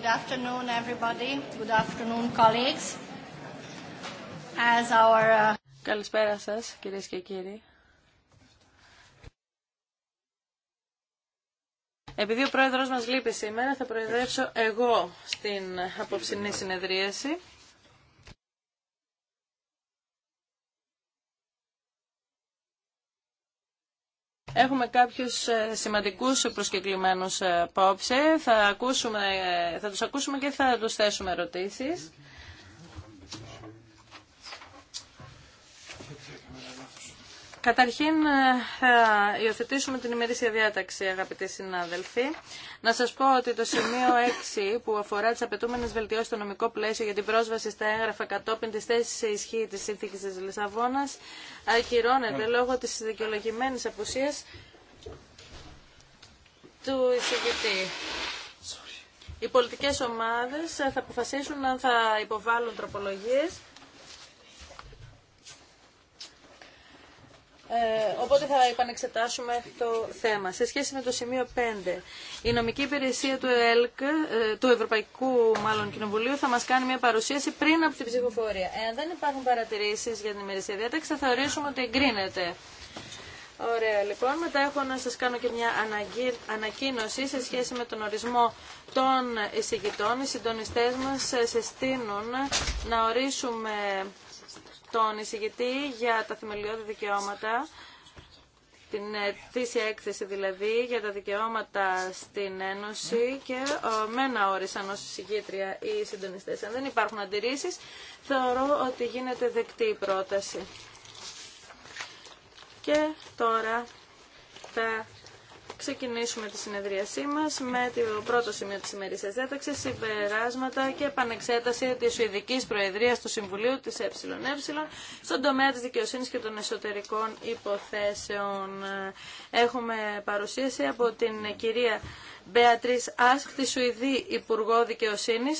Good afternoon, everybody. Good afternoon, colleagues. As our... Uh, Καλησπέρα σας, κυρίες και κύριοι. Επειδή ο πρόεδρος μας λείπει σήμερα, θα προεδρεύσω εγώ στην απόψινή συνεδρίαση. Έχουμε κάποιους ε, σημαντικούς προσκεκλημένους ε, απόψε. Θα, ακούσουμε, ε, θα τους ακούσουμε και θα τους θέσουμε ερωτήσεις. Καταρχήν ε, θα υιοθετήσουμε την ημερήσια διάταξη αγαπητοί συνάδελφοι. Να σας πω ότι το σημείο 6 που αφορά τις απαιτούμενες βελτιώσεις στο νομικό πλαίσιο για την πρόσβαση στα έγγραφα κατόπιν της θέσης ισχύ της Σύνθηκης της Λισαβόνας ακυρώνεται ναι. λόγω της δικαιολογημένης απουσίας του εισηγητή. Οι πολιτικές ομάδες θα αποφασίσουν αν θα υποβάλουν τροπολογίες Ε, οπότε θα επανεξετάσουμε το θέμα. Σε σχέση με το σημείο 5, η νομική υπηρεσία του ΕΛΚ, ε, του Ευρωπαϊκού μάλλον Κοινοβουλίου, θα μα κάνει μια παρουσίαση πριν από την ψηφοφορία. Εάν δεν υπάρχουν παρατηρήσει για την ημερησία διάταξη, θα θεωρήσουμε ότι εγκρίνεται. Ωραία, λοιπόν. Μετά έχω να σα κάνω και μια ανακοίνωση σε σχέση με τον ορισμό των εισηγητών. Οι συντονιστέ μα ε, συστήνουν να ορίσουμε τον εισηγητή για τα θεμελιώδη δικαιώματα, την τήσια έκθεση δηλαδή για τα δικαιώματα στην Ένωση και ο ε, μένα όρισαν ως εισηγήτρια ή συντονιστές. Αν δεν υπάρχουν αντιρρήσεις, θεωρώ ότι γίνεται δεκτή η πρόταση. Και τώρα τα ξεκινήσουμε τη συνεδρίασή μας με το πρώτο σημείο τη ημερήσια διάταξη, συμπεράσματα και επανεξέταση της Σουηδική Προεδρίας του Συμβουλίου της ΕΕ στον τομέα της δικαιοσύνης και των εσωτερικών υποθέσεων. Έχουμε παρουσίαση από την κυρία Μπέατρι Άσκ, τη Σουηδή Υπουργό Δικαιοσύνη.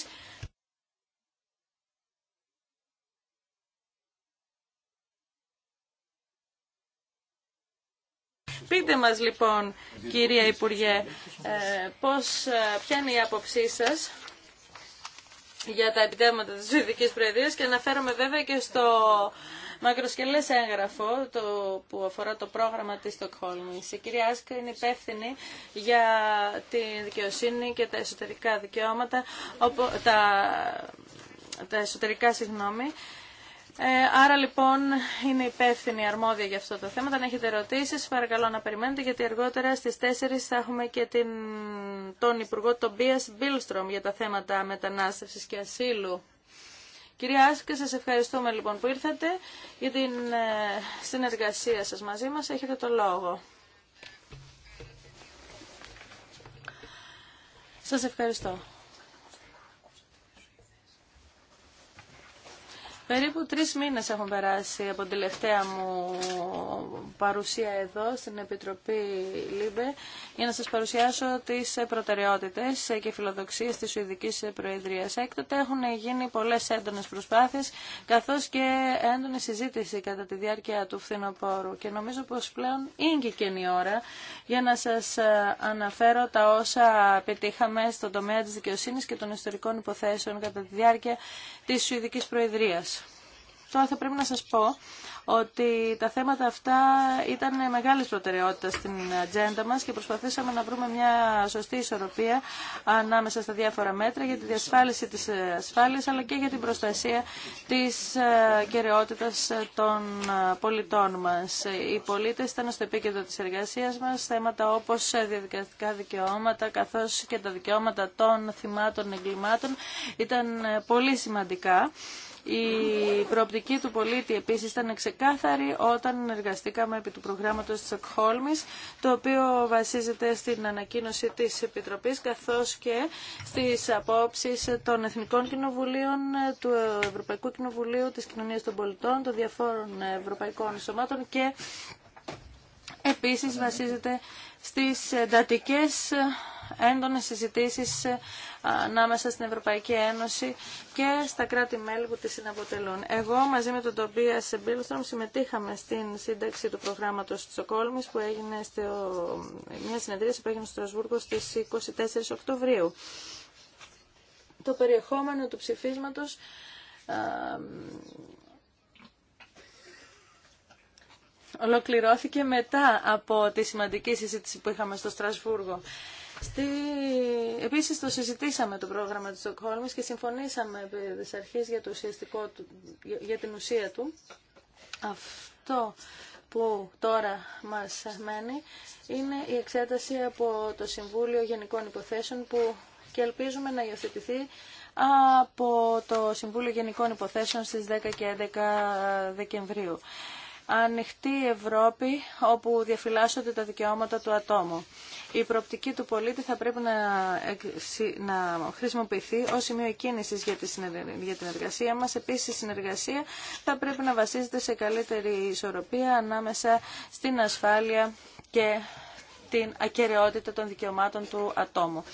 Πείτε μας λοιπόν, κυρία Υπουργέ, ε, πώς, ε, ποια είναι η άποψή σας για τα επιτεύγματα της Σουηδικής Προεδρίας και αναφέρομαι βέβαια και στο μακροσκελές έγγραφο το που αφορά το πρόγραμμα της Στοκχόλμης. Η κυρία Άσκα είναι υπεύθυνη για τη δικαιοσύνη και τα εσωτερικά δικαιώματα, τα, τα εσωτερικά συγγνώμη, ε, άρα λοιπόν είναι υπεύθυνη αρμόδια για αυτό το θέμα. Αν έχετε ερωτήσεις παρακαλώ να περιμένετε γιατί αργότερα στις 4 θα έχουμε και την... τον Υπουργό Τομπία Μπίλστρομ για τα θέματα μετανάστευση και ασύλου. Κυρία Άσκη, σας ευχαριστούμε λοιπόν που ήρθατε για την ε, συνεργασία σας μαζί μας. Έχετε το λόγο. Σας ευχαριστώ. Περίπου τρει μήνε έχουν περάσει από την τελευταία μου παρουσία εδώ στην Επιτροπή ΛΥΜΠΕ για να σα παρουσιάσω τι προτεραιότητε και φιλοδοξίε τη Σουηδική προεδρία. Έκτοτε έχουν γίνει πολλέ έντονε προσπάθειε καθώ και έντονη συζήτηση κατά τη διάρκεια του φθινοπόρου και νομίζω πω πλέον είναι και η ώρα για να σα αναφέρω τα όσα πετύχαμε στον τομέα τη δικαιοσύνη και των ιστορικών υποθέσεων κατά τη διάρκεια της Προεδρία. Προεδρίας. Τώρα θα πρέπει να σας πω ότι τα θέματα αυτά ήταν μεγάλης προτεραιότητα στην ατζέντα μας και προσπαθήσαμε να βρούμε μια σωστή ισορροπία ανάμεσα στα διάφορα μέτρα για τη διασφάλιση της ασφάλειας αλλά και για την προστασία της ε, κεραιότητας των ε, πολιτών μας. Οι πολίτες ήταν στο επίκεντρο της εργασίας μας, θέματα όπως ε, διαδικαστικά δικαιώματα καθώς και τα δικαιώματα των θυμάτων εγκλημάτων ήταν πολύ σημαντικά. Η προοπτική του πολίτη επίση ήταν ξεκάθαρη όταν εργαστήκαμε επί του προγράμματος της Οκχόλμης, το οποίο βασίζεται στην ανακοίνωση της Επιτροπής καθώς και στι απόψει των Εθνικών Κοινοβουλίων, του Ευρωπαϊκού Κοινοβουλίου, της Κοινωνία των Πολιτών, των διαφόρων ευρωπαϊκών σωμάτων και επίσης βασίζεται στις εντατικέ έντονε συζητήσει ανάμεσα στην Ευρωπαϊκή Ένωση και στα κράτη-μέλη που τη συναποτελούν. Εγώ μαζί με τον Τομπία Σεμπίλστρομ συμμετείχαμε στην σύνταξη του προγράμματο τη Στοκόλμη που έγινε στο, μια συνεδρίαση που έγινε στο Στρασβούργο στι 24 Οκτωβρίου. Το περιεχόμενο του ψηφίσματος ολοκληρώθηκε μετά από τη σημαντική συζήτηση που είχαμε στο Στρασβούργο. Στη... Επίσης το συζητήσαμε το πρόγραμμα της Στοκχόλμης και συμφωνήσαμε τη αρχή για, το ουσιαστικό για την ουσία του. Αυτό που τώρα μας μένει είναι η εξέταση από το Συμβούλιο Γενικών Υποθέσεων που και ελπίζουμε να υιοθετηθεί από το Συμβούλιο Γενικών Υποθέσεων στις 10 και 11 Δεκεμβρίου ανοιχτή Ευρώπη όπου διαφυλάσσονται τα δικαιώματα του ατόμου. Η προοπτική του πολίτη θα πρέπει να, να χρησιμοποιηθεί ως σημείο κίνησης για, για την εργασία μας. Επίσης, η συνεργασία θα πρέπει να βασίζεται σε καλύτερη ισορροπία ανάμεσα στην ασφάλεια και την ακαιρεότητα των δικαιωμάτων του ατόμου,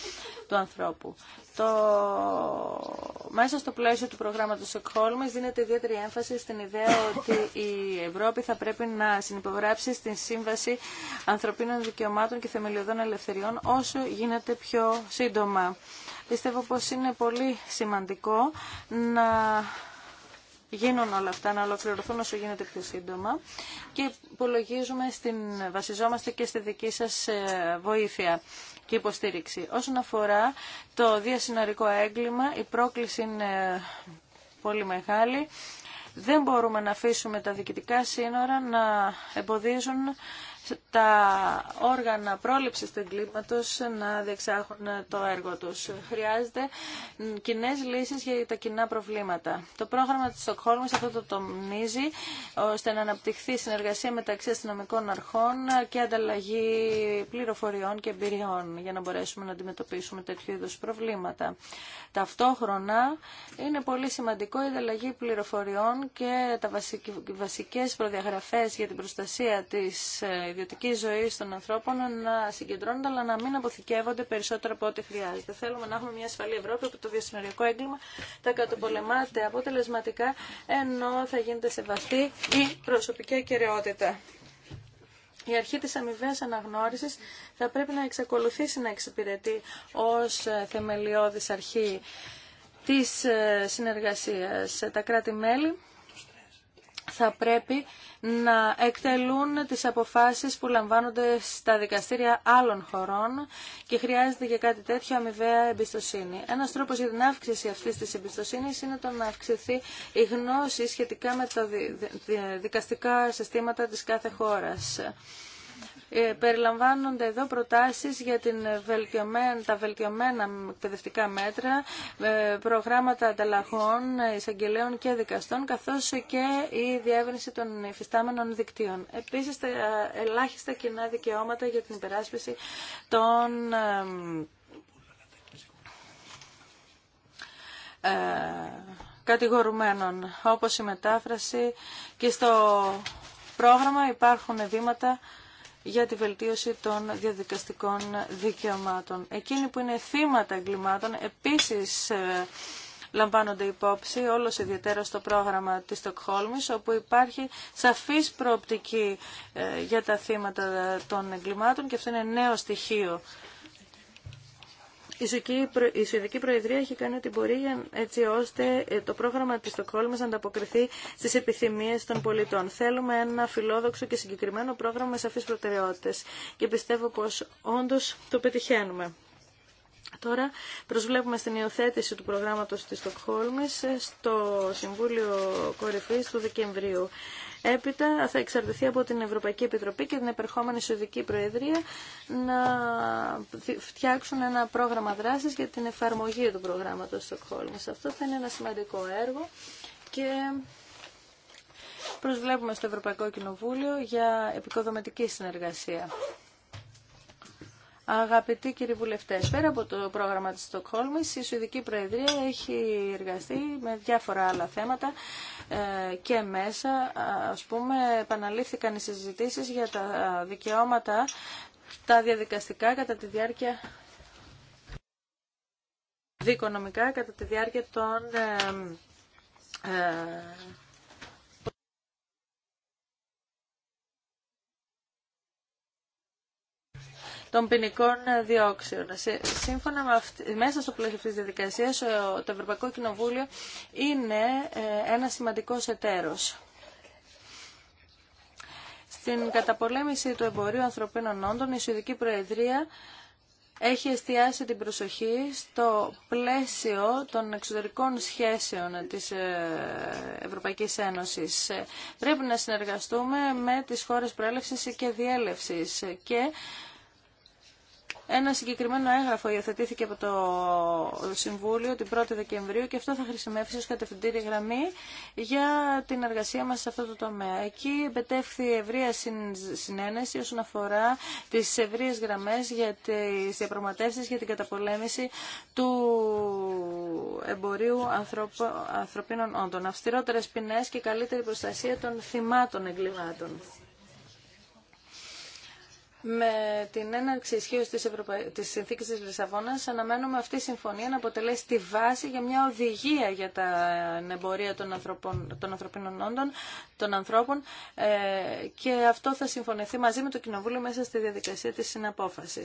του ανθρώπου το... Μέσα στο πλαίσιο του προγράμματος Εκχόλμης δίνεται ιδιαίτερη έμφαση στην ιδέα ότι η Ευρώπη θα πρέπει να συνυπογράψει στην Σύμβαση Ανθρωπίνων Δικαιωμάτων και Θεμελιωδών Ελευθεριών όσο γίνεται πιο σύντομα. Πιστεύω πως είναι πολύ σημαντικό να γίνουν όλα αυτά, να ολοκληρωθούν όσο γίνεται πιο σύντομα και υπολογίζουμε, στην, βασιζόμαστε και στη δική σας ε, βοήθεια και υποστήριξη. Όσον αφορά το διασυναρικό έγκλημα, η πρόκληση είναι ε, πολύ μεγάλη. Δεν μπορούμε να αφήσουμε τα διοικητικά σύνορα να εμποδίζουν τα όργανα πρόληψης του εγκλήματος να διεξάγουν το έργο τους. Χρειάζεται κοινέ λύσεις για τα κοινά προβλήματα. Το πρόγραμμα της Στοκχόλμης αυτό το τομνίζει ώστε να αναπτυχθεί συνεργασία μεταξύ αστυνομικών αρχών και ανταλλαγή πληροφοριών και εμπειριών για να μπορέσουμε να αντιμετωπίσουμε τέτοιου είδου προβλήματα. Ταυτόχρονα είναι πολύ σημαντικό η ανταλλαγή πληροφοριών και τα βασικές προδιαγραφές για την προστασία της ε, ιδιωτική ζωή των ανθρώπων να συγκεντρώνονται αλλά να μην αποθηκεύονται περισσότερο από ό,τι χρειάζεται. Θέλουμε να έχουμε μια ασφαλή Ευρώπη που το διασυνοριακό έγκλημα θα κατοπολεμάται αποτελεσματικά ενώ θα γίνεται σεβαστή η προσωπική ακαιρεότητα. Η αρχή της αμοιβέ αναγνώρισης θα πρέπει να εξακολουθήσει να εξυπηρετεί ως θεμελιώδης αρχή της συνεργασίας. Τα κράτη-μέλη θα πρέπει να εκτελούν τις αποφάσεις που λαμβάνονται στα δικαστήρια άλλων χωρών και χρειάζεται για κάτι τέτοιο αμοιβαία εμπιστοσύνη. Ένας τρόπος για την αύξηση αυτής της εμπιστοσύνης είναι το να αυξηθεί η γνώση σχετικά με τα δικαστικά συστήματα της κάθε χώρας. Ε, περιλαμβάνονται εδώ προτάσεις για την τα βελτιωμένα εκπαιδευτικά μέτρα, ε, προγράμματα ανταλλαγών εισαγγελέων και δικαστών, καθώς και η διεύρυνση των υφιστάμενων δικτύων. Επίσης, τα ελάχιστα κοινά δικαιώματα για την υπεράσπιση των ε, κατηγορουμένων, όπως η μετάφραση και στο πρόγραμμα υπάρχουν βήματα για τη βελτίωση των διαδικαστικών δικαιωμάτων. Εκείνοι που είναι θύματα εγκλημάτων επίσης ε, λαμβάνονται υπόψη όλος ιδιαίτερα στο πρόγραμμα της Στοκχόλμης όπου υπάρχει σαφής προοπτική ε, για τα θύματα των εγκλημάτων και αυτό είναι νέο στοιχείο η Σουηδική Προεδρία έχει κάνει ό,τι μπορεί έτσι ώστε ε, το πρόγραμμα της Στοκχόλμης να ανταποκριθεί στις επιθυμίες των πολιτών. Θέλουμε ένα φιλόδοξο και συγκεκριμένο πρόγραμμα με σαφείς προτεραιότητες και πιστεύω πως όντως το πετυχαίνουμε. Τώρα προσβλέπουμε στην υιοθέτηση του προγράμματος της Στοκχόλμης ε, στο Συμβούλιο Κορυφής του Δεκεμβρίου έπειτα θα εξαρτηθεί από την Ευρωπαϊκή Επιτροπή και την επερχόμενη Σουηδική Προεδρία να φτιάξουν ένα πρόγραμμα δράσης για την εφαρμογή του προγράμματος Στοκχόλμης. Αυτό θα είναι ένα σημαντικό έργο και προσβλέπουμε στο Ευρωπαϊκό Κοινοβούλιο για επικοδομητική συνεργασία. Αγαπητοί κύριοι βουλευτέ, πέρα από το πρόγραμμα τη Στοκχόλμη, η Σουηδική Προεδρία έχει εργαστεί με διάφορα άλλα θέματα ε, και μέσα. Α πούμε, επαναλήφθηκαν οι συζητήσει για τα δικαιώματα τα διαδικαστικά κατά τη διάρκεια δικονομικά κατά τη διάρκεια των ε, ε, των ποινικών διώξεων. Σύμφωνα με αυτή, μέσα στο πλαίσιο αυτής της διαδικασίας, το Ευρωπαϊκό Κοινοβούλιο είναι ε, ένα σημαντικός εταίρος στην καταπολέμηση του εμπορίου ανθρωπίνων όντων, η Σουηδική Προεδρία έχει εστιάσει την προσοχή στο πλαίσιο των εξωτερικών σχέσεων της ε, Ευρωπαϊκής Ένωσης. Ε, πρέπει να συνεργαστούμε με τις χώρες προέλευσης και διέλευσης και ένα συγκεκριμένο έγγραφο υιοθετήθηκε από το Συμβούλιο την 1η Δεκεμβρίου και αυτό θα χρησιμεύσει ως κατευθυντήρη γραμμή για την εργασία μας σε αυτό το τομέα. Εκεί εμπετεύχθη ευρεία συνένεση όσον αφορά τις ευρείε γραμμές για τις διαπραγματεύσει για την καταπολέμηση του εμπορίου ανθρωπίνων όντων, αυστηρότερες ποινές και καλύτερη προστασία των θυμάτων εγκλημάτων. Με την έναρξη ισχύω της, της συνθήκης της αναμένουμε αυτή η συμφωνία να αποτελέσει τη βάση για μια οδηγία για τα ε, εμπορία των, ανθρωπων... των ανθρωπίνων όντων, των ανθρώπων ε, και αυτό θα συμφωνηθεί μαζί με το Κοινοβούλιο μέσα στη διαδικασία της συναπόφαση.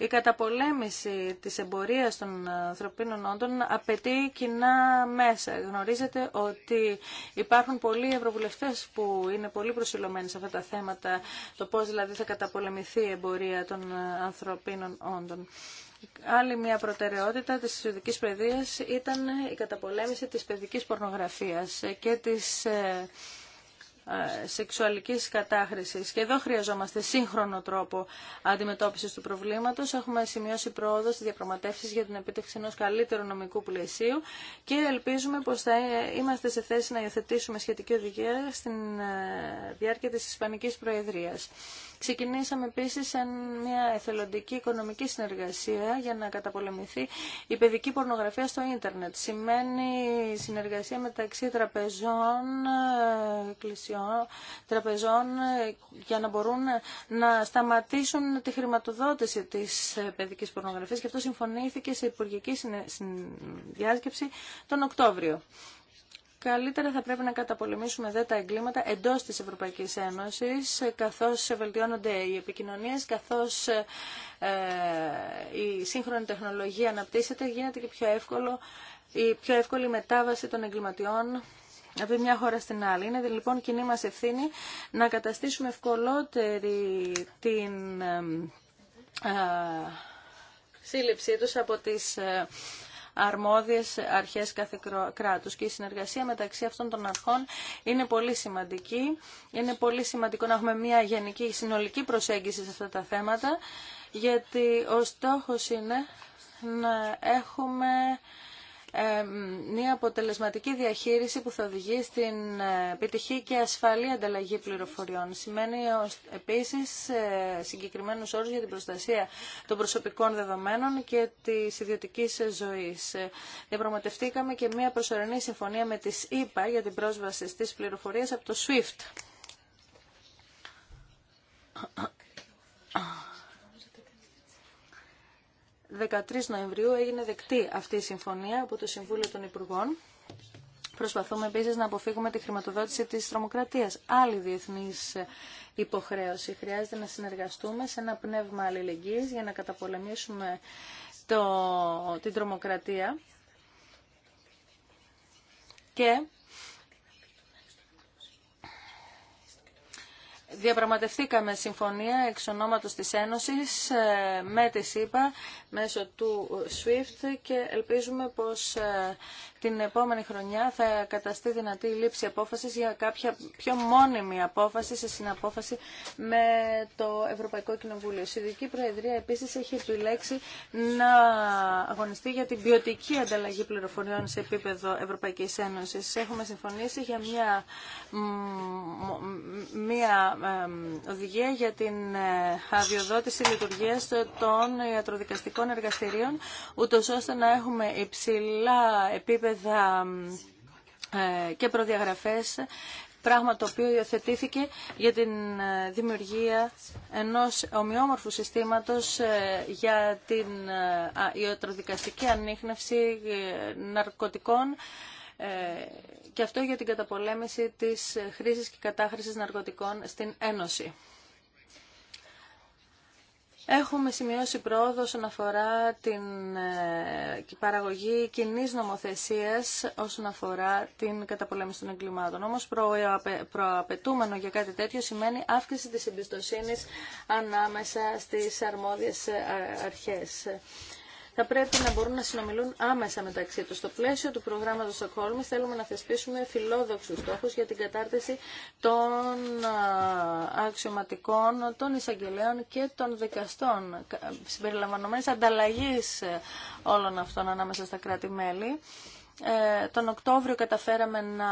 Η καταπολέμηση της εμπορίας των ανθρωπίνων όντων απαιτεί κοινά μέσα. Γνωρίζετε ότι υπάρχουν πολλοί ευρωβουλευτές που είναι πολύ προσιλωμένοι σε αυτά τα θέματα, το πώς δηλαδή θα καταπολεμηθεί η εμπορία των ανθρωπίνων όντων. Άλλη μια προτεραιότητα της ειδική Παιδείας ήταν η καταπολέμηση της παιδικής πορνογραφίας και της ε, ε, σεξουαλικής κατάχρησης. Και εδώ χρειαζόμαστε σύγχρονο τρόπο αντιμετώπισης του προβλήματος. Έχουμε σημειώσει πρόοδο στις διαπραγματεύσεις για την επίτευξη ενός καλύτερου νομικού πλαισίου και ελπίζουμε πως θα είμαστε σε θέση να υιοθετήσουμε σχετική οδηγία στην ε, διάρκεια της Ισπανικής Προεδρίας. Ξεκινήσαμε επίση μια εθελοντική οικονομική συνεργασία για να καταπολεμηθεί η παιδική πορνογραφία στο ίντερνετ. Σημαίνει συνεργασία μεταξύ τραπεζών, ε, εκκλησιών, τραπεζών ε, για να μπορούν να σταματήσουν τη χρηματοδότηση της ε, παιδικής πορνογραφίας και αυτό συμφωνήθηκε σε υπουργική διάσκεψη τον Οκτώβριο. Καλύτερα θα πρέπει να καταπολεμήσουμε δε τα εγκλήματα εντός της Ευρωπαϊκής Ένωσης, καθώς βελτιώνονται οι επικοινωνίες, καθώς ε, ε, η σύγχρονη τεχνολογία αναπτύσσεται, γίνεται και πιο εύκολο η πιο εύκολη μετάβαση των εγκληματιών από μια χώρα στην άλλη. Είναι λοιπόν κοινή μας ευθύνη να καταστήσουμε ευκολότερη την ε, σύλληψή τους από τις αρμόδιες αρχές κάθε κράτους. Και η συνεργασία μεταξύ αυτών των αρχών είναι πολύ σημαντική. Είναι πολύ σημαντικό να έχουμε μια γενική συνολική προσέγγιση σε αυτά τα θέματα, γιατί ο στόχος είναι να έχουμε ε, μια αποτελεσματική διαχείριση που θα οδηγεί στην επιτυχή και ασφαλή ανταλλαγή πληροφοριών. Σημαίνει επίσης ε, συγκεκριμένους όρου για την προστασία των προσωπικών δεδομένων και τη ιδιωτική ζωής. Ε, διαπραγματευτήκαμε και μια προσωρινή συμφωνία με τις ΕΠΑ για την πρόσβαση στις πληροφορίες από το SWIFT. 13 Νοεμβρίου έγινε δεκτή αυτή η συμφωνία από το Συμβούλιο των Υπουργών. Προσπαθούμε επίσης να αποφύγουμε τη χρηματοδότηση της τρομοκρατίας. Άλλη διεθνής υποχρέωση. Χρειάζεται να συνεργαστούμε σε ένα πνεύμα αλληλεγγύης για να καταπολεμήσουμε το, την τρομοκρατία. Και Διαπραγματευτήκαμε συμφωνία εξ ονόματος της Ένωσης ε, με τη ΣΥΠΑ μέσω του SWIFT και ελπίζουμε πως ε, την επόμενη χρονιά θα καταστεί δυνατή η λήψη απόφασης για κάποια πιο μόνιμη απόφαση σε συναπόφαση με το Ευρωπαϊκό Κοινοβούλιο. Η Συνδική Προεδρία επίσης έχει επιλέξει να αγωνιστεί για την ποιοτική ανταλλαγή πληροφοριών σε επίπεδο Ευρωπαϊκής Ένωσης. Έχουμε συμφωνήσει για μια, οδηγία για την ε, αδειοδότηση λειτουργίας των ιατροδικαστικών εργαστηρίων, ούτως ώστε να έχουμε υψηλά επίπεδα ε, και προδιαγραφές πράγμα το οποίο υιοθετήθηκε για την ε, δημιουργία ενός ομοιόμορφου συστήματος ε, για την ιατροδικαστική ανείχνευση ναρκωτικών και αυτό για την καταπολέμηση της χρήσης και κατάχρησης ναρκωτικών στην Ένωση. Έχουμε σημειώσει πρόοδο όσον αφορά την ε, παραγωγή κοινή νομοθεσία όσον αφορά την καταπολέμηση των εγκλημάτων. Όμω, προαπαιτούμενο για κάτι τέτοιο σημαίνει αύξηση τη εμπιστοσύνη ανάμεσα στι αρμόδιε ε, αρχέ θα πρέπει να μπορούν να συνομιλούν άμεσα μεταξύ του. Στο πλαίσιο του προγράμματο Στοκχόλμη θέλουμε να θεσπίσουμε φιλόδοξου στόχου για την κατάρτιση των αξιωματικών, των εισαγγελέων και των δικαστών, συμπεριλαμβανομένη ανταλλαγή ε, όλων αυτών ανάμεσα στα κράτη-μέλη. Ε, τον Οκτώβριο καταφέραμε να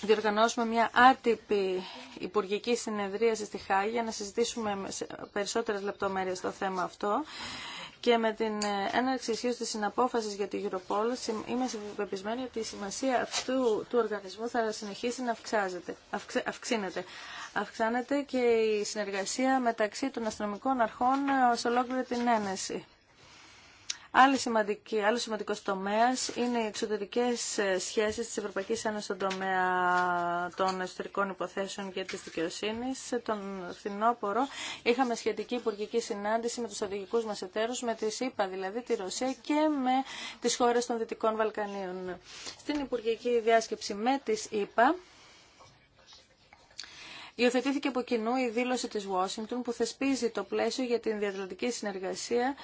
διοργανώσουμε μια άτυπη υπουργική συνεδρίαση στη Χάγη για να συζητήσουμε περισσότερες λεπτομέρειες στο θέμα αυτό. Και με την ε, έναρξη ισχύω τη συναπόφαση για τη Europol, είμαι συμπεπισμένη ότι η σημασία αυτού του οργανισμού θα συνεχίσει να αυξάνεται. Αυξάνεται και η συνεργασία μεταξύ των αστυνομικών αρχών ε, σε ολόκληρη την Ένεση. Άλλη σημαντική, άλλο σημαντικό τομέα είναι οι εξωτερικέ ε, σχέσει τη Ευρωπαϊκή Ένωση στον τομέα των εσωτερικών υποθέσεων και τη δικαιοσύνη. Τον φθινόπωρο είχαμε σχετική υπουργική συνάντηση με του στρατηγικού μα εταίρου, με τη ΣΥΠΑ, δηλαδή τη Ρωσία και με τι χώρε των Δυτικών Βαλκανίων. Στην υπουργική διάσκεψη με τη ΣΥΠΑ Υιοθετήθηκε από κοινού η δήλωση της Washington που θεσπίζει το πλαίσιο για την διαδροτική συνεργασία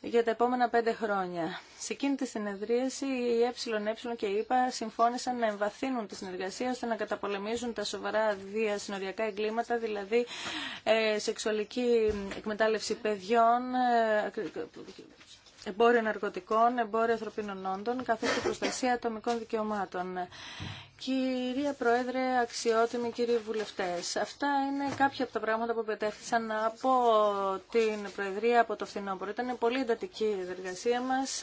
για τα επόμενα πέντε χρόνια. Σε εκείνη τη συνεδρίαση, η ΕΕ και η ΕΠΑ συμφώνησαν να εμβαθύνουν τη συνεργασία ώστε να καταπολεμήσουν τα σοβαρά διασυνοριακά εγκλήματα, δηλαδή ε, σεξουαλική εκμετάλλευση παιδιών, ε, εμπόριο ναρκωτικών, εμπόριο ανθρωπίνων όντων, καθώς και προστασία ατομικών δικαιωμάτων. Κυρία Πρόεδρε, αξιότιμοι κύριοι βουλευτές, αυτά είναι κάποια από τα πράγματα που πετέφθησαν από την Προεδρία από το φθινόπωρο. Ήταν πολύ εντατική η εργασία μας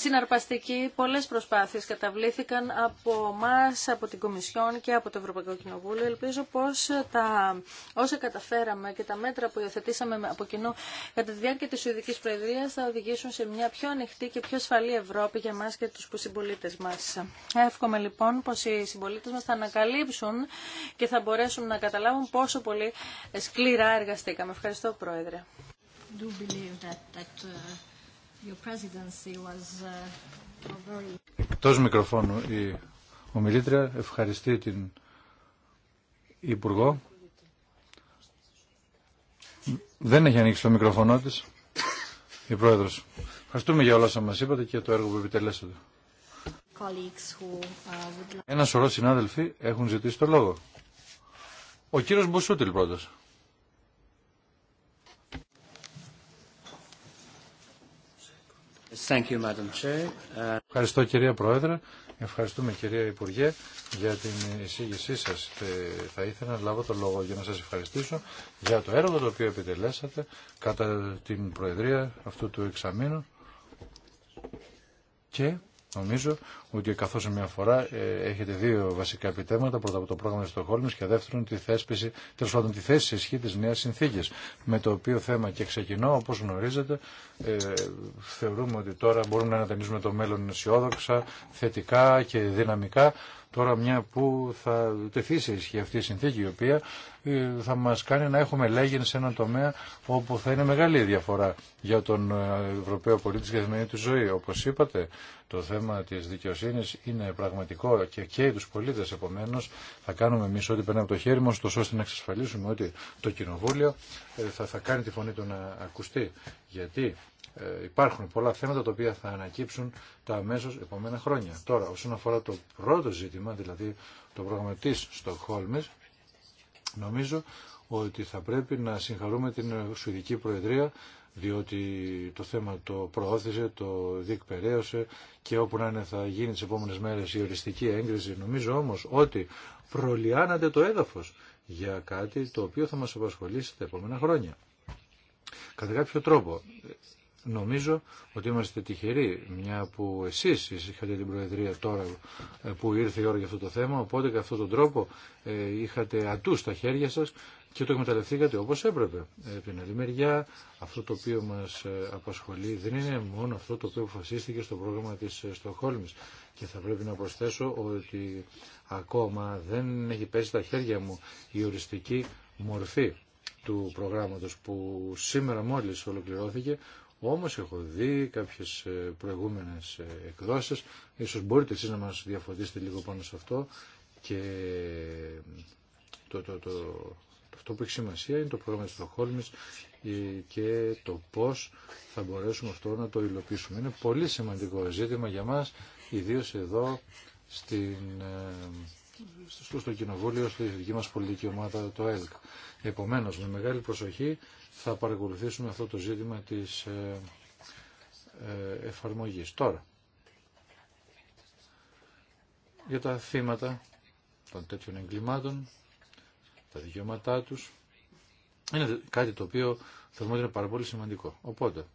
συναρπαστική. Πολλές προσπάθειες καταβλήθηκαν από εμά, από την Κομισιόν και από το Ευρωπαϊκό Κοινοβούλιο. Ελπίζω πως τα, όσα καταφέραμε και τα μέτρα που υιοθετήσαμε από κοινού κατά τη διάρκεια της Σουηδικής Προεδρίας θα οδηγήσουν σε μια πιο ανοιχτή και πιο ασφαλή Ευρώπη για εμά και τους συμπολίτε μας. Εύχομαι λοιπόν πως οι συμπολίτε μας θα ανακαλύψουν και θα μπορέσουν να καταλάβουν πόσο πολύ σκληρά εργαστήκαμε. Ευχαριστώ Πρόεδρε. Uh, Εκτός μικροφώνου η ομιλήτρια ευχαριστεί την Υπουργό. Δεν έχει ανοίξει το μικροφωνό της η Πρόεδρος. Ευχαριστούμε για όλα όσα μας είπατε και το έργο που επιτελέσατε. Uh, Ένα σωρό συνάδελφοι έχουν ζητήσει το λόγο. Ο κύριος Μπουσούτιλ πρώτος. Ευχαριστώ κυρία Πρόεδρε, ευχαριστούμε κυρία Υπουργέ για την εισήγησή σας ε, θα ήθελα να λάβω το λόγο για να σας ευχαριστήσω για το έργο το οποίο επιτελέσατε κατά την Προεδρία αυτού του εξαμήνου και Νομίζω ότι καθώ μια φορά ε, έχετε δύο βασικά επιτέματα. Πρώτα από το πρόγραμμα τη Στοχόλμη και δεύτερον τη θέσπιση, τέλο πάντων τη θέση ισχύ τη νέα συνθήκη. Με το οποίο θέμα και ξεκινώ, όπω γνωρίζετε, ε, θεωρούμε ότι τώρα μπορούμε να ανατενίζουμε το μέλλον αισιόδοξα, θετικά και δυναμικά. Τώρα μια που θα τεθεί σε ισχύ αυτή η συνθήκη η οποία ε, θα μας κάνει να έχουμε λέγεν σε έναν τομέα όπου θα είναι μεγάλη διαφορά για τον ε, Ευρωπαίο πολίτη και καθημερινή του ζωή. Όπως είπατε, το θέμα της δικαιοσύνης είναι πραγματικό και καίει τους πολίτες. Επομένως, θα κάνουμε εμείς ό,τι περνάει από το χέρι μας, τόσο ώστε να εξασφαλίσουμε ότι το Κοινοβούλιο ε, θα, θα κάνει τη φωνή του να ακουστεί. Γιατί ε, υπάρχουν πολλά θέματα τα οποία θα ανακύψουν τα αμέσως επόμενα χρόνια. Τώρα, όσον αφορά το πρώτο ζήτημα, δηλαδή το πρόγραμμα της Στοκχόλμης, νομίζω ότι θα πρέπει να συγχαρούμε την Σουηδική Προεδρία διότι το θέμα το προώθησε, το διεκπαιρέωσε και όπου να είναι θα γίνει τις επόμενες μέρες η οριστική έγκριση. Νομίζω όμως ότι προλιάνατε το έδαφος για κάτι το οποίο θα μας απασχολήσει τα επόμενα χρόνια. Κατά κάποιο τρόπο Νομίζω ότι είμαστε τυχεροί, μια που εσείς είχατε την Προεδρία τώρα ε, που ήρθε η ώρα για αυτό το θέμα, οπότε και αυτόν τον τρόπο ε, είχατε ατού στα χέρια σας και το εκμεταλλευθήκατε όπως έπρεπε. Από ε, την άλλη μεριά, αυτό το οποίο μας απασχολεί δεν είναι μόνο αυτό το οποίο αποφασίστηκε στο πρόγραμμα της Στοχόλμης και θα πρέπει να προσθέσω ότι ακόμα δεν έχει πέσει στα χέρια μου η οριστική μορφή του προγράμματος που σήμερα μόλις ολοκληρώθηκε όμως έχω δει κάποιες ε, προηγούμενες ε, εκδόσεις, ίσως μπορείτε εσείς να μας διαφωτίσετε λίγο πάνω σε αυτό και ε, το, το, το, αυτό που έχει σημασία είναι το πρόγραμμα της Στοχόλμης και το πώς θα μπορέσουμε αυτό να το υλοποιήσουμε. Είναι πολύ σημαντικό ζήτημα για μας, ιδίως εδώ στην, στο, στο Κοινοβούλιο, στη δική μας πολιτική ομάδα, το ΕΛΚ. Επομένως, με μεγάλη προσοχή θα παρακολουθήσουμε αυτό το ζήτημα της ε, ε, εφαρμογής. Τώρα, για τα θύματα των τέτοιων εγκλημάτων, τα δικαιώματά τους, είναι κάτι το οποίο θεωρούμε ότι είναι πάρα πολύ σημαντικό. Οπότε,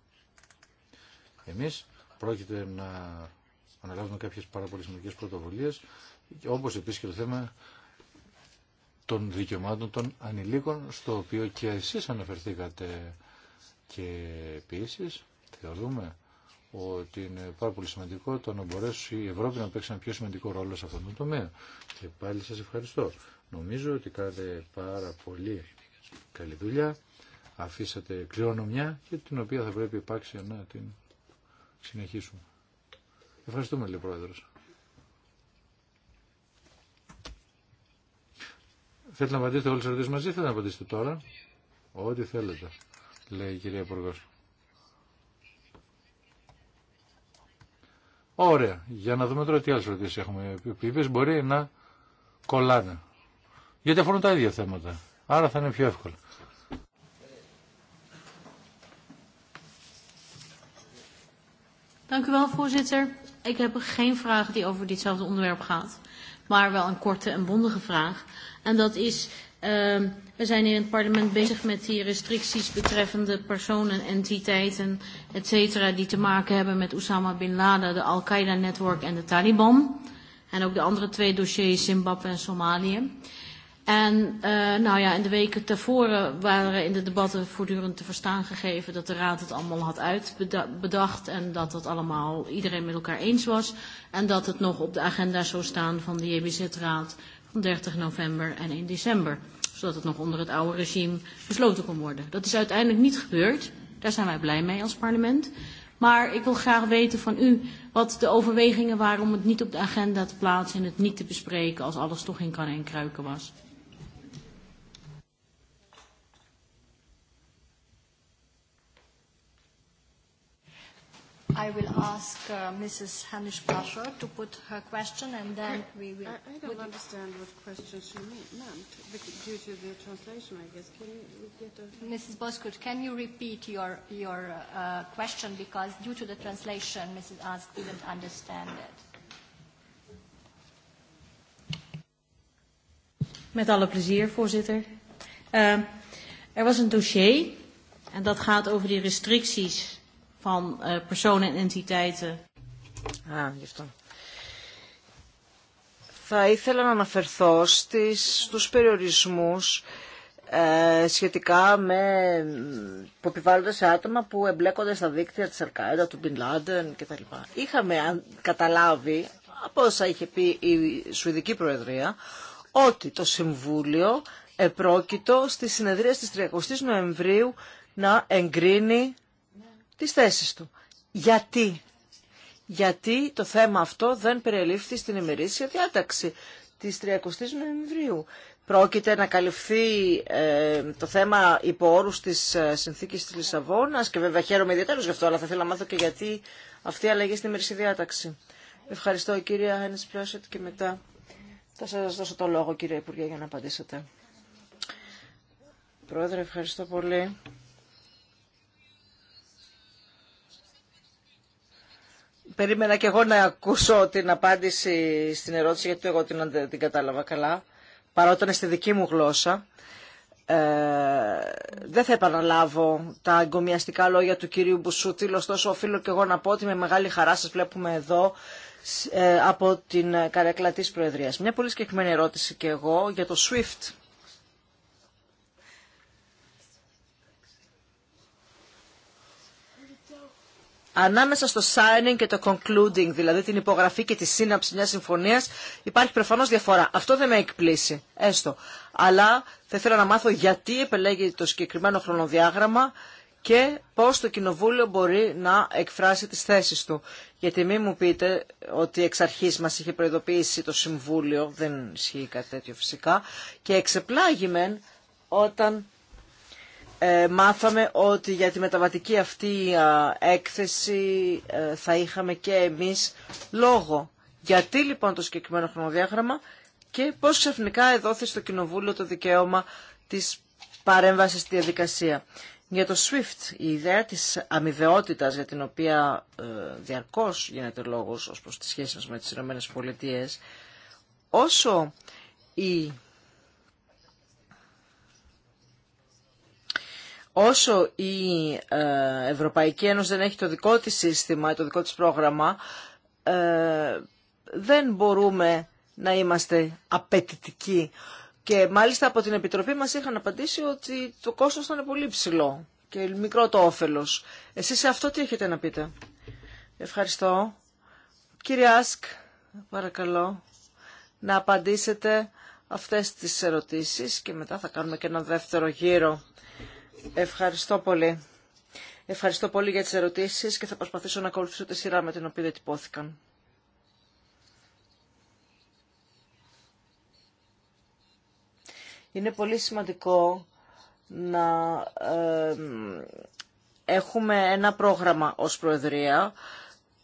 εμείς πρόκειται να αναλάβουμε κάποιες πάρα πολύ σημαντικές πρωτοβουλίες, όπως επίσης και το θέμα των δικαιωμάτων των ανηλίκων, στο οποίο και εσείς αναφερθήκατε και επίσης θεωρούμε ότι είναι πάρα πολύ σημαντικό το να μπορέσει η Ευρώπη να παίξει ένα πιο σημαντικό ρόλο σε αυτόν τον τομέα. Και πάλι σας ευχαριστώ. Νομίζω ότι κάνετε πάρα πολύ καλή δουλειά. Αφήσατε κληρονομιά και την οποία θα πρέπει υπάρξει να την συνεχίσουμε. Ευχαριστούμε, λέει Πρόεδρος. Θέλετε να απαντήσετε όλες τις ερωτήσεις μαζί, θέλετε να απαντήσετε τώρα. Ό,τι θέλετε, λέει η κυρία Υπουργό. Ωραία. Για να δούμε τώρα τι άλλες ερωτήσεις έχουμε. Οι μπορεί να κολλάνε. Γιατί αφορούν τα ίδια θέματα. Άρα θα είναι πιο εύκολο. Dank u wel, voorzitter. Ik heb geen vraag die over ditzelfde onderwerp gaat maar wel een korte en bondige vraag. En dat is, we zijn in het parlement bezig met die restricties betreffende personen, entiteiten, et cetera, die te maken hebben met Osama Bin Laden, de al qaeda network en de Taliban. En ook de andere twee dossiers, Zimbabwe en Somalië. En nou ja, in de weken tevoren waren in de debatten voortdurend te verstaan gegeven dat de Raad het allemaal had uitbedacht en dat dat allemaal iedereen met elkaar eens was. En dat het nog op de agenda zou staan van de JBZ-raad van 30 november en 1 december. Zodat het nog onder het oude regime besloten kon worden. Dat is uiteindelijk niet gebeurd. Daar zijn wij blij mee als parlement. Maar ik wil graag weten van u wat de overwegingen waren om het niet op de agenda te plaatsen en het niet te bespreken als alles toch in kan en kruiken was. I will ask Mrs. Hamish Pasha to put her question and then we will. I don't understand what question she meant due to the translation, I guess. Can we get a. Mrs. Boskut, can you repeat your your question because due to the translation, Mrs. Ask didn't understand it. Met alle plezier, voorzitter. Er was een dossier en dat gaat over die restricties van eh, personen en entiteiten. Θα ήθελα να αναφερθώ στις, στους περιορισμούς ε, σχετικά με που επιβάλλονται σε άτομα που εμπλέκονται στα δίκτυα της Αρκάιντα, του Μπιν Λάντεν κτλ. Είχαμε καταλάβει από όσα είχε πει η Σουηδική Προεδρία ότι το Συμβούλιο επρόκειτο στη συνεδρία της 30 Νοεμβρίου να εγκρίνει τις θέσεις του. Γιατί. Γιατί το θέμα αυτό δεν περιελήφθη στην ημερήσια διάταξη της 30 Νοεμβρίου. Πρόκειται να καλυφθεί ε, το θέμα υπό όρους της ε, συνθήκης της Λισαβόνας και βέβαια χαίρομαι ιδιαίτερως γι' αυτό, αλλά θα ήθελα να μάθω και γιατί αυτή η αλλαγή στην ημερήσια διάταξη. Ευχαριστώ κυρία Χένης Πιώσετ και μετά θα σας δώσω το λόγο κύριε Υπουργέ για να απαντήσετε. Πρόεδρε, ευχαριστώ πολύ. περίμενα και εγώ να ακούσω την απάντηση στην ερώτηση γιατί εγώ την, την κατάλαβα καλά παρότι είναι στη δική μου γλώσσα. Ε, δεν θα επαναλάβω τα εγκομιαστικά λόγια του κυρίου Μπουσούτη ωστόσο οφείλω και εγώ να πω ότι με μεγάλη χαρά σας βλέπουμε εδώ ε, από την καρέκλα της Προεδρίας. Μια πολύ συγκεκριμένη ερώτηση και εγώ για το SWIFT. Ανάμεσα στο signing και το concluding, δηλαδή την υπογραφή και τη σύναψη μιας συμφωνίας, υπάρχει προφανώς διαφορά. Αυτό δεν με εκπλήσει, έστω. Αλλά θα ήθελα να μάθω γιατί επελέγει το συγκεκριμένο χρονοδιάγραμμα και πώς το Κοινοβούλιο μπορεί να εκφράσει τις θέσεις του. Γιατί μην μου πείτε ότι εξ αρχής μας είχε προειδοποιήσει το Συμβούλιο, δεν ισχύει κάτι τέτοιο φυσικά, και εξεπλάγημεν όταν ε, μάθαμε ότι για τη μεταβατική αυτή έκθεση ε, θα είχαμε και εμείς λόγο. Γιατί λοιπόν το συγκεκριμένο χρονοδιάγραμμα και πώς ξαφνικά εδόθη στο Κοινοβούλιο το δικαίωμα της παρέμβασης στη διαδικασία. Για το SWIFT, η ιδέα της αμοιβαιότητας για την οποία ε, διαρκώς γίνεται λόγος ως προς τις σχέσεις μας με τις ΗΠΑ, όσο η όσο η ε, Ευρωπαϊκή Ένωση δεν έχει το δικό της σύστημα, το δικό της πρόγραμμα, ε, δεν μπορούμε να είμαστε απαιτητικοί. Και μάλιστα από την Επιτροπή μας είχαν απαντήσει ότι το κόστος ήταν πολύ ψηλό και μικρό το όφελος. Εσείς σε αυτό τι έχετε να πείτε. Ευχαριστώ. Κύριε Άσκ, παρακαλώ να απαντήσετε αυτές τις ερωτήσεις και μετά θα κάνουμε και ένα δεύτερο γύρο Ευχαριστώ πολύ. Ευχαριστώ πολύ για τις ερωτήσεις και θα προσπαθήσω να ακολουθήσω τη σειρά με την οποία τυπώθηκαν. Είναι πολύ σημαντικό να ε, έχουμε ένα πρόγραμμα ως Προεδρία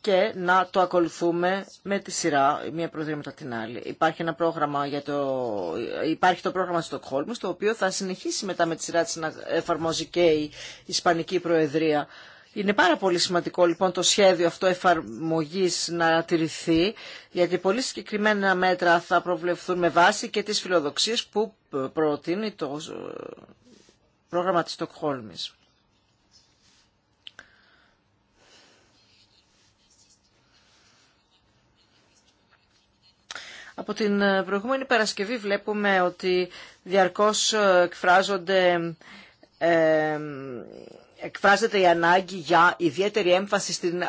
και να το ακολουθούμε με τη σειρά, μία προεδρία μετά την άλλη. Υπάρχει, ένα πρόγραμμα για το... Υπάρχει το πρόγραμμα Στοκχόλμης, το οποίο θα συνεχίσει μετά με τη σειρά της να εφαρμόζει και η Ισπανική Προεδρία. Είναι πάρα πολύ σημαντικό λοιπόν το σχέδιο αυτό εφαρμογής να τηρηθεί, γιατί πολύ συγκεκριμένα μέτρα θα προβλεφθούν με βάση και τις φιλοδοξίες που προτείνει το ε, πρόγραμμα της Στοκχόλμης. Από την ε, προηγούμενη Παρασκευή βλέπουμε ότι διαρκώς ε, εκφράζονται ε, εκφράζεται η ανάγκη για ιδιαίτερη έμφαση στην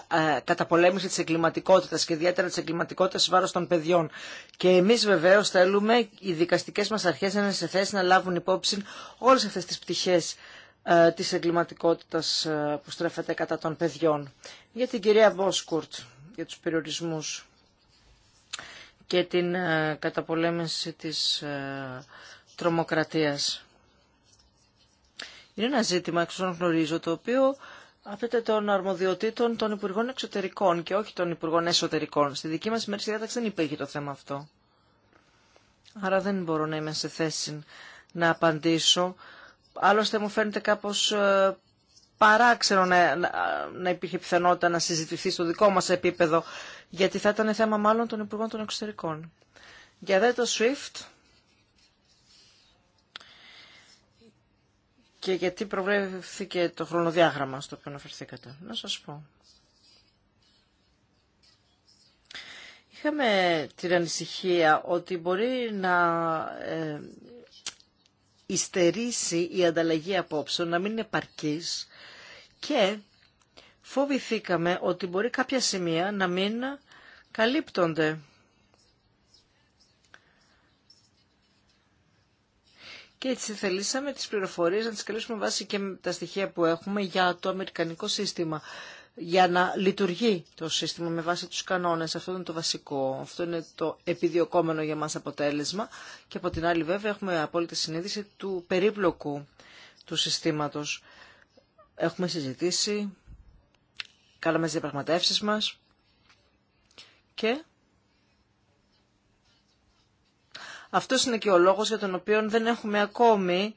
καταπολέμηση της εγκληματικότητας και ιδιαίτερα της εγκληματικότητας βάρος των παιδιών. Και εμείς βεβαίως θέλουμε οι δικαστικές μας αρχές να είναι σε θέση να λάβουν υπόψη όλες αυτές τις πτυχές ε, της εγκληματικότητας που στρέφεται κατά των παιδιών. Για την κυρία Βόσκουρτ, για τους περιορισμούς και την ε, καταπολέμηση της ε, τρομοκρατίας. Είναι ένα ζήτημα, εξ γνωρίζω, το οποίο αφήνεται των αρμοδιοτήτων των Υπουργών Εξωτερικών και όχι των Υπουργών Εσωτερικών. Στη δική μας μέρη διάταξη δεν υπήρχε το θέμα αυτό. Άρα δεν μπορώ να είμαι σε θέση να απαντήσω. Άλλωστε μου φαίνεται κάπως ε, παράξενο να, να υπήρχε πιθανότητα να συζητηθεί στο δικό μας επίπεδο, γιατί θα ήταν θέμα μάλλον των Υπουργών των Εξωτερικών. Για δε το SWIFT και γιατί προβλέφθηκε το χρονοδιάγραμμα στο οποίο αναφερθήκατε. Να σας πω. Είχαμε την ανησυχία ότι μπορεί να ε, η ανταλλαγή απόψεων, να μην είναι παρκής και φοβηθήκαμε ότι μπορεί κάποια σημεία να μην καλύπτονται. Και έτσι θελήσαμε τις πληροφορίες να τις καλύψουμε βάσει και τα στοιχεία που έχουμε για το αμερικανικό σύστημα για να λειτουργεί το σύστημα με βάση τους κανόνες. Αυτό είναι το βασικό, αυτό είναι το επιδιωκόμενο για μας αποτέλεσμα και από την άλλη βέβαια έχουμε απόλυτη συνείδηση του περίπλοκου του συστήματος. Έχουμε συζητήσει, κάναμε τις διαπραγματεύσεις μας και αυτό είναι και ο λόγος για τον οποίο δεν έχουμε ακόμη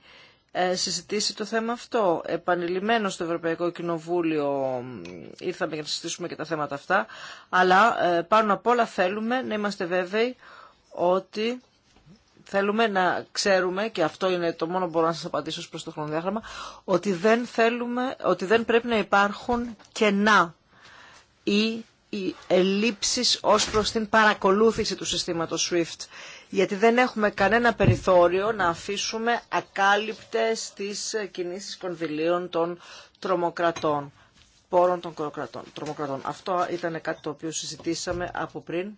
ε, συζητήσει το θέμα αυτό. Επανειλημμένο στο Ευρωπαϊκό Κοινοβούλιο ήρθαμε για να συζητήσουμε και τα θέματα αυτά, αλλά ε, πάνω απ' όλα θέλουμε να είμαστε βέβαιοι ότι θέλουμε να ξέρουμε, και αυτό είναι το μόνο που μπορώ να σας απαντήσω προς το χρονοδιάγραμμα, ότι δεν, θέλουμε, ότι δεν πρέπει να υπάρχουν κενά ή οι ελλείψεις ως προς την παρακολούθηση του συστήματος SWIFT. Γιατί δεν έχουμε κανένα περιθώριο να αφήσουμε ακάλυπτες τις κινήσεις κονδυλίων των τρομοκρατών, πόρων των τρομοκρατών. Αυτό ήταν κάτι το οποίο συζητήσαμε από πριν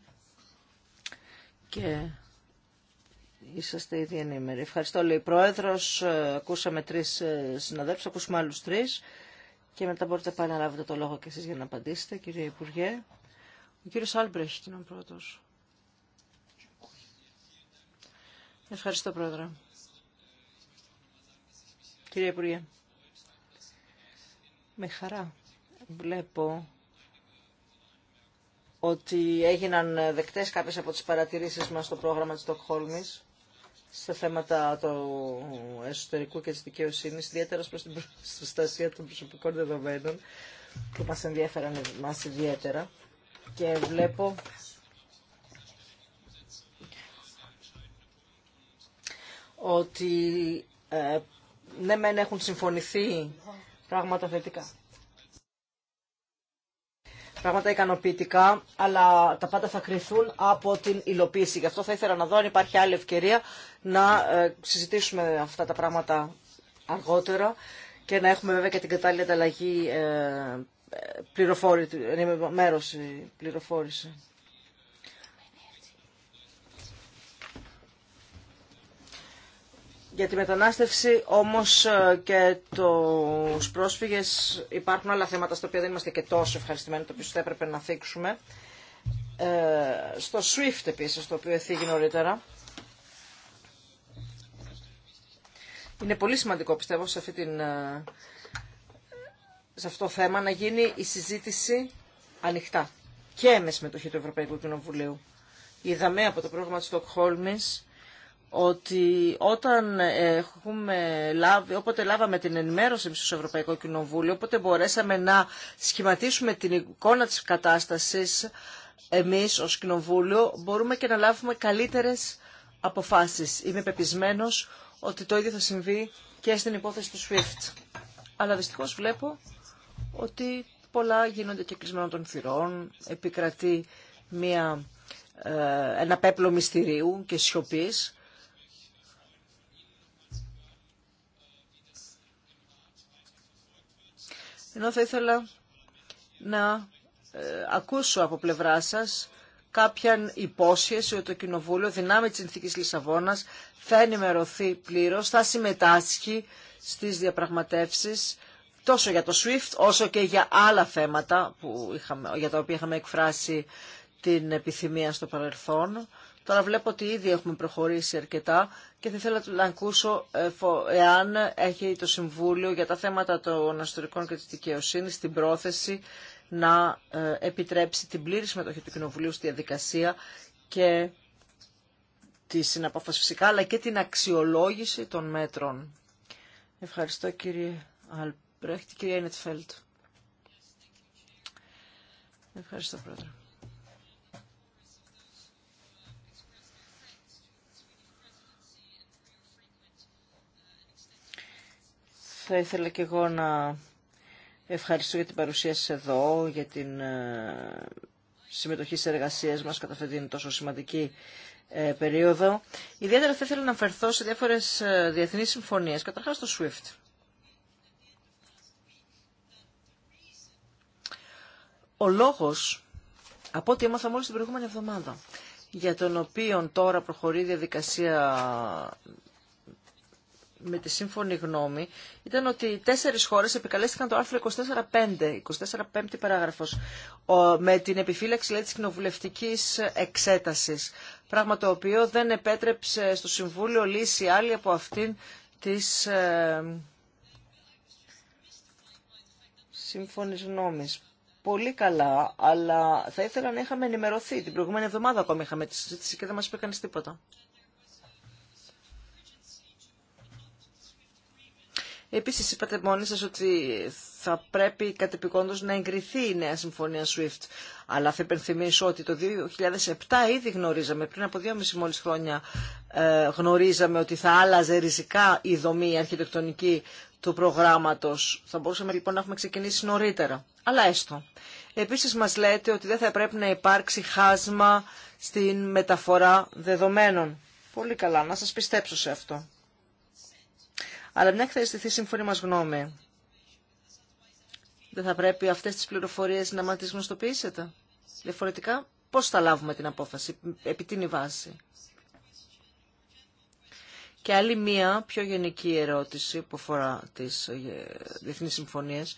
και Είσαστε ήδη ενήμεροι. Ευχαριστώ, λέει η Πρόεδρος. Ε, ακούσαμε τρεις ε, συναδέλφους, ακούσουμε άλλου τρει Και μετά μπορείτε πάλι να λάβετε το λόγο και εσεί για να απαντήσετε, κύριε Υπουργέ. Ο κύριος Άλμπρεχτ είναι ο πρώτος. Ευχαριστώ, Πρόεδρε. Κύριε Υπουργέ, με χαρά βλέπω ότι έγιναν δεκτές κάποιες από τις παρατηρήσεις μας στο πρόγραμμα της Στοκχόλμης σε θέματα του εσωτερικού και της δικαιοσύνη, ιδιαίτερα προς την προστασία των προσωπικών δεδομένων, που μας ενδιαφέραν μας ιδιαίτερα. Και βλέπω ότι ε, ναι μεν έχουν συμφωνηθεί πράγματα θετικά πράγματα ικανοποιητικά, αλλά τα πάντα θα κρυθούν από την υλοποίηση. Γι' αυτό θα ήθελα να δω αν υπάρχει άλλη ευκαιρία να ε, συζητήσουμε αυτά τα πράγματα αργότερα και να έχουμε βέβαια και την κατάλληλη ανταλλαγή ε, ε, μέρος πληροφόρηση. Για τη μετανάστευση όμως ε, και τους πρόσφυγες υπάρχουν άλλα θέματα στα οποία δεν είμαστε και τόσο ευχαριστημένοι, το οποίο θα έπρεπε να θίξουμε. Ε, στο SWIFT επίσης, το οποίο εθίγει νωρίτερα. Είναι πολύ σημαντικό πιστεύω σε, αυτή την, ε, σε αυτό το θέμα να γίνει η συζήτηση ανοιχτά και με συμμετοχή του Ευρωπαϊκού Κοινοβουλίου. Είδαμε από το πρόγραμμα της Στοκχόλμης ότι όταν έχουμε λάβει, όποτε λάβαμε την ενημέρωση στο Ευρωπαϊκό Κοινοβούλιο, όποτε μπορέσαμε να σχηματίσουμε την εικόνα της κατάστασης εμείς ως Κοινοβούλιο, μπορούμε και να λάβουμε καλύτερες αποφάσεις. Είμαι πεπισμένος ότι το ίδιο θα συμβεί και στην υπόθεση του SWIFT. Αλλά δυστυχώς βλέπω ότι πολλά γίνονται και κλεισμένων των θυρών, επικρατεί μια, ε, ένα πέπλο μυστηρίου και σιωπής ενώ θα ήθελα να ε, ακούσω από πλευρά σας κάποια υπόσχεση ότι το Κοινοβούλιο, δυνάμει της Συνθήκης Λισαβόνας, θα ενημερωθεί πλήρως, θα συμμετάσχει στις διαπραγματεύσεις τόσο για το SWIFT όσο και για άλλα θέματα που είχαμε, για τα οποία είχαμε εκφράσει την επιθυμία στο παρελθόν Τώρα βλέπω ότι ήδη έχουμε προχωρήσει αρκετά και θα ήθελα να ακούσω ε, εάν έχει το Συμβούλιο για τα θέματα των ιστορικών και της δικαιοσύνη την πρόθεση να ε, επιτρέψει την πλήρη συμμετοχή του Κοινοβουλίου στη διαδικασία και τη συναπόφαση φυσικά, αλλά και την αξιολόγηση των μέτρων. Ευχαριστώ κύριε Αλπρέχτη, κυρία Ινετφέλτ. Ευχαριστώ πρόεδρε. Θα ήθελα και εγώ να ευχαριστώ για την παρουσία σας εδώ, για την ε, συμμετοχή σε εργασίες μας κατά αυτήν την τόσο σημαντική ε, περίοδο. Ιδιαίτερα θα ήθελα να αφαιρθώ σε διάφορες ε, διεθνείς συμφωνίες, καταρχάς το SWIFT. Ο λόγος, από ό,τι έμαθα μόλις την προηγούμενη εβδομάδα, για τον οποίο τώρα προχωρεί η διαδικασία με τη σύμφωνη γνώμη ήταν ότι οι τέσσερις χώρες επικαλέστηκαν το άρθρο 24.5, 24.5 παράγραφος, με την επιφύλαξη λέει, της κοινοβουλευτικής εξέτασης, πράγμα το οποίο δεν επέτρεψε στο Συμβούλιο λύση άλλη από αυτήν της ε, σύμφωνης γνώμης. Πολύ καλά, αλλά θα ήθελα να είχαμε ενημερωθεί. Την προηγούμενη εβδομάδα ακόμη είχαμε τη συζήτηση και δεν μας είπε κανείς τίποτα. Επίση, είπατε μόνοι σα ότι θα πρέπει επικόντω να εγκριθεί η νέα συμφωνία SWIFT. Αλλά θα υπενθυμίσω ότι το 2007 ήδη γνωρίζαμε, πριν από δύο μισή χρόνια ε, γνωρίζαμε ότι θα άλλαζε ριζικά η δομή η αρχιτεκτονική του προγράμματος. Θα μπορούσαμε λοιπόν να έχουμε ξεκινήσει νωρίτερα. Αλλά έστω. Επίση, μα λέτε ότι δεν θα πρέπει να υπάρξει χάσμα στην μεταφορά δεδομένων. Πολύ καλά, να σας πιστέψω σε αυτό αλλά μια θα σύμφωνη μας γνώμη. Δεν θα πρέπει αυτές τις πληροφορίες να μας τις γνωστοποιήσετε. Διαφορετικά, πώς θα λάβουμε την απόφαση, επί την βάση. Και άλλη μία πιο γενική ερώτηση που αφορά τις ε, διεθνείς συμφωνίες.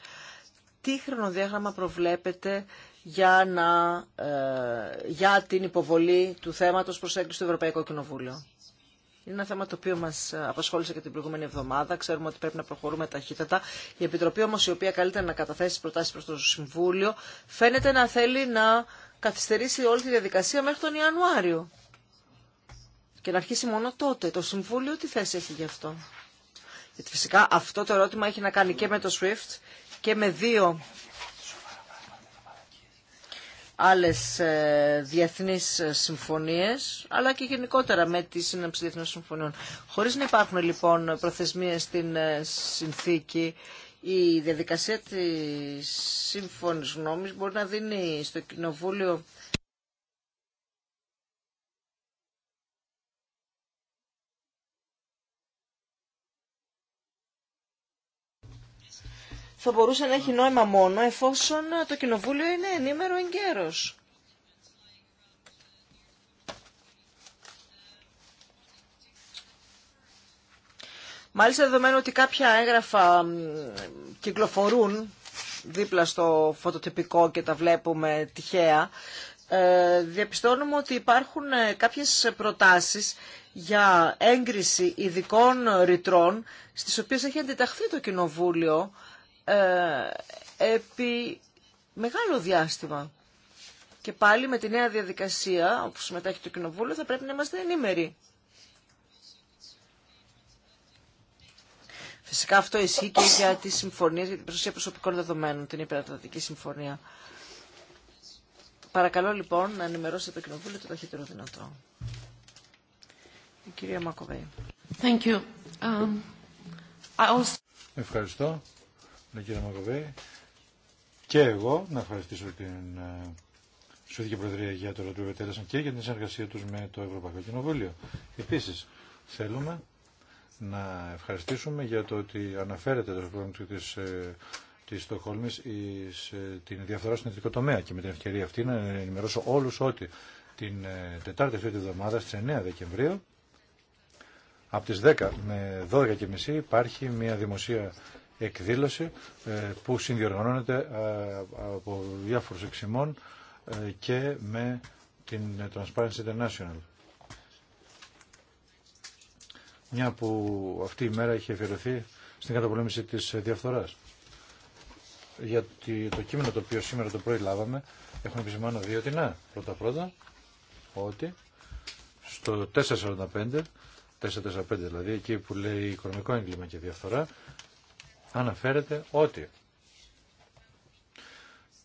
Τι χρονοδιάγραμμα προβλέπετε για, να, ε, για την υποβολή του θέματος προς έγκριση του Ευρωπαϊκό Κοινοβούλιο. Είναι ένα θέμα το οποίο μα ε, απασχόλησε και την προηγούμενη εβδομάδα. Ξέρουμε ότι πρέπει να προχωρούμε ταχύτατα. Η Επιτροπή όμω, η οποία καλύτερα να καταθέσει τι προτάσει προ το Συμβούλιο, φαίνεται να θέλει να καθυστερήσει όλη τη διαδικασία μέχρι τον Ιανουάριο. Και να αρχίσει μόνο τότε. Το Συμβούλιο τι θέση έχει γι' αυτό. Γιατί φυσικά αυτό το ερώτημα έχει να κάνει και με το SWIFT και με δύο άλλες ε, διεθνείς ε, συμφωνίες, αλλά και γενικότερα με τη σύναψη διεθνών συμφωνιών. Χωρίς να υπάρχουν λοιπόν προθεσμίες στην ε, συνθήκη, η διαδικασία της σύμφωνης γνώμης μπορεί να δίνει στο Κοινοβούλιο θα μπορούσε να έχει νόημα μόνο εφόσον το Κοινοβούλιο είναι ενήμερο εγκαίρος. Μάλιστα δεδομένου ότι κάποια έγγραφα κυκλοφορούν δίπλα στο φωτοτυπικό και τα βλέπουμε τυχαία, ε, διαπιστώνουμε ότι υπάρχουν ε, κάποιες προτάσεις για έγκριση ειδικών ρητρών στις οποίες έχει αντιταχθεί το Κοινοβούλιο ε, επί μεγάλο διάστημα. Και πάλι με τη νέα διαδικασία, όπως συμμετέχει το Κοινοβούλιο, θα πρέπει να είμαστε ενήμεροι. Φυσικά αυτό ισχύει και για τις συμφωνίες, για την προστασία προσωπικών δεδομένων, την υπερατατική Συμφωνία. Παρακαλώ λοιπόν να ενημερώσετε το Κοινοβούλιο το ταχύτερο δυνατό. Η κυρία Μακοβέη. Thank you. Um, I also... Ευχαριστώ. Ναι, κύριε και εγώ να ευχαριστήσω την ε, Σουηδική Προεδρία για το που και για την συνεργασία του με το Ευρωπαϊκό Κοινοβούλιο. Επίση, θέλουμε να ευχαριστήσουμε για το ότι αναφέρεται το πρόγραμμα τη ε, της Στοχόλμης ε, την διαφθορά στην ιδιωτικό τομέα και με την ευκαιρία αυτή να ενημερώσω όλου ότι την Τετάρτη αυτή τη εβδομάδα στι 9 Δεκεμβρίου από τις 10 με 12.30 υπάρχει μια δημοσία εκδήλωση ε, που συνδιοργανώνεται ε, από διάφορους εξημών ε, και με την Transparency International. Μια που αυτή η μέρα είχε αφιερωθεί στην καταπολέμηση της διαφθοράς. Γιατί το κείμενο το οποίο σήμερα το πρωί λάβαμε έχουν επισημάνω δύο τινά. Πρώτα πρώτα ότι στο 445 445 δηλαδή, εκεί που λέει οικονομικό έγκλημα και διαφθορά, αναφέρεται ότι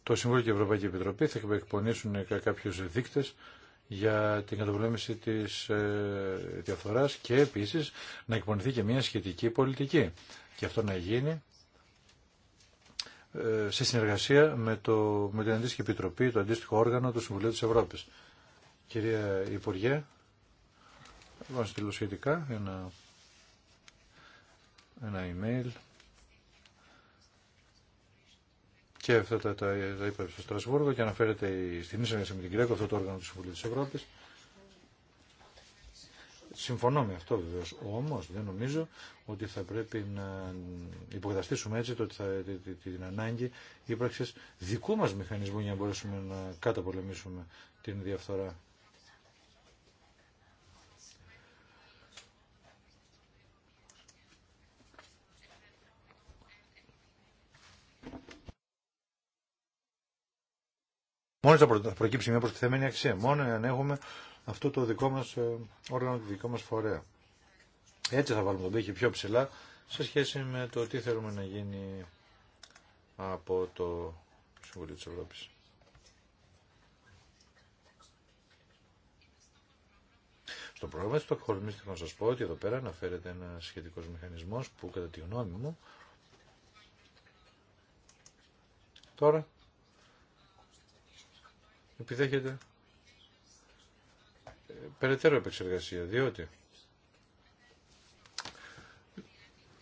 το Συμβούλιο και η Ευρωπαϊκή Επιτροπή θα εκπονήσουν κάποιους δείκτες για την καταβολέμηση της ε, διαφθοράς και επίσης να εκπονηθεί και μια σχετική πολιτική. Και αυτό να γίνει ε, σε συνεργασία με, το, με την αντίστοιχη επιτροπή, το αντίστοιχο όργανο του Συμβουλίου της Ευρώπης. Κυρία Υπουργέ, θα στείλω σχετικά ένα, ένα email. και αυτά τα, τα, τα στο Στρασβούργο και αναφέρεται στην ίσα με την Κυριακή, αυτό το όργανο του Συμβουλίου της Ευρώπη. Συμφωνώ με αυτό βεβαίω. όμως δεν νομίζω ότι θα πρέπει να υποκαταστήσουμε έτσι το, ότι την ανάγκη ύπαρξη δικού μα μηχανισμού για να μπορέσουμε να καταπολεμήσουμε την διαφθορά. Μόνο θα προκύψει μια προστιθέμενη αξία. Μόνο αν έχουμε αυτό το δικό μας ε, όργανο, το δικό μα φορέα. Έτσι θα βάλουμε τον πύχη πιο ψηλά σε σχέση με το τι θέλουμε να γίνει από το Συμβουλίο τη Ευρώπη. Στο πρόγραμμα τη Στοκχολμής θέλω να σας πω ότι εδώ πέρα αναφέρεται ένα σχετικό μηχανισμό που κατά τη γνώμη μου τώρα επιδέχεται ε, περαιτέρω επεξεργασία, διότι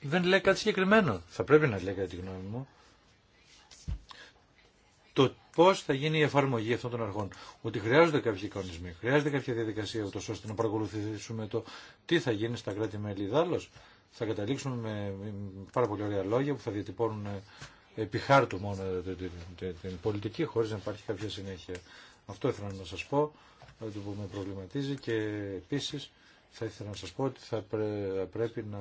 δεν λέει κάτι συγκεκριμένο. Θα πρέπει να λέει κάτι γνώμη μου. Το πώ θα γίνει η εφαρμογή αυτών των αρχών. Ότι χρειάζονται κάποιοι εικονισμοί, χρειάζεται κάποια διαδικασία, ούτως ώστε να παρακολουθήσουμε το τι θα γίνει στα κράτη-μέλη. Δάλλως θα καταλήξουμε με πάρα πολύ ωραία λόγια που θα διατυπώνουν ε, επί χάρτου μόνο ε, την πολιτική χωρίς να υπάρχει κάποια συνέχεια. Αυτό ήθελα να σας πω, το που με προβληματίζει και επίσης θα ήθελα να σας πω ότι θα πρέπει να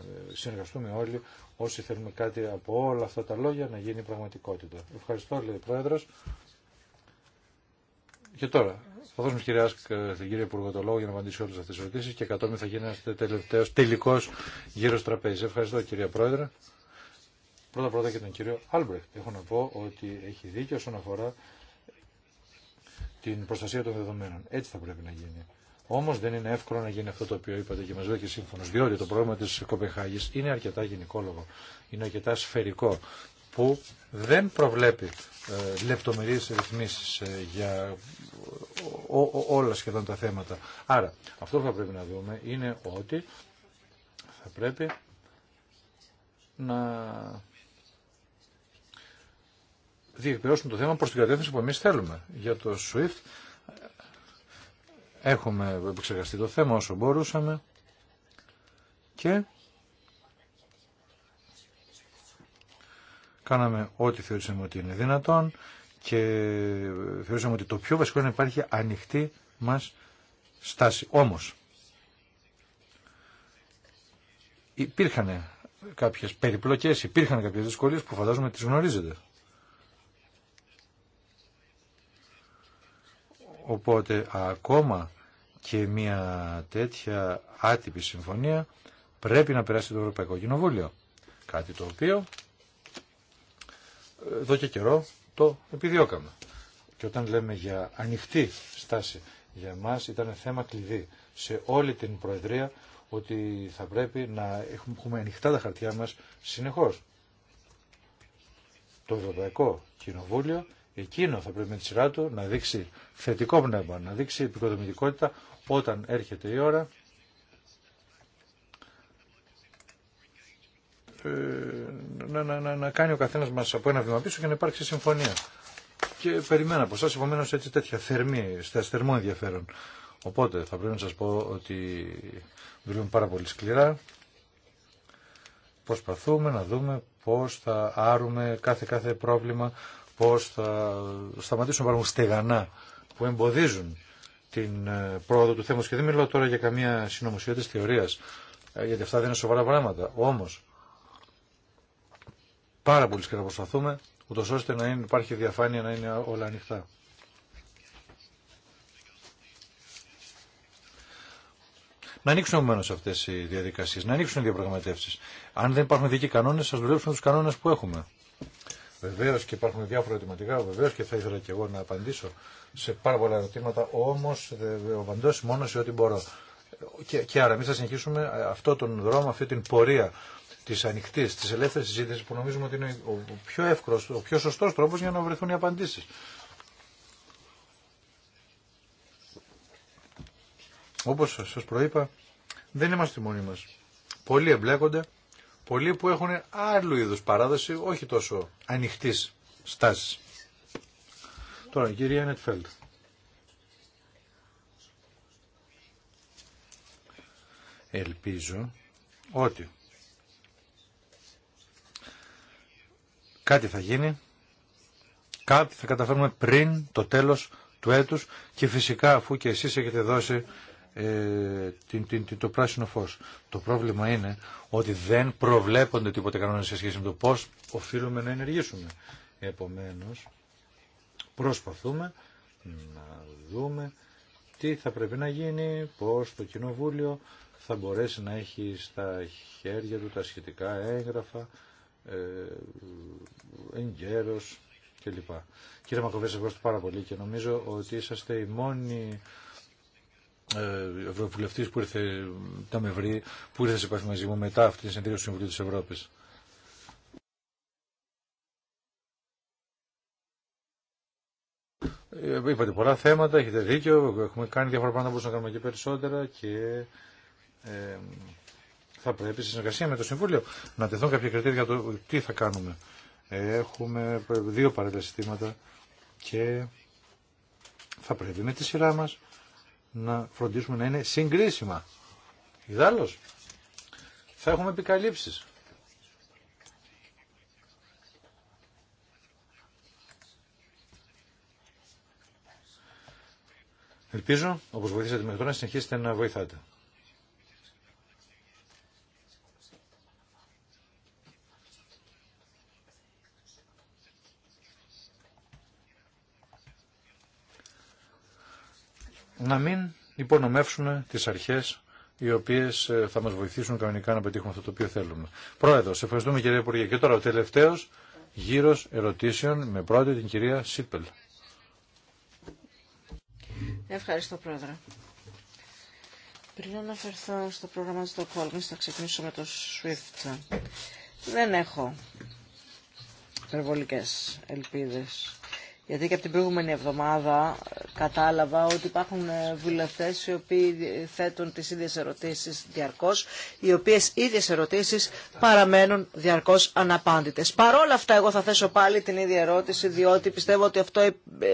ε, συνεργαστούμε όλοι όσοι θέλουμε κάτι από όλα αυτά τα λόγια να γίνει πραγματικότητα. Ευχαριστώ, λέει ο Πρόεδρος. Και τώρα, θα δώσουμε κυρία ε, την κυρία Υπουργό, το λόγο για να απαντήσει όλε αυτέ τι ερωτήσει και κατόπιν θα γίνει ένα τελευταίο τελικό γύρο τραπέζι. Ευχαριστώ, κυρία Πρόεδρε. Πρώτα πρώτα και τον κύριο Άλμπρεχτ. Έχω να πω ότι έχει δίκιο όσον αφορά την προστασία των δεδομένων. Έτσι θα πρέπει να γίνει. Όμω δεν είναι εύκολο να γίνει αυτό το οποίο είπατε και μα λέει και σύμφωνο. Διότι το πρόγραμμα τη Κοπεχάγη είναι αρκετά γενικόλογο. Είναι αρκετά σφαιρικό που δεν προβλέπει ε, λεπτομερείς ε, για όλα σχεδόν τα θέματα. Άρα, αυτό που θα πρέπει να δούμε είναι ότι θα πρέπει να διεκπαιρώσουν το θέμα προς την κατεύθυνση που εμείς θέλουμε. Για το SWIFT έχουμε επεξεργαστεί το θέμα όσο μπορούσαμε και κάναμε ό,τι θεωρήσαμε ότι είναι δυνατόν και θεωρήσαμε ότι το πιο βασικό είναι να υπάρχει ανοιχτή μας στάση. Όμως, υπήρχαν κάποιες περιπλοκές, υπήρχαν κάποιες δυσκολίες που φαντάζομαι τις γνωρίζετε. Οπότε ακόμα και μια τέτοια άτυπη συμφωνία πρέπει να περάσει το Ευρωπαϊκό Κοινοβούλιο. Κάτι το οποίο ε, εδώ και καιρό το επιδιώκαμε. Και όταν λέμε για ανοιχτή στάση για μας ήταν θέμα κλειδί σε όλη την Προεδρία ότι θα πρέπει να έχουμε ανοιχτά τα χαρτιά μας συνεχώς. Το Ευρωπαϊκό Κοινοβούλιο εκείνο θα πρέπει με τη σειρά του να δείξει θετικό πνεύμα, να δείξει επικοδομητικότητα όταν έρχεται η ώρα ε, να, να, να, να κάνει ο καθένας μας από ένα βήμα πίσω και να υπάρξει συμφωνία. Και περιμένω από εσάς επομένως έτσι τέτοια θερμή, στα θερμό ενδιαφέρον. Οπότε θα πρέπει να σας πω ότι δουλεύουμε πάρα πολύ σκληρά. Προσπαθούμε να δούμε πώς θα άρουμε κάθε κάθε πρόβλημα πώς θα σταματήσουν υπάρχουν στεγανά που εμποδίζουν την ε, πρόοδο του θέματος. Και δεν μιλάω τώρα για καμία συνωμοσία της θεωρίας, ε, γιατί αυτά δεν είναι σοβαρά πράγματα. Όμως, πάρα πολύ σκληρά προσπαθούμε, ούτω ώστε να υπάρχει διαφάνεια να είναι όλα ανοιχτά. Να ανοίξουν επομένω αυτέ οι διαδικασίε, να ανοίξουν οι διαπραγματεύσει. Αν δεν υπάρχουν δικοί κανόνε, α δουλέψουμε του κανόνε που έχουμε. Βεβαίω και υπάρχουν διάφορα ερωτηματικά, βεβαίω και θα ήθελα και εγώ να απαντήσω σε πάρα πολλά ερωτήματα, όμω απαντώ μόνο σε ό,τι μπορώ. Και, και άρα, εμεί θα συνεχίσουμε ε, αυτό τον δρόμο, αυτή την πορεία τη ανοιχτή, τη ελεύθερη συζήτηση που νομίζουμε ότι είναι ο πιο εύκολο, ο πιο σωστό τρόπο για να βρεθούν οι απαντήσει. Όπω σα προείπα, δεν είμαστε μόνοι μα. Πολλοί εμπλέκονται πολλοί που έχουν άλλου είδους παράδοση, όχι τόσο ανοιχτής στάσης. Τώρα, κυρία Νετφέλτ. Ελπίζω ότι κάτι θα γίνει, κάτι θα καταφέρουμε πριν το τέλος του έτους και φυσικά αφού και εσείς έχετε δώσει ε, την, την, το πράσινο φως. Το πρόβλημα είναι ότι δεν προβλέπονται τίποτε κανόνες σε σχέση με το πώς οφείλουμε να ενεργήσουμε. Επομένως, προσπαθούμε να δούμε τι θα πρέπει να γίνει, πώς το Κοινοβούλιο θα μπορέσει να έχει στα χέρια του τα σχετικά έγγραφα, ε, εγκαίρος κλπ. Κύριε Μακοβέση, ευχαριστώ πάρα πολύ και νομίζω ότι είσαστε η μόνη ε, ευρωβουλευτή που ήρθε να με βρει, που ήρθε σε επαφή μαζί μου μετά αυτή τη συνεδρία του Συμβουλίου τη Ευρώπη. Ε, είπατε πολλά θέματα, έχετε δίκιο, έχουμε κάνει διάφορα πράγματα που να κάνουμε και περισσότερα και ε, θα πρέπει σε συνεργασία με το Συμβούλιο να τεθούν κάποια κριτήρια για το τι θα κάνουμε. Έχουμε δύο παράλληλα και θα πρέπει με τη σειρά μας να φροντίσουμε να είναι συγκρίσιμα. Ιδάλλως, θα έχουμε επικαλύψεις. Ελπίζω, όπως βοηθήσατε μέχρι τώρα, να συνεχίσετε να βοηθάτε. υπονομεύσουμε τις αρχές οι οποίε ε, θα μας βοηθήσουν κανονικά να πετύχουμε αυτό το οποίο θέλουμε. σε ευχαριστούμε κύριε Υπουργέ. Και τώρα ο τελευταίος γύρος ερωτήσεων με πρώτη την κυρία Σίπελ. Ευχαριστώ πρόεδρε. Πριν αναφερθώ στο πρόγραμμα της Στοκχόλμη, θα ξεκινήσω με το SWIFT. Δεν έχω υπερβολικές ελπίδες γιατί και από την προηγούμενη εβδομάδα ε, κατάλαβα ότι υπάρχουν ε, βουλευτές οι οποίοι ε, θέτουν τις ίδιες ερωτήσεις διαρκώς, οι οποίες ίδιες ερωτήσεις παραμένουν διαρκώς αναπάντητες. όλα αυτά εγώ θα θέσω πάλι την ίδια ερώτηση, διότι πιστεύω ότι αυτό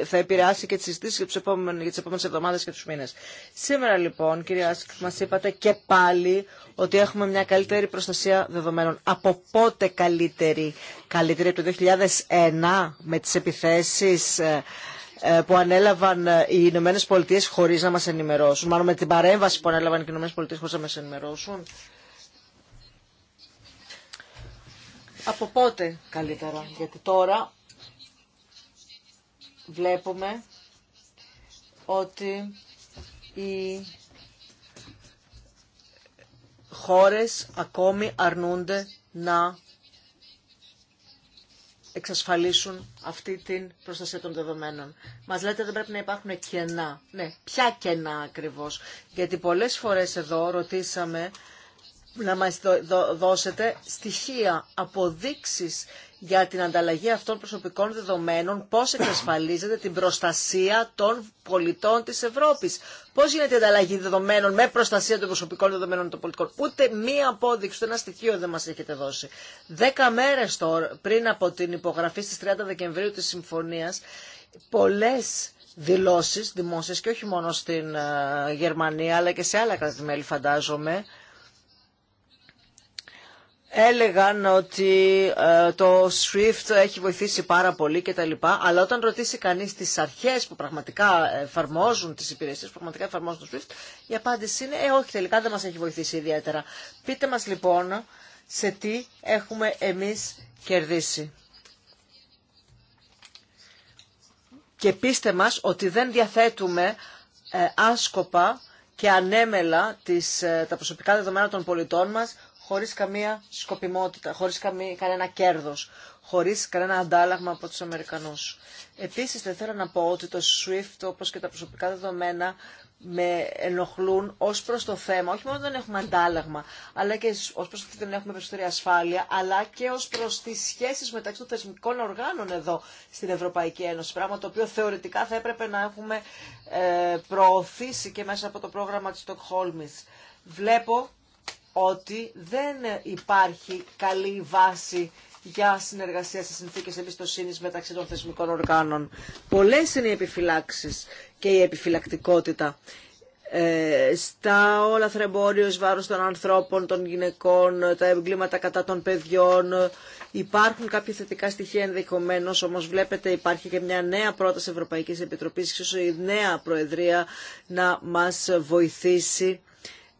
θα επηρεάσει και τις συζητήσει για τις επόμενες εβδομάδες και τους μήνες. Σήμερα λοιπόν, κυρία Άσκη, μας είπατε και πάλι ότι έχουμε μια καλύτερη προστασία δεδομένων. Από πότε καλύτερη, καλύτερη από το 2001 με τις επιθέσεις ε, ε, που ανέλαβαν ε, οι Ηνωμένε Πολιτείε χωρί να μα ενημερώσουν, μάλλον με την παρέμβαση που ανέλαβαν οι Ηνωμένε Πολιτείε χωρί να μα ενημερώσουν. Από πότε καλύτερα, γιατί τώρα βλέπουμε ότι οι χώρες ακόμη αρνούνται να εξασφαλίσουν αυτή την προστασία των δεδομένων. Μας λέτε δεν πρέπει να υπάρχουν κενά. Ναι, ποια κενά ακριβώ. Γιατί πολλές φορές εδώ ρωτήσαμε να μας δώσετε στοιχεία, αποδείξεις για την ανταλλαγή αυτών προσωπικών δεδομένων, πώς εξασφαλίζεται την προστασία των πολιτών της Ευρώπης. Πώς γίνεται η ανταλλαγή δεδομένων με προστασία των προσωπικών δεδομένων των πολιτικών. Ούτε μία απόδειξη, ούτε ένα στοιχείο δεν μας έχετε δώσει. Δέκα μέρες τώρα, πριν από την υπογραφή στις 30 Δεκεμβρίου της Συμφωνίας, πολλές δηλώσεις δημόσιες και όχι μόνο στην ε, Γερμανία αλλά και σε άλλα κράτη-μέλη φαντάζομαι έλεγαν ότι ε, το SWIFT έχει βοηθήσει πάρα πολύ και τα λοιπά, αλλά όταν ρωτήσει κανείς τις αρχές που πραγματικά εφαρμόζουν τις υπηρεσίες, που πραγματικά εφαρμόζουν το SWIFT, η απάντηση είναι «Ε, όχι, τελικά δεν μας έχει βοηθήσει ιδιαίτερα». Πείτε μας λοιπόν σε τι έχουμε εμείς κερδίσει. Και πείστε μας ότι δεν διαθέτουμε ε, άσκοπα και ανέμελα τις, ε, τα προσωπικά δεδομένα των πολιτών μας χωρίς καμία σκοπιμότητα, χωρίς καμία, κανένα κέρδος, χωρίς κανένα αντάλλαγμα από τους Αμερικανούς. Επίσης, δεν θέλω να πω ότι το SWIFT, όπως και τα προσωπικά δεδομένα, με ενοχλούν ως προς το θέμα, όχι μόνο δεν έχουμε αντάλλαγμα, αλλά και ως προς ότι δεν έχουμε περισσότερη ασφάλεια, αλλά και ως προς τις σχέσεις μεταξύ των θεσμικών οργάνων εδώ στην Ευρωπαϊκή Ένωση, πράγμα το οποίο θεωρητικά θα έπρεπε να έχουμε ε, προωθήσει και μέσα από το πρόγραμμα της Στοκχόλμης. Βλέπω ότι δεν υπάρχει καλή βάση για συνεργασία σε συνθήκες εμπιστοσύνης μεταξύ των θεσμικών οργάνων. Πολλές είναι οι επιφυλάξεις και η επιφυλακτικότητα ε, στα όλα θρεμπόριο βάρος των ανθρώπων, των γυναικών, τα εγκλήματα κατά των παιδιών. Υπάρχουν κάποια θετικά στοιχεία ενδεχομένω, όμως βλέπετε υπάρχει και μια νέα πρόταση Ευρωπαϊκής Επιτροπής, ίσως η νέα Προεδρία να μας βοηθήσει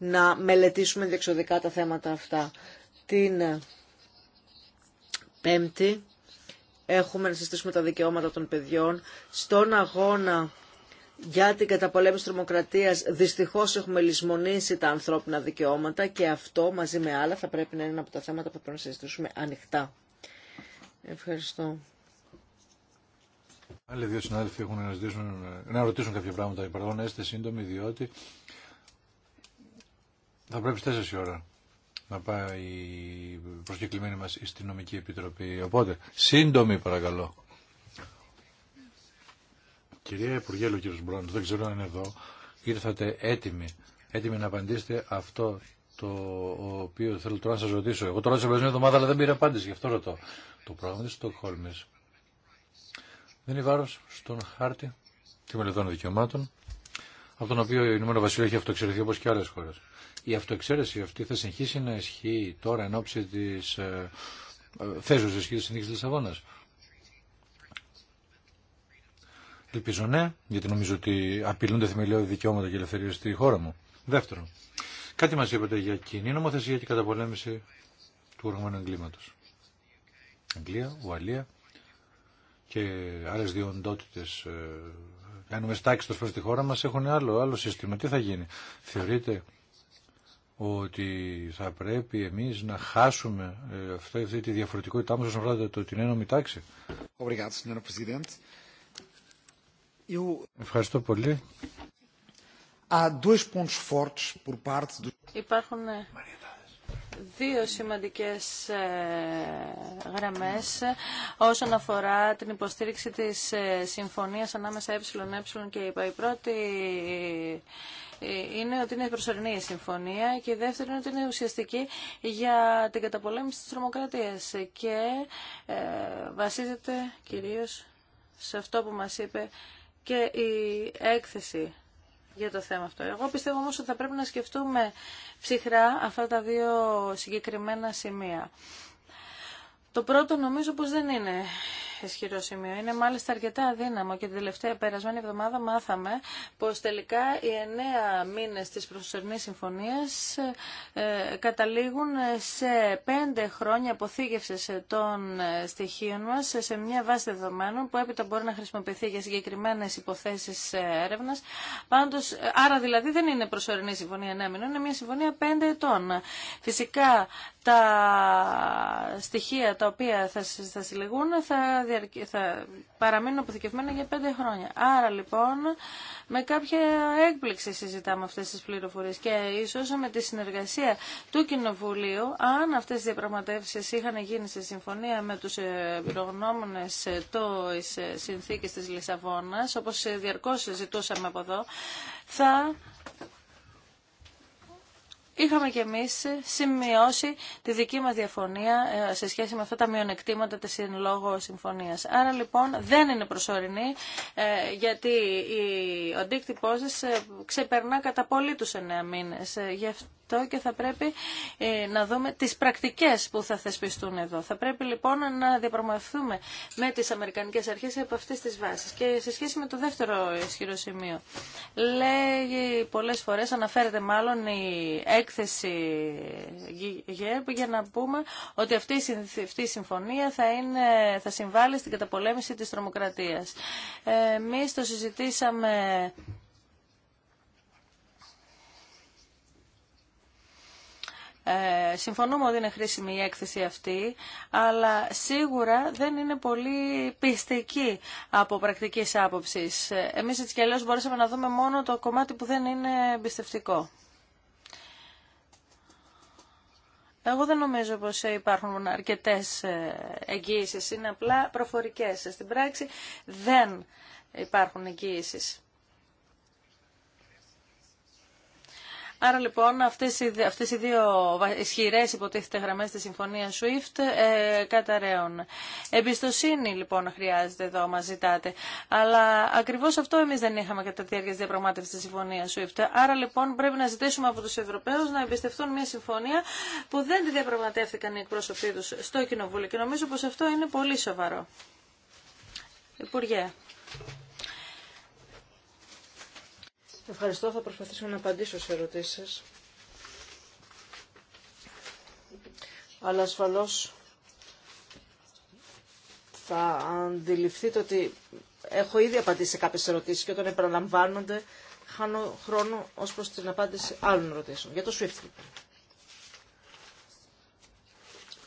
να μελετήσουμε διεξοδικά τα θέματα αυτά. Την ε, Πέμπτη έχουμε να συστήσουμε τα δικαιώματα των παιδιών. Στον αγώνα για την καταπολέμηση τρομοκρατίας δυστυχώς έχουμε λησμονήσει τα ανθρώπινα δικαιώματα και αυτό μαζί με άλλα θα πρέπει να είναι ένα από τα θέματα που πρέπει να συζητήσουμε ανοιχτά. Ευχαριστώ. Άλλοι δύο συνάδελφοι έχουν να ρωτήσουν κάποια πράγματα. Παρακαλώ να είστε σύντομοι, διότι θα πρέπει στις 4 η ώρα να πάει η προσκεκλημένη μας η Νομική Επιτροπή. Οπότε, σύντομη παρακαλώ. Κυρία Υπουργέ, ο κύριος Μπρόντος, δεν ξέρω αν είναι εδώ, ήρθατε έτοιμοι, έτοιμοι να απαντήσετε αυτό το οποίο θέλω τώρα να σας ρωτήσω. Εγώ τώρα ρώτησα μια εβδομάδα, αλλά δεν πήρα απάντηση, γι' αυτό ρωτώ. Το πρόγραμμα της Στοκχόλμης δεν είναι βάρος στον χάρτη μελετών δικαιωμάτων, από τον οποίο η Ηνωμένο Βασίλειο έχει αυτοξαιρεθεί όπως και άλλες χώρες η αυτοεξαίρεση αυτή θα συνεχίσει να ισχύει τώρα εν ώψη της ε, ε θέσεως τη της συνθήκης Λισαβόνας. Ελπίζω ναι, γιατί νομίζω ότι απειλούνται θεμελιώδη δικαιώματα και ελευθερίες στη χώρα μου. Δεύτερον, κάτι μα είπατε για κοινή νομοθεσία και καταπολέμηση του οργανωμένου εγκλήματο. Αγγλία, Ουαλία και άλλε δύο οντότητε. Ε, κάνουμε στάξει στο στη χώρα μα έχουν άλλο, άλλο σύστημα. Τι θα γίνει. Θεωρείτε ότι θα πρέπει εμείς να χάσουμε ε, αυτή, αυτή τη διαφορετικότητά μας όσον αφορά το, την ένωμη τάξη. Ευχαριστώ πολύ. Υπάρχουν ε, δύο σημαντικές ε, γραμμές όσον αφορά την υποστήριξη της ε, συμφωνίας ανάμεσα ΕΕ και ΕΕ. Η πρώτη είναι ότι είναι προσωρινή η συμφωνία και η δεύτερη είναι ότι είναι ουσιαστική για την καταπολέμηση της τρομοκρατίας και βασίζεται κυρίως σε αυτό που μας είπε και η έκθεση για το θέμα αυτό. Εγώ πιστεύω όμως ότι θα πρέπει να σκεφτούμε ψυχρά αυτά τα δύο συγκεκριμένα σημεία. Το πρώτο νομίζω πως δεν είναι ισχυρό σημείο. Είναι μάλιστα αρκετά αδύναμο και την τελευταία περασμένη εβδομάδα μάθαμε πω τελικά οι εννέα μήνες της προσωρινής συμφωνίας ε, καταλήγουν σε πέντε χρόνια αποθήκευση των ε, στοιχείων μα σε μια βάση δεδομένων που έπειτα μπορεί να χρησιμοποιηθεί για συγκεκριμένε υποθέσει ε, έρευνα. άρα δηλαδή δεν είναι προσωρινή συμφωνία εννέα μήνων, είναι μια συμφωνία πέντε ετών. Φυσικά τα στοιχεία τα οποία θα, θα συλλεγούν θα θα παραμείνουν αποθηκευμένα για πέντε χρόνια. Άρα λοιπόν με κάποια έκπληξη συζητάμε αυτές τις πληροφορίες και ίσως με τη συνεργασία του Κοινοβουλίου, αν αυτές οι διαπραγματεύσεις είχαν γίνει σε συμφωνία με τους πυρογνώμονες το συνθήκες της Λισαβόνας, όπως διαρκώς ζητούσαμε από εδώ, θα είχαμε κι εμείς σημειώσει τη δική μας διαφωνία ε, σε σχέση με αυτά τα μειονεκτήματα τη εν λόγω συμφωνίας. Άρα λοιπόν δεν είναι προσωρινή ε, γιατί ο τη ε, ξεπερνά κατά πολύ του εννέα μήνε και θα πρέπει να δούμε τις πρακτικές που θα θεσπιστούν εδώ. Θα πρέπει λοιπόν να διαπραγματευτούμε με τις Αμερικανικές Αρχές από αυτές τις βάσεις. Και σε σχέση με το δεύτερο ισχυρό σημείο, λέει πολλές φορές, αναφέρεται μάλλον η έκθεση Γ.Ε.Π. για να πούμε ότι αυτή, η συμφωνία θα, είναι, θα συμβάλλει στην καταπολέμηση της τρομοκρατίας. Εμείς το συζητήσαμε Ε, συμφωνούμε ότι είναι χρήσιμη η έκθεση αυτή, αλλά σίγουρα δεν είναι πολύ πιστική από πρακτική άποψη. Εμεί έτσι κι αλλιώ μπορούσαμε να δούμε μόνο το κομμάτι που δεν είναι εμπιστευτικό. Εγώ δεν νομίζω πως υπάρχουν αρκετές ε, εγγύησεις, είναι απλά προφορικές. Στην πράξη δεν υπάρχουν εγγύησεις. Άρα λοιπόν αυτές οι, αυτές οι δύο ισχυρέ υποτίθεται γραμμές της συμφωνίας SWIFT ε, καταραίων. Εμπιστοσύνη λοιπόν χρειάζεται εδώ, μας ζητάτε. Αλλά ακριβώς αυτό εμείς δεν είχαμε κατά τη διάρκεια της διαπραγμάτευσης της συμφωνίας SWIFT. Άρα λοιπόν πρέπει να ζητήσουμε από τους Ευρωπαίους να εμπιστευτούν μια συμφωνία που δεν τη διαπραγματεύτηκαν οι εκπρόσωποι τους στο Κοινοβούλιο. Και νομίζω πως αυτό είναι πολύ σοβαρό. Υπουργέ. Ευχαριστώ. Θα προσπαθήσω να απαντήσω σε ερωτήσεις. Αλλά ασφαλώς θα αντιληφθείτε ότι έχω ήδη απαντήσει σε κάποιες ερωτήσεις και όταν επαναλαμβάνονται χάνω χρόνο ως προς την απάντηση άλλων ερωτήσεων. Για το SWIFT. Λοιπόν.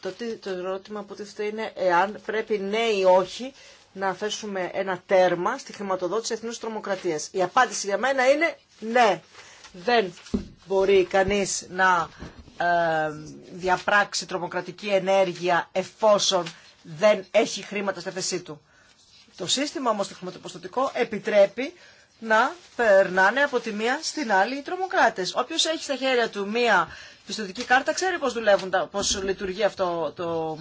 Το, το ερώτημα που τίθεται είναι εάν πρέπει ναι ή όχι να θέσουμε ένα τέρμα στη χρηματοδότηση εθνούς τρομοκρατίας. Η απάντηση για μένα είναι ναι. Δεν μπορεί κανείς να ε, διαπράξει τρομοκρατική ενέργεια εφόσον δεν έχει χρήματα στη θέση του. Το σύστημα όμως το χρηματοπιστωτικό επιτρέπει να περνάνε από τη μία στην άλλη οι τρομοκράτες. Όποιος έχει στα χέρια του μία πιστοτική κάρτα ξέρει πώς δουλεύουν, πώς λειτουργεί αυτό το,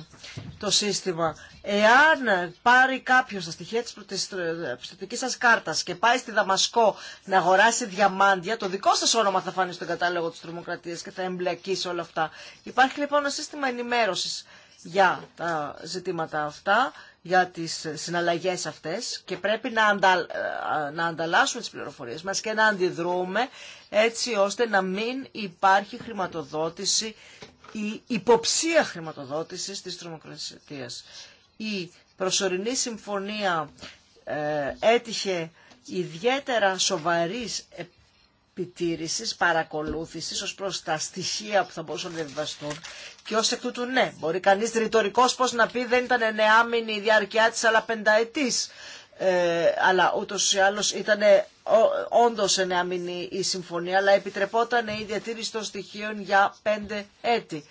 το σύστημα. Εάν πάρει κάποιος τα στοιχεία της ε, πιστοτικής σας κάρτας και πάει στη Δαμασκό να αγοράσει διαμάντια, το δικό σας όνομα θα φανεί στον κατάλογο της τρομοκρατίας και θα εμπλεκεί σε όλα αυτά. Υπάρχει λοιπόν ένα σύστημα ενημέρωσης για τα ζητήματα αυτά για τις συναλλαγές αυτές και πρέπει να, αντάλ ε, να ανταλλάσσουμε τις πληροφορίες μας και να αντιδρούμε έτσι ώστε να μην υπάρχει χρηματοδότηση η υποψία χρηματοδότησης της τρομοκρατίας. Η προσωρινή συμφωνία ε, έτυχε ιδιαίτερα σοβαρής επιτήρησης, παρακολούθησης ως προς τα στοιχεία που θα μπορούσαν να διαβιβαστούν και ως εκ τούτου ναι, μπορεί κανείς ρητορικό πως να πει δεν ήταν νεάμινη η διάρκειά της αλλά πενταετής ε, αλλά ούτως ή άλλως ήταν ε, όντως εννεάμινη η συμφωνία αλλά νεαμινη η διατήρηση των στοιχείων για πέντε έτη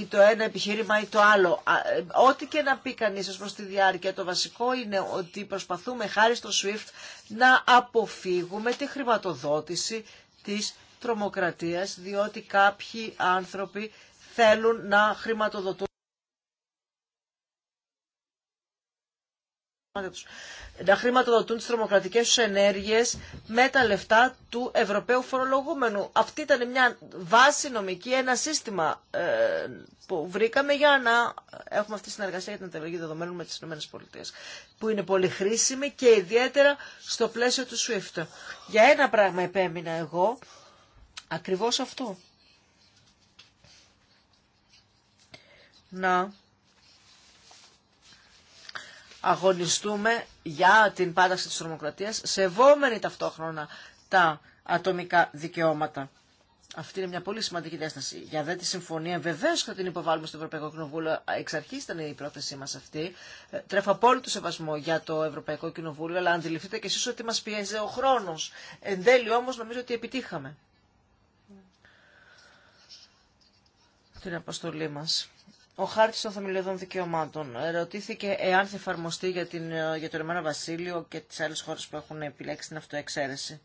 ή το ένα επιχείρημα ή το άλλο. Ε, ό,τι και να πει κανεί ω προ τη διάρκεια, το βασικό είναι ότι προσπαθούμε χάρη στο SWIFT να αποφύγουμε τη χρηματοδότηση της τρομοκρατίας, διότι κάποιοι άνθρωποι θέλουν να χρηματοδοτούν τους, να χρηματοδοτούν τις τρομοκρατικές ενέργειες με τα λεφτά του Ευρωπαίου φορολογούμενου. Αυτή ήταν μια βάση νομική, ένα σύστημα ε, που βρήκαμε για να έχουμε αυτή τη συνεργασία για την ανταλλαγή δεδομένων με τις ΗΠΑ, που είναι πολύ χρήσιμη και ιδιαίτερα στο πλαίσιο του SWIFT. Για ένα πράγμα επέμεινα εγώ, ακριβώς αυτό. Να αγωνιστούμε για την πάταξη της τρομοκρατίας, σεβόμενοι ταυτόχρονα τα ατομικά δικαιώματα. Αυτή είναι μια πολύ σημαντική διάσταση. Για δε τη συμφωνία, βεβαίω θα την υποβάλουμε στο Ευρωπαϊκό Κοινοβούλιο. Εξ αρχή ήταν η πρόθεσή μα αυτή. Ε, τρέφω απόλυτο σεβασμό για το Ευρωπαϊκό Κοινοβούλιο, αλλά αντιληφθείτε κι εσεί ότι μα πιέζει ο χρόνο. Εν τέλει όμω νομίζω ότι επιτύχαμε. Την αποστολή μας ο Χάρτη των θεμελιωδών δικαιωμάτων. Ρωτήθηκε εάν θα εφαρμοστεί για, την, ε, για το Ρωμανό Βασίλειο και τι άλλε χώρε που έχουν επιλέξει την αυτοεξαίρεση.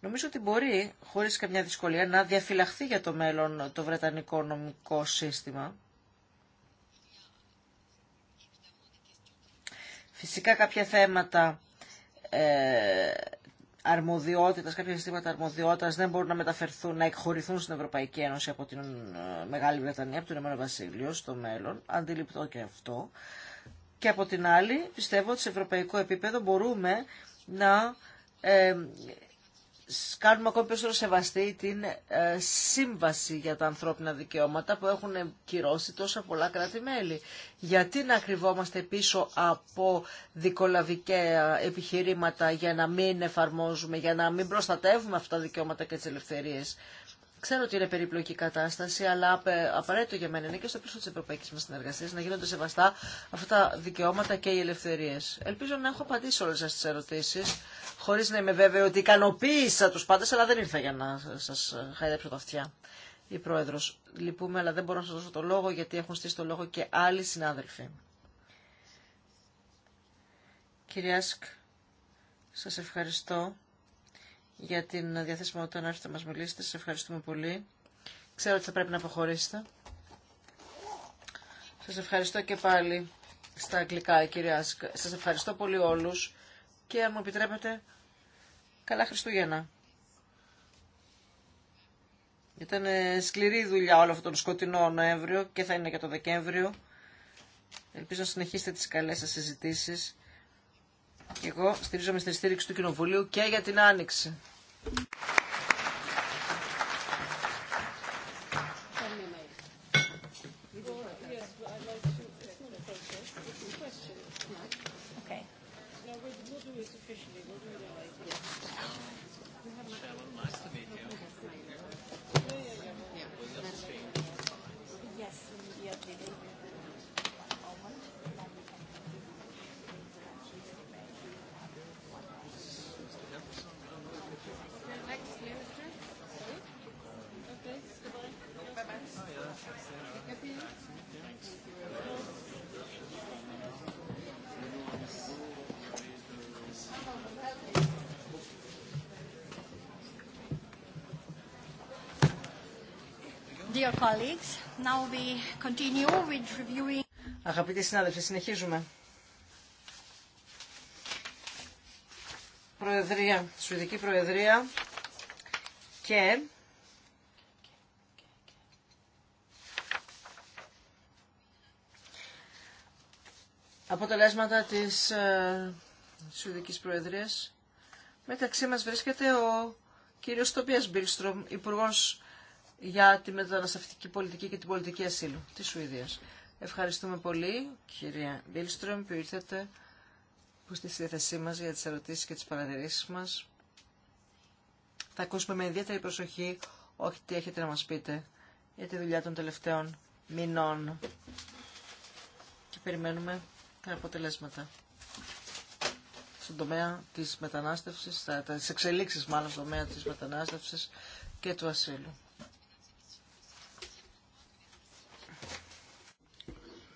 Νομίζω ότι μπορεί, χωρίς καμιά δυσκολία, να διαφυλαχθεί για το μέλλον το βρετανικό νομικό σύστημα. Φυσικά κάποια θέματα ε, αρμοδιότητα, κάποια συστήματα αρμοδιότητα δεν μπορούν να μεταφερθούν, να εκχωρηθούν στην Ευρωπαϊκή Ένωση από την ε, Μεγάλη Βρετανία, από το Ηνωμένο Βασίλειο στο μέλλον. Αντιληπτό και αυτό. Και από την άλλη, πιστεύω ότι σε ευρωπαϊκό επίπεδο μπορούμε να ε, κάνουμε ακόμη περισσότερο σεβαστή την ε, σύμβαση για τα ανθρώπινα δικαιώματα που έχουν κυρώσει τόσα πολλά κράτη-μέλη. Γιατί να κρυβόμαστε πίσω από δικολαβικά επιχειρήματα για να μην εφαρμόζουμε, για να μην προστατεύουμε αυτά τα δικαιώματα και τις ελευθερίες Ξέρω ότι είναι περιπλοκή κατάσταση, αλλά απαραίτητο για μένα είναι και στο πίσω τη ευρωπαϊκή μα συνεργασία να γίνονται σεβαστά αυτά τα δικαιώματα και οι ελευθερίε. Ελπίζω να έχω απαντήσει όλε σα τι ερωτήσει, χωρί να είμαι βέβαιο ότι ικανοποίησα του πάντε, αλλά δεν ήρθα για να σα χαϊδέψω τα αυτιά. Η πρόεδρο. Λυπούμε, αλλά δεν μπορώ να σα δώσω το λόγο γιατί έχουν στήσει το λόγο και άλλοι συνάδελφοι. Κυρία Σκ, σα ευχαριστώ για την διαθέσιμότητα να έρθετε να μας μιλήσετε. Σας ευχαριστούμε πολύ. Ξέρω ότι θα πρέπει να αποχωρήσετε. Σας ευχαριστώ και πάλι στα αγγλικά, κυρία Σκα. Σας ευχαριστώ πολύ όλους και αν μου επιτρέπετε, καλά Χριστούγεννα. Ήταν σκληρή δουλειά όλο αυτό τον σκοτεινό Νοέμβριο και θα είναι και το Δεκέμβριο. Ελπίζω να συνεχίσετε τις καλές σας συζητήσεις εγώ στηρίζομαι στην στήριξη του Κοινοβουλίου και για την Άνοιξη. colleagues, now we Αγαπητοί συνάδελφοι, συνεχίζουμε. Προεδρία, Σουηδική Προεδρία και αποτελέσματα της ε, Σουηδικής Προεδρίας. Μεταξύ μας βρίσκεται ο κύριος Τοπίας Μπίλστρομ, Υπουργός για τη μεταναστευτική πολιτική και την πολιτική ασύλου της Σουηδίας. Ευχαριστούμε πολύ, κυρία Μπίλστρομ, που ήρθατε που στη διάθεσή μας για τις ερωτήσεις και τις παρατηρήσεις μας. Θα ακούσουμε με ιδιαίτερη προσοχή όχι τι έχετε να μας πείτε για τη δουλειά των τελευταίων μηνών και περιμένουμε τα αποτελέσματα στον τομέα της μετανάστευσης, τις εξελίξεις μάλλον στον τομέα της μετανάστευσης και του ασύλου.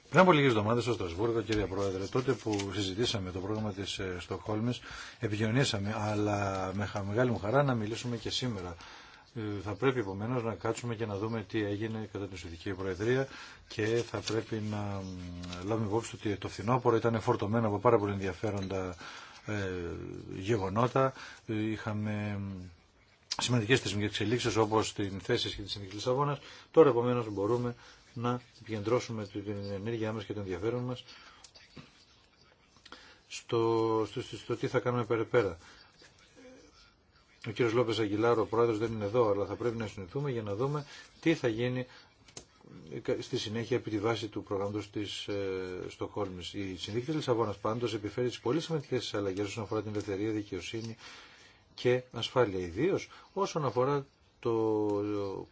Πριν από λίγε εβδομάδε στο Στρασβούργο, κύριε Πρόεδρε, τότε που συζητήσαμε το πρόγραμμα τη ε, Στοχόλμη, επικοινωνήσαμε, αλλά με μεγάλη μου χαρά να μιλήσουμε και σήμερα. Ε, θα πρέπει επομένω να κάτσουμε και να δούμε τι έγινε κατά την Σουηδική Προεδρία και θα πρέπει να λάβουμε υπόψη ότι το φθινόπωρο ήταν φορτωμένο από πάρα πολύ ενδιαφέροντα ε, γεγονότα. Είχαμε σημαντικέ θεσμικέ εξελίξει όπω την θέση και τη Λισαβόνα. Τώρα επομένω μπορούμε να επικεντρώσουμε την ενέργειά μας και τον ενδιαφέρον μας στο, στο, στο, στο τι θα κάνουμε πέρα πέρα. Ο κύριος Λόπες Αγγιλάρο, ο πρόεδρος, δεν είναι εδώ, αλλά θα πρέπει να συνηθούμε για να δούμε τι θα γίνει στη συνέχεια επί τη βάση του προγράμματος της ε, Στοκόλμης. Η Συνδίκη της Λισαβόνας πάντως επιφέρει τις πολύ σημαντικές αλλαγές όσον αφορά την ελευθερία, δικαιοσύνη και ασφάλεια, ιδίω όσον αφορά το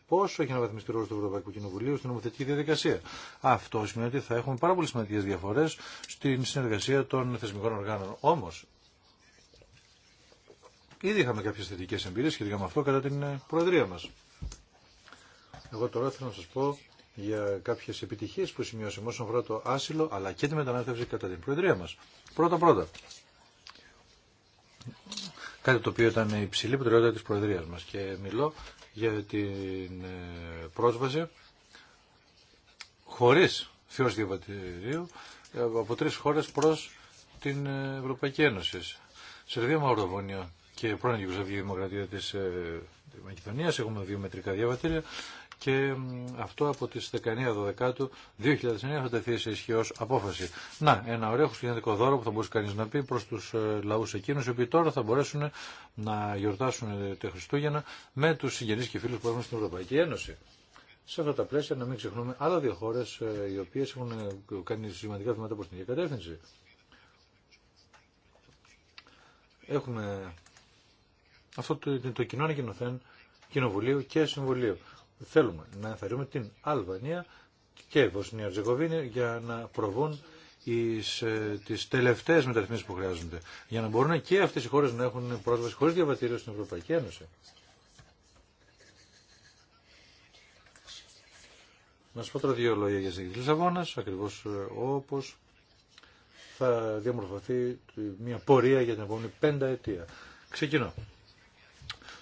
πόσο έχει αναβαθμιστεί ο ρόλο του Ευρωπαϊκού Κοινοβουλίου στην νομοθετική διαδικασία. Αυτό σημαίνει ότι θα έχουμε πάρα πολύ σημαντικέ διαφορέ στην συνεργασία των θεσμικών οργάνων. Όμω, ήδη είχαμε κάποιε θετικέ εμπειρίε σχετικά με αυτό κατά την ε, Προεδρία μα. Εγώ τώρα θέλω να σα πω για κάποιε επιτυχίε που σημειώσαμε όσον αφορά το άσυλο αλλά και τη μετανάστευση κατά την Προεδρία μα. Πρώτα-πρώτα κάτι το οποίο ήταν υψηλή προτεραιότητα της Προεδρίας μας και μιλώ για την ε, πρόσβαση χωρίς θεός διαβατηρίου ε, από τρεις χώρες προς την ε, Ευρωπαϊκή Ένωση. Σερβία, Μαυροβόνια και πρώην Γιουγκοσλαβική Δημοκρατία της Μακεδονίας έχουμε βιομετρικά διαβατήρια και αυτό από τι 19-12 του 2009 θα τεθεί σε ισχύ απόφαση. Να, ένα ωραίο χριστιανικό δώρο που θα μπορούσε κανεί να πει προ του ε, λαού εκείνου, οι οποίοι τώρα θα μπορέσουν να γιορτάσουν ε, τα Χριστούγεννα με του συγγενεί και φίλου που έχουν στην Ευρωπαϊκή Ένωση. Σε αυτά τα πλαίσια να μην ξεχνούμε άλλα δύο χώρε ε, οι οποίε έχουν κάνει σημαντικά βήματα προ την ίδια κατεύθυνση. Έχουμε αυτό το, το κοινό ανακοινωθέν Κοινοβουλίου και Συμβουλίου θέλουμε να αφαιρούμε την Αλβανία και Βοσνία Τζεκοβίνη για να προβούν εις, ε, τις τελευταίες μεταρρυθμίσεις που χρειάζονται. Για να μπορούν και αυτές οι χώρες να έχουν πρόσβαση χωρίς διαβατήριο στην Ευρωπαϊκή Ένωση. Να σας πω τώρα δύο λόγια για τη Λισαβόνα, ακριβώς ε, όπως θα διαμορφωθεί μια πορεία για την επόμενη πέντα αιτία. Ξεκινώ.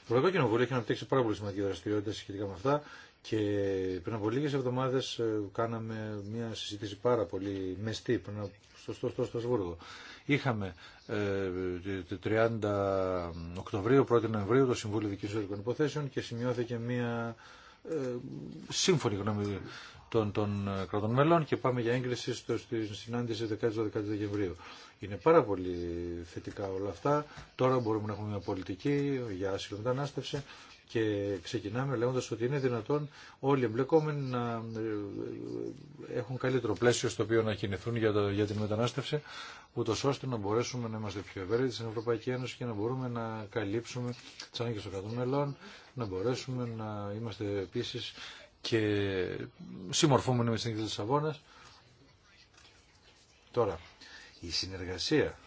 Ευρωπαϊκό Κοινοβούλιο έχει αναπτύξει πάρα πολύ σημαντική δραστηριότητα σχετικά με αυτά και πριν από λίγε εβδομάδε ε, κάναμε μια συζήτηση πάρα πολύ μεστή στο, στο, στο Στασβούργο. Είχαμε ε, 30 Οκτωβρίου, 1 Νοεμβρίου το Συμβούλιο των Υποθέσεων και σημειώθηκε μια ε, σύμφωνη γνώμη των, των ε, κρατών μελών και πάμε για έγκριση στο, στη συνάντηση 10-12 Δεκεμβρίου. Είναι πάρα πολύ θετικά όλα αυτά. Τώρα μπορούμε να έχουμε μια πολιτική για άσυλο μετανάστευση και ξεκινάμε λέγοντα ότι είναι δυνατόν όλοι οι εμπλεκόμενοι να ε, έχουν καλύτερο πλαίσιο στο οποίο να κινηθούν για, την μετανάστευση, ούτω ώστε να μπορέσουμε να είμαστε πιο ευέλικτοι στην Ευρωπαϊκή Ένωση και να μπορούμε να καλύψουμε τι ανάγκε των κρατών μελών, να μπορέσουμε να είμαστε επίση και συμμορφούμενοι με την της Σαββόνας. Τώρα, η συνεργασία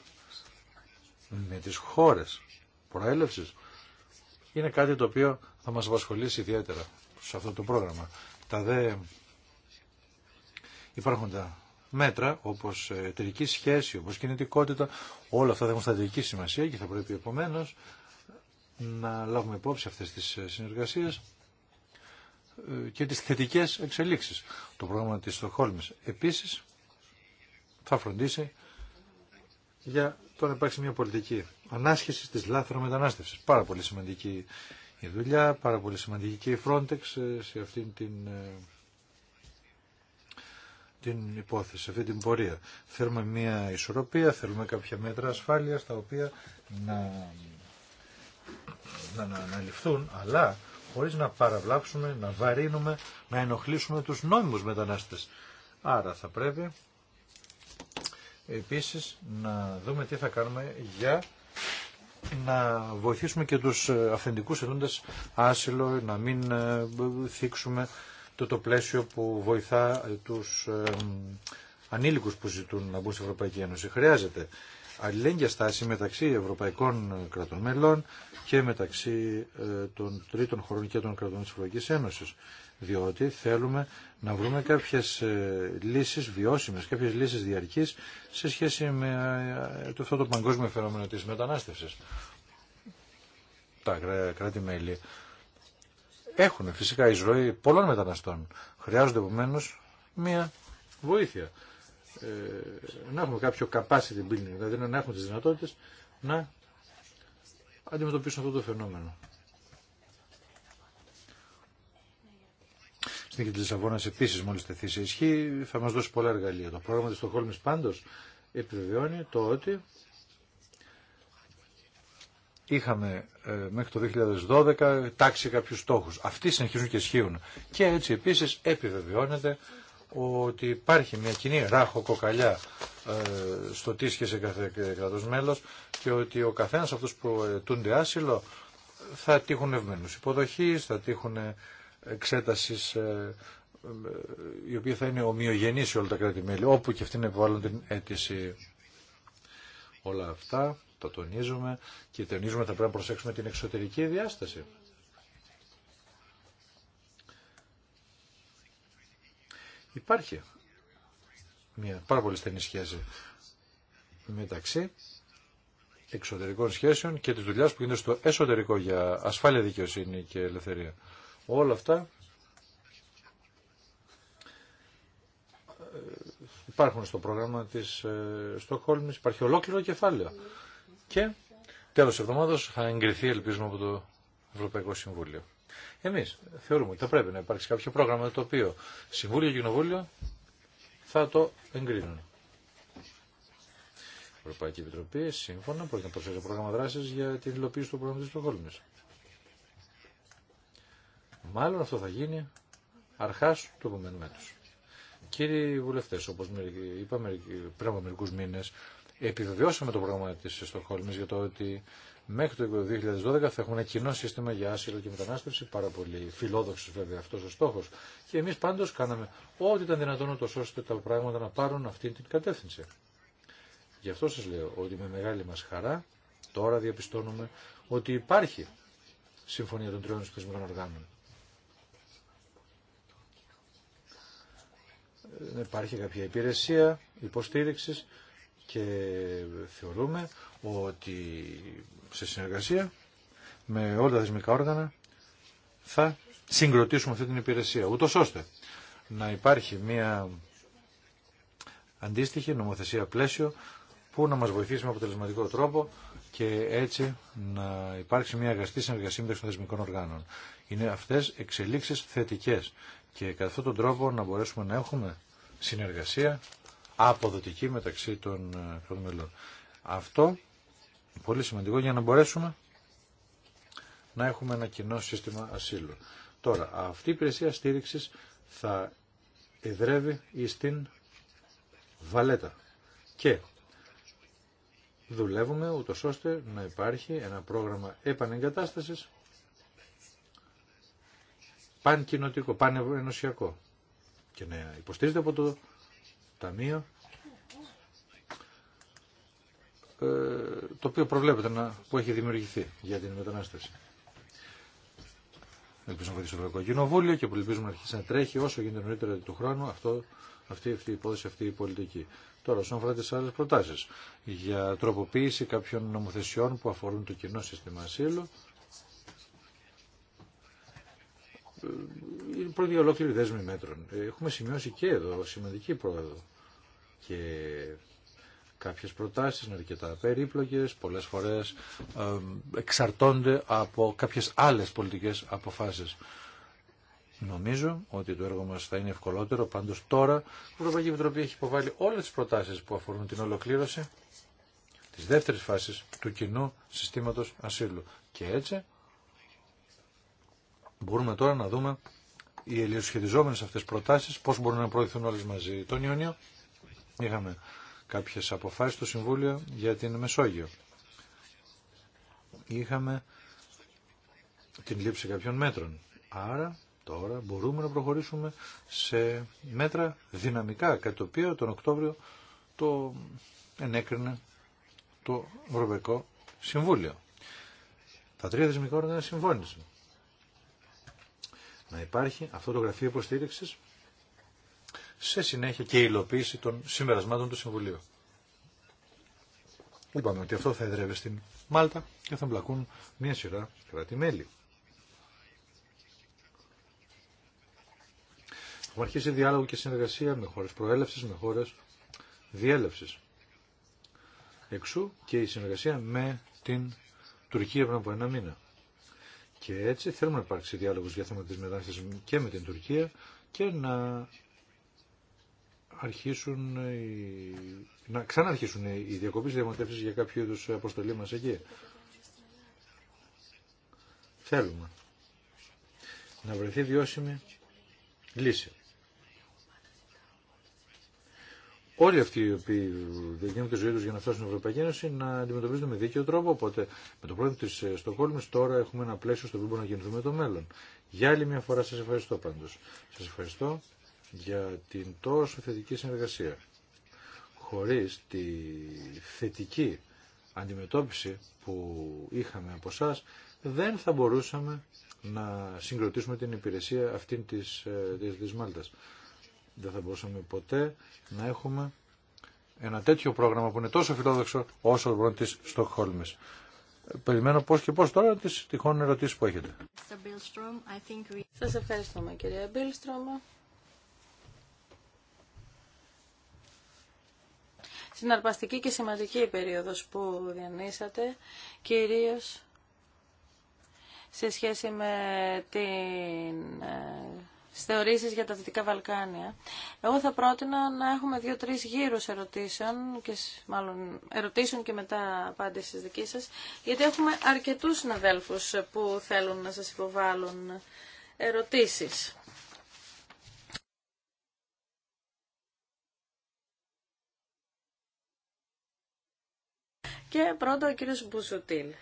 με τις χώρες προέλευσης είναι κάτι το οποίο θα μας απασχολήσει ιδιαίτερα σε αυτό το πρόγραμμα. Τα δε τα μέτρα όπως εταιρική σχέση, όπως κινητικότητα, όλα αυτά θα έχουν στρατηγική σημασία και θα πρέπει επομένως να λάβουμε υπόψη αυτές τις συνεργασίες και τις θετικές εξελίξεις. Το πρόγραμμα της Στοχόλμης επίσης θα φροντίσει για το να υπάρξει μια πολιτική ανάσχεση της λάθρο μετανάστευσης. Πάρα πολύ σημαντική η δουλειά, πάρα πολύ σημαντική και η Frontex ε, σε αυτήν την, ε, την υπόθεση, σε αυτή την πορεία. Θέλουμε μια ισορροπία, θέλουμε κάποια μέτρα ασφάλειας τα οποία να, να, αλλά χωρίς να παραβλάψουμε, να βαρύνουμε, να ενοχλήσουμε τους νόμιμους μετανάστες. Άρα θα πρέπει επίσης να δούμε τι θα κάνουμε για να βοηθήσουμε και τους ε, αφεντικούς ελούντες άσυλο, να μην ε, θίξουμε το, το πλαίσιο που βοηθά ε, τους ανήλικους που ζητούν να μπουν στην Ευρωπαϊκή Ένωση. Χρειάζεται αλληλέγγυα στάση μεταξύ ευρωπαϊκών κρατών μελών και μεταξύ ε, των τρίτων χωρών και των κρατών της Ευρωπαϊκής Ένωσης. Διότι θέλουμε να βρούμε κάποιες ε, λύσεις βιώσιμες, κάποιες λύσεις διαρκής σε σχέση με ε, το αυτό το παγκόσμιο φαινόμενο της μετανάστευσης. Τα κράτη-μέλη έχουν φυσικά ζωή πολλών μεταναστών. Χρειάζονται επομένω μία βοήθεια. Ε, να έχουμε κάποιο capacity building, δηλαδή να έχουμε τις δυνατότητες να αντιμετωπίσουμε αυτό το φαινόμενο. Στην κέντρη της Λισαβόνας επίσης μόλις τεθεί σε ισχύ θα μας δώσει πολλά εργαλεία. Το πρόγραμμα της Στοχόλμης πάντως επιβεβαιώνει το ότι είχαμε ε, μέχρι το 2012 τάξει κάποιους στόχους. Αυτοί συνεχίζουν και ισχύουν. Και έτσι επίσης επιβεβαιώνεται ότι υπάρχει μια κοινή ράχο κοκαλιά ε, στο τι σε κάθε κράτο μέλος και ότι ο καθένας αυτούς που ετούνται άσυλο θα τύχουν ευμένους υποδοχή, θα τύχουν εξέταση ε, ε, η οποία θα είναι ομοιογενή σε όλα τα κράτη-μέλη, όπου και αυτοί να επιβάλλουν την αίτηση. Όλα αυτά τα τονίζουμε και τονίζουμε ότι θα πρέπει να προσέξουμε την εξωτερική διάσταση. Υπάρχει μια πάρα πολύ στενή σχέση μεταξύ εξωτερικών σχέσεων και της δουλειάς που γίνεται στο εσωτερικό για ασφάλεια δικαιοσύνη και ελευθερία. Όλα αυτά ε, υπάρχουν στο πρόγραμμα της ε, Στοκχόλμης, υπάρχει ολόκληρο κεφάλαιο. Και τέλος εβδομάδας θα εγκριθεί ελπίζουμε από το Ευρωπαϊκό Συμβούλιο. Εμεί θεωρούμε ότι θα πρέπει να υπάρξει κάποιο πρόγραμμα το οποίο Συμβούλιο και Κοινοβούλιο θα το εγκρίνουν. Η Ευρωπαϊκή Επιτροπή σύμφωνα μπορεί να προσφέρει πρόγραμμα δράση για την υλοποίηση του προγράμματο τη Στοχόλμη. Μάλλον αυτό θα γίνει αρχά του επόμενου έτου. Κύριοι βουλευτέ, όπω είπαμε πριν από μερικού μήνε, επιβεβαιώσαμε το πρόγραμμα τη Στοχόλμη για το ότι Μέχρι το 2012 θα έχουμε ένα κοινό σύστημα για άσυλο και μετανάστευση, πάρα πολύ φιλόδοξο βέβαια αυτό ο στόχο. Και εμεί πάντω κάναμε ό,τι ήταν δυνατόν ούτω ώστε τα πράγματα να πάρουν αυτή την κατεύθυνση. Γι' αυτό σα λέω ότι με μεγάλη μα χαρά τώρα διαπιστώνουμε ότι υπάρχει συμφωνία των τριών θεσμικών οργάνων. Ε, υπάρχει κάποια υπηρεσία υποστήριξη και θεωρούμε ότι σε συνεργασία με όλα τα θεσμικά όργανα θα συγκροτήσουμε αυτή την υπηρεσία, ούτως ώστε να υπάρχει μια αντίστοιχη νομοθεσία πλαίσιο που να μας βοηθήσει με αποτελεσματικό τρόπο και έτσι να υπάρξει μια αγαστή συνεργασία μεταξύ των θεσμικών οργάνων. Είναι αυτές εξελίξεις θετικές και κατά αυτόν τον τρόπο να μπορέσουμε να έχουμε συνεργασία αποδοτική μεταξύ ε, των μελών. Αυτό πολύ σημαντικό για να μπορέσουμε να έχουμε ένα κοινό σύστημα ασύλου. Τώρα, αυτή η υπηρεσία στήριξης θα εδρεύει στην Βαλέτα και δουλεύουμε ούτω ώστε να υπάρχει ένα πρόγραμμα επανεγκατάστασης πανκοινωτικό, πανενωσιακό και να υποστηρίζεται από το ταμείο ε, το οποίο προβλέπεται να, που έχει δημιουργηθεί για την μετανάστευση. Ελπίζω να βοηθήσει το Ευρωπαϊκό Κοινοβούλιο και που ελπίζουμε να αρχίσει να τρέχει όσο γίνεται νωρίτερα του χρόνου αυτό, αυτή, αυτή η υπόθεση, αυτή η πολιτική. Τώρα, όσον αφορά τι άλλε προτάσει για τροποποίηση κάποιων νομοθεσιών που αφορούν το κοινό σύστημα ασύλου, είναι πρώτη ολόκληρη δέσμη μέτρων. Ε, έχουμε σημειώσει και εδώ σημαντική πρόοδο και κάποιες προτάσεις είναι αρκετά περίπλοκες, πολλές φορές εξαρτώνται από κάποιες άλλες πολιτικές αποφάσεις. Νομίζω ότι το έργο μας θα είναι ευκολότερο, πάντως τώρα η Ευρωπαϊκή Επιτροπή έχει υποβάλει όλες τις προτάσεις που αφορούν την ολοκλήρωση της δεύτερης φάσης του κοινού συστήματος ασύλου. Και έτσι Μπορούμε τώρα να δούμε οι ελιοσχετιζόμενες αυτές προτάσεις πώς μπορούν να προωθηθούν όλες μαζί. Τον Ιούνιο είχαμε κάποιες αποφάσεις στο Συμβούλιο για την Μεσόγειο. Είχαμε την λήψη κάποιων μέτρων. Άρα τώρα μπορούμε να προχωρήσουμε σε μέτρα δυναμικά, κατά το οποίο τον Οκτώβριο το ενέκρινε το Ευρωπαϊκό Συμβούλιο. Τα τρία δεσμικά όργανα συμφώνησαν να υπάρχει αυτό το γραφείο υποστήριξη σε συνέχεια και η υλοποίηση των συμπερασμάτων του Συμβουλίου. Είπαμε ότι αυτό θα εδρεύει στην Μάλτα και θα μπλακούν μια σειρά κράτη-μέλη. Έχουμε αρχίσει διάλογο και συνεργασία με χώρες προέλευσης, με χώρες διέλευσης. Εξού και η συνεργασία με την Τουρκία πριν από ένα μήνα. Και έτσι θέλουμε να υπάρξει διάλογος για θέματα της μετανάστευσης και με την Τουρκία και να αρχίσουν να ξαναρχίσουν οι διακοπές διαμοτεύσεις για κάποιο είδους αποστολή μας εκεί. Θέλουμε να βρεθεί βιώσιμη λύση. όλοι αυτοί οι οποίοι διακινούν τη ζωή του για να φτάσουν στην Ευρωπαϊκή Ένωση να αντιμετωπίζονται με δίκαιο τρόπο. Οπότε με το πρόβλημα τη ε, Στοκόλμη τώρα έχουμε ένα πλαίσιο στο οποίο μπορούμε να κινηθούμε το μέλλον. Για άλλη μια φορά σα ευχαριστώ πάντω. Σα ευχαριστώ για την τόσο θετική συνεργασία. Χωρί τη θετική αντιμετώπιση που είχαμε από εσά, δεν θα μπορούσαμε να συγκροτήσουμε την υπηρεσία αυτή ε, της, της, της δεν θα μπορούσαμε ποτέ να έχουμε ένα τέτοιο πρόγραμμα που είναι τόσο φιλόδοξο όσο ο τη Στοκχόλμη. Περιμένω πώ και πώ τώρα τι τυχόν ερωτήσει που έχετε. Σα ευχαριστούμε κυρία Μπίλστρομ. Συναρπαστική και σημαντική η περίοδος που διανύσατε, κυρίως σε σχέση με την ε, θεωρήσεις για τα Δυτικά Βαλκάνια. Εγώ θα πρότεινα να έχουμε δύο-τρεις γύρους ερωτήσεων και, μάλλον, ερωτήσεων και μετά απάντηση της δικής σας, γιατί έχουμε αρκετούς συναδέλφους που θέλουν να σας υποβάλουν ερωτήσεις. Και πρώτα ο κύριος Μπουζουτήλ.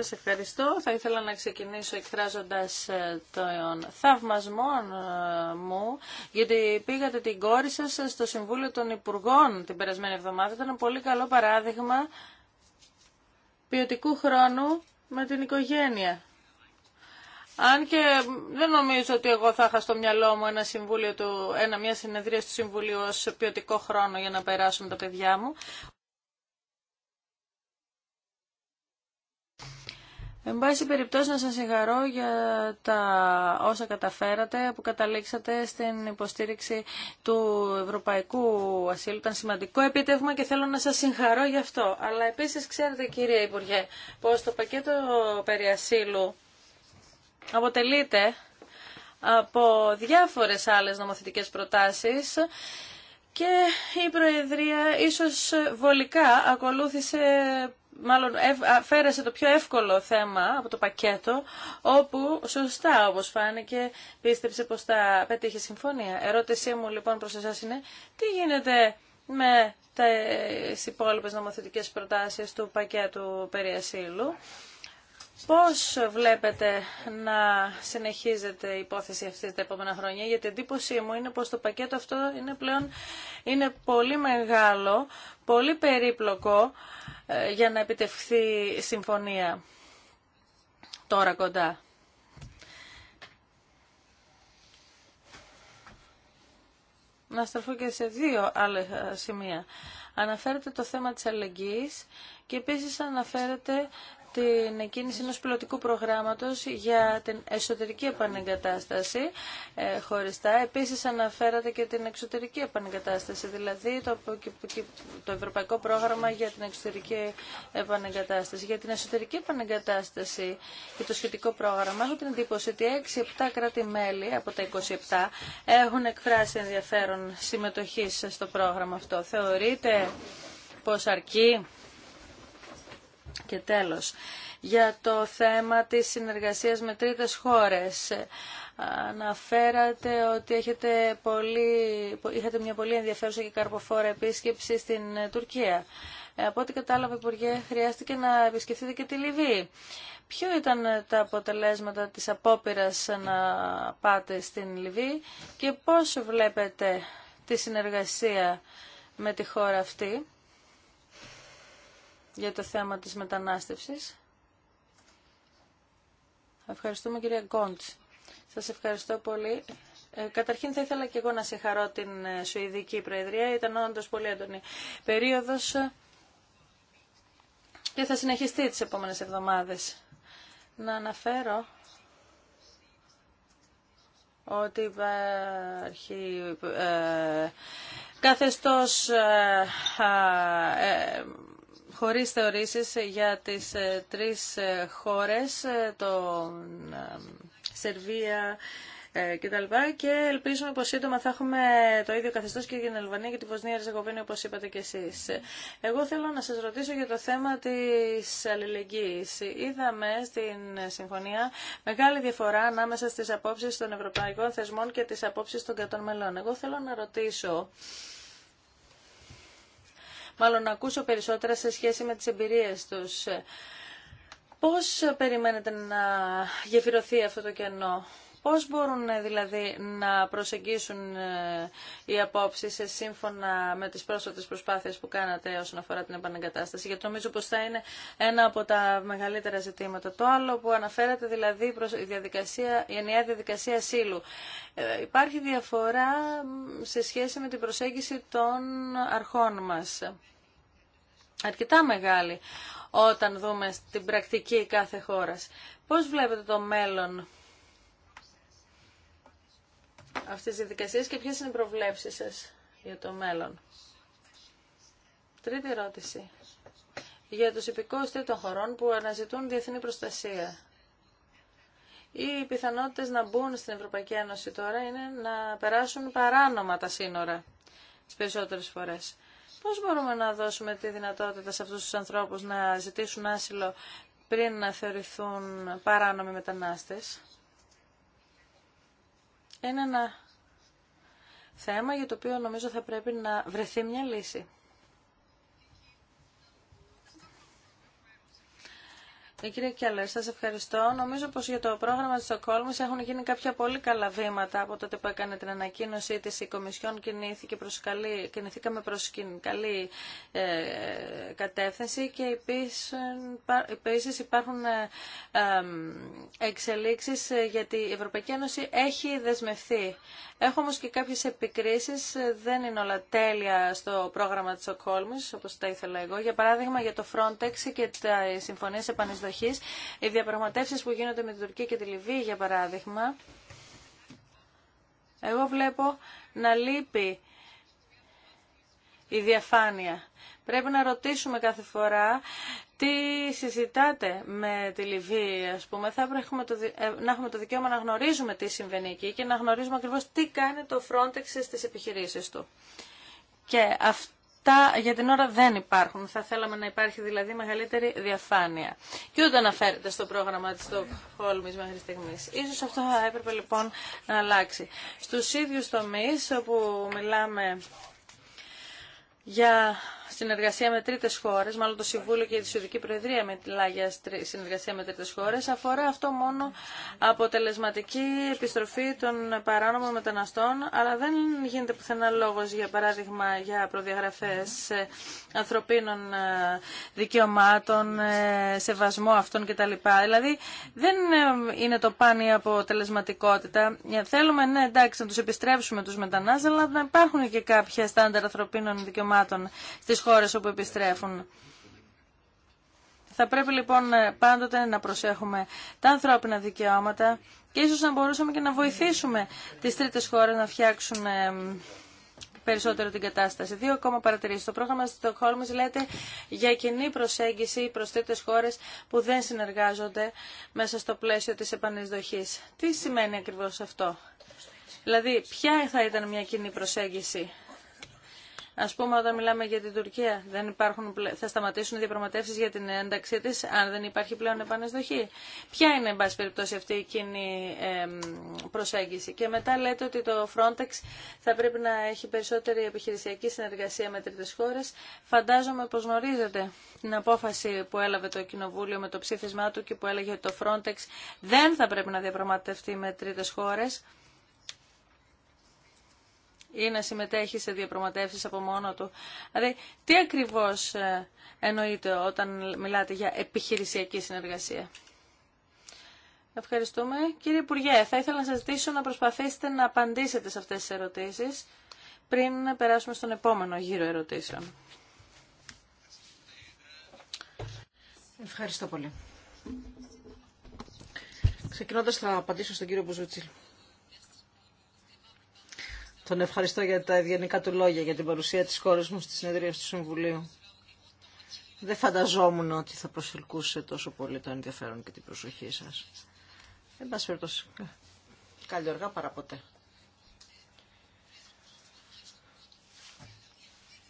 Σας ευχαριστώ. Θα ήθελα να ξεκινήσω εκφράζοντας ε, τον θαυμασμό ε, μου, γιατί πήγατε την κόρη σας ε, στο Συμβούλιο των Υπουργών την περασμένη εβδομάδα. Ήταν ένα πολύ καλό παράδειγμα ποιοτικού χρόνου με την οικογένεια. Αν και δεν νομίζω ότι εγώ θα είχα στο μυαλό μου ένα συμβούλιο του, ένα, μια συνεδρία του Συμβουλίου ως ποιοτικό χρόνο για να περάσουμε τα παιδιά μου. Εν πάση περιπτώσει να σας συγχαρώ για τα όσα καταφέρατε που καταλήξατε στην υποστήριξη του Ευρωπαϊκού Ασύλου. Ήταν σημαντικό επίτευγμα και θέλω να σας συγχαρώ γι' αυτό. Αλλά επίσης ξέρετε κύριε Υπουργέ πως το πακέτο περί ασύλου αποτελείται από διάφορες άλλες νομοθετικές προτάσεις και η Προεδρία ίσως βολικά ακολούθησε μάλλον φέρεσε το πιο εύκολο θέμα από το πακέτο, όπου σωστά όπως φάνηκε πίστεψε πως θα πετύχει συμφωνία. Ερώτησή μου λοιπόν προς εσάς είναι τι γίνεται με τις υπόλοιπες νομοθετικές προτάσεις του πακέτου περί Πώς βλέπετε να συνεχίζεται η υπόθεση αυτή τα επόμενα χρόνια, γιατί η εντύπωσή μου είναι πως το πακέτο αυτό είναι πλέον είναι πολύ μεγάλο, πολύ περίπλοκο ε, για να επιτευχθεί συμφωνία τώρα κοντά. Να στραφώ και σε δύο άλλα ε, σημεία. Αναφέρεται το θέμα της αλληλεγγύης και επίσης αναφέρετε την εκκίνηση ενός πιλωτικού προγράμματος για την εσωτερική επανεγκατάσταση ε, χωριστά. Επίσης αναφέρατε και την εξωτερική επανεγκατάσταση, δηλαδή το, το Ευρωπαϊκό Πρόγραμμα για την Εξωτερική Επανεγκατάσταση. Για την εσωτερική επανεγκατάσταση και το σχετικό πρόγραμμα έχω την εντύπωση ότι 6-7 κράτη-μέλη από τα 27 έχουν εκφράσει ενδιαφέρον συμμετοχής στο πρόγραμμα αυτό. Θεωρείτε πως αρκεί και τέλος, για το θέμα της συνεργασίας με τρίτες χώρες. Αναφέρατε ότι έχετε πολύ, είχατε μια πολύ ενδιαφέρουσα και καρποφόρα επίσκεψη στην Τουρκία. Ε, από ό,τι κατάλαβα, Υπουργέ, χρειάστηκε να επισκεφθείτε και τη Λιβύη. Ποιο ήταν τα αποτελέσματα της απόπειρας να πάτε στην Λιβύη και πώς βλέπετε τη συνεργασία με τη χώρα αυτή για το θέμα της μετανάστευσης. Ευχαριστούμε κυρία Γκόντς. Σας ευχαριστώ πολύ. Ε, καταρχήν θα ήθελα και εγώ να συγχαρώ την ε, Σουηδική Προεδρία. Ήταν όντως πολύ έντονη περίοδος και θα συνεχιστεί τις επόμενες εβδομάδες. Να αναφέρω ότι υπάρχει ε, καθεστώς ε, χωρίς θεωρήσεις για τις ε, τρεις ε, χώρες, ε, το Σερβία κτλ. Και ελπίζουμε πως σύντομα θα έχουμε το ίδιο καθεστώς και για την Αλβανία και την Βοσνία Ριζεγοβίνη όπως είπατε και εσείς. Εγώ θέλω να σας ρωτήσω για το θέμα της αλληλεγγύης. Είδαμε στην συμφωνία μεγάλη διαφορά ανάμεσα στις απόψεις των ευρωπαϊκών θεσμών και τις απόψεις των κατών μελών. Εγώ θέλω να ρωτήσω μάλλον να ακούσω περισσότερα σε σχέση με τις εμπειρίες τους. Πώς περιμένετε να γεφυρωθεί αυτό το κενό. Πώς μπορούν ε, δηλαδή να προσεγγίσουν ε, οι απόψεις σε σύμφωνα με τις πρόσφατες προσπάθειες που κάνατε όσον αφορά την επανεγκατάσταση, γιατί νομίζω πως θα είναι ένα από τα μεγαλύτερα ζητήματα. Το άλλο που αναφέρατε δηλαδή η, διαδικασία, η ενιαία διαδικασία ασύλου. Ε, υπάρχει διαφορά σε σχέση με την προσέγγιση των αρχών μας. Αρκετά μεγάλη όταν δούμε την πρακτική κάθε χώρας. Πώς βλέπετε το μέλλον αυτές τις διαδικασίες και ποιες είναι οι προβλέψεις σας για το μέλλον. Τρίτη ερώτηση. Για τους υπηκόους τρίτων χωρών που αναζητούν διεθνή προστασία. Οι πιθανότητες να μπουν στην Ευρωπαϊκή Ένωση τώρα είναι να περάσουν παράνομα τα σύνορα τις περισσότερες φορές. Πώς μπορούμε να δώσουμε τη δυνατότητα σε αυτούς τους ανθρώπους να ζητήσουν άσυλο πριν να θεωρηθούν παράνομοι μετανάστες είναι ένα θέμα για το οποίο νομίζω θα πρέπει να βρεθεί μια λύση. Η κυρία σα σας ευχαριστώ. Νομίζω πω για το πρόγραμμα τη Στοκχόλμη έχουν γίνει κάποια πολύ καλά βήματα από τότε που έκανε την ανακοίνωσή τη, η Κομισιόν κινήθηκε προς καλή, κινηθήκαμε προ καλή ε, κατεύθυνση και επίση υπάρχουν ε, εξελίξει ε, γιατί η Ευρωπαϊκή Ένωση έχει δεσμευθεί. Έχω όμω και κάποιε επικρίσει, ε, δεν είναι όλα τέλεια στο πρόγραμμα τη Στοκχόλμη, όπω τα ήθελα εγώ. Για παράδειγμα για το Frontex και τα συμφωνίε επανεισδοχής οι διαπραγματεύσει που γίνονται με την Τουρκία και τη Λιβύη, για παράδειγμα, εγώ βλέπω να λείπει η διαφάνεια. Πρέπει να ρωτήσουμε κάθε φορά τι συζητάτε με τη Λιβύη, ας πούμε. Θα έχουμε το, ε, να έχουμε το δικαίωμα να γνωρίζουμε τι συμβαίνει εκεί και να γνωρίζουμε ακριβώς τι κάνει το Frontex στις επιχειρήσεις του. Και αυτό Αυτά για την ώρα δεν υπάρχουν. Θα θέλαμε να υπάρχει δηλαδή μεγαλύτερη διαφάνεια. Και ούτε αναφέρεται στο πρόγραμμα τη Στοκχόλμη μέχρι στιγμή. Ίσως αυτό θα έπρεπε λοιπόν να αλλάξει. Στους ίδιους τομεί όπου μιλάμε για συνεργασία με τρίτες χώρες, μάλλον το Συμβούλιο και η Σουηδική Προεδρία τη Λάγια συνεργασία με τρίτες χώρες, αφορά αυτό μόνο αποτελεσματική επιστροφή των παράνομων μεταναστών, αλλά δεν γίνεται πουθενά λόγος, για παράδειγμα, για προδιαγραφές ε, ανθρωπίνων ε, δικαιωμάτων, ε, σεβασμό αυτών κτλ. Δηλαδή, δεν είναι το πάνη αποτελεσματικότητα. Θέλουμε, ναι, εντάξει, να τους επιστρέψουμε τους μετανάστες, αλλά να υπάρχουν και κάποια στάνταρ ανθρωπίνων δικαιωμάτων στις χώρες όπου επιστρέφουν. Θα πρέπει λοιπόν πάντοτε να προσέχουμε τα ανθρώπινα δικαιώματα και ίσως να μπορούσαμε και να βοηθήσουμε τις τρίτες χώρες να φτιάξουν ε, περισσότερο την κατάσταση. Δύο ακόμα παρατηρήσει. Το πρόγραμμα στο Στοκχόλμη λέτε για κοινή προσέγγιση προ τρίτε χώρε που δεν συνεργάζονται μέσα στο πλαίσιο τη επανεισδοχή. Τι σημαίνει ακριβώ αυτό, Δηλαδή, ποια θα ήταν μια κοινή προσέγγιση. Α πούμε όταν μιλάμε για την Τουρκία, δεν υπάρχουν, θα σταματήσουν οι διαπραγματεύσεις για την ένταξή τη αν δεν υπάρχει πλέον επανεσδοχή. Ποια είναι, εν πάση περιπτώσει, αυτή η κοινή προσέγγιση. Και μετά λέτε ότι το Frontex θα πρέπει να έχει περισσότερη επιχειρησιακή συνεργασία με τρίτες χώρε. Φαντάζομαι πω γνωρίζετε την απόφαση που έλαβε το Κοινοβούλιο με το ψήφισμά του και που έλεγε ότι το Frontex δεν θα πρέπει να διαπραγματευτεί με τρίτε χώρε ή να συμμετέχει σε διαπραγματεύσεις από μόνο του. Δηλαδή, τι ακριβώς ε, εννοείται όταν μιλάτε για επιχειρησιακή συνεργασία. Ευχαριστούμε. Κύριε Υπουργέ, θα ήθελα να σας ζητήσω να προσπαθήσετε να απαντήσετε σε αυτές τις ερωτήσεις πριν να περάσουμε στον επόμενο γύρο ερωτήσεων. Ευχαριστώ πολύ. Ξεκινώντας θα απαντήσω στον κύριο Μπουζούτσιλ. Τον ευχαριστώ για τα ευγενικά του λόγια για την παρουσία της χώρα μου στη συνεδρία του Συμβουλίου. Δεν φανταζόμουν ότι θα προσελκούσε τόσο πολύ το ενδιαφέρον και την προσοχή σας. Εν πάση περιπτώσει, καλή οργά παρά ποτέ.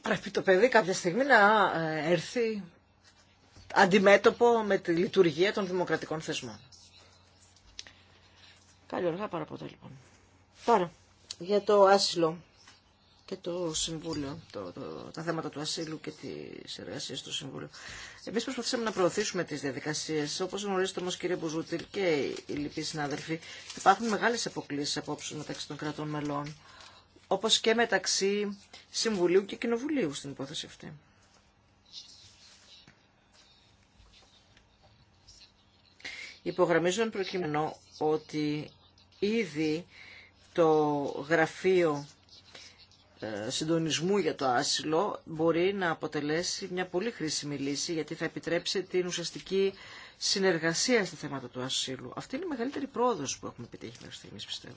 Πρέπει το παιδί κάποια στιγμή να ε, έρθει αντιμέτωπο με τη λειτουργία των δημοκρατικών θεσμών. Καλή οργά παρά ποτέ λοιπόν. Τώρα για το άσυλο και το Συμβούλιο, το, το, τα θέματα του ασύλου και τη εργασία του Συμβούλιο. Εμείς προσπαθήσαμε να προωθήσουμε τις διαδικασίε. Όπως γνωρίζετε όμω κύριε Μπουζούτιλ και οι λοιποί συνάδελφοι, υπάρχουν μεγάλες αποκλήσει απόψε μεταξύ των κρατών μελών, όπως και μεταξύ Συμβουλίου και Κοινοβουλίου στην υπόθεση αυτή. εν προκειμένου ότι ήδη το γραφείο ε, συντονισμού για το άσυλο μπορεί να αποτελέσει μια πολύ χρήσιμη λύση γιατί θα επιτρέψει την ουσιαστική συνεργασία στα θέματα του ασύλου. Αυτή είναι η μεγαλύτερη πρόοδος που έχουμε επιτύχει μέχρι στιγμής πιστεύω.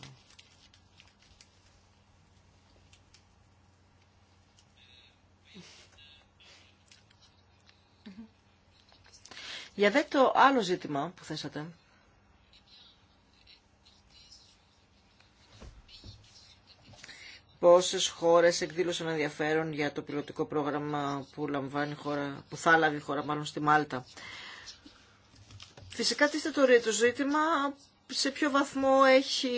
Για δε το άλλο ζήτημα που θέσατε, πόσες χώρες εκδήλωσαν ενδιαφέρον για το πιλωτικό πρόγραμμα που, λαμβάνει χώρα, που θα λάβει η χώρα μάλλον στη Μάλτα. Φυσικά τίθεται το, το ζήτημα σε ποιο βαθμό έχει...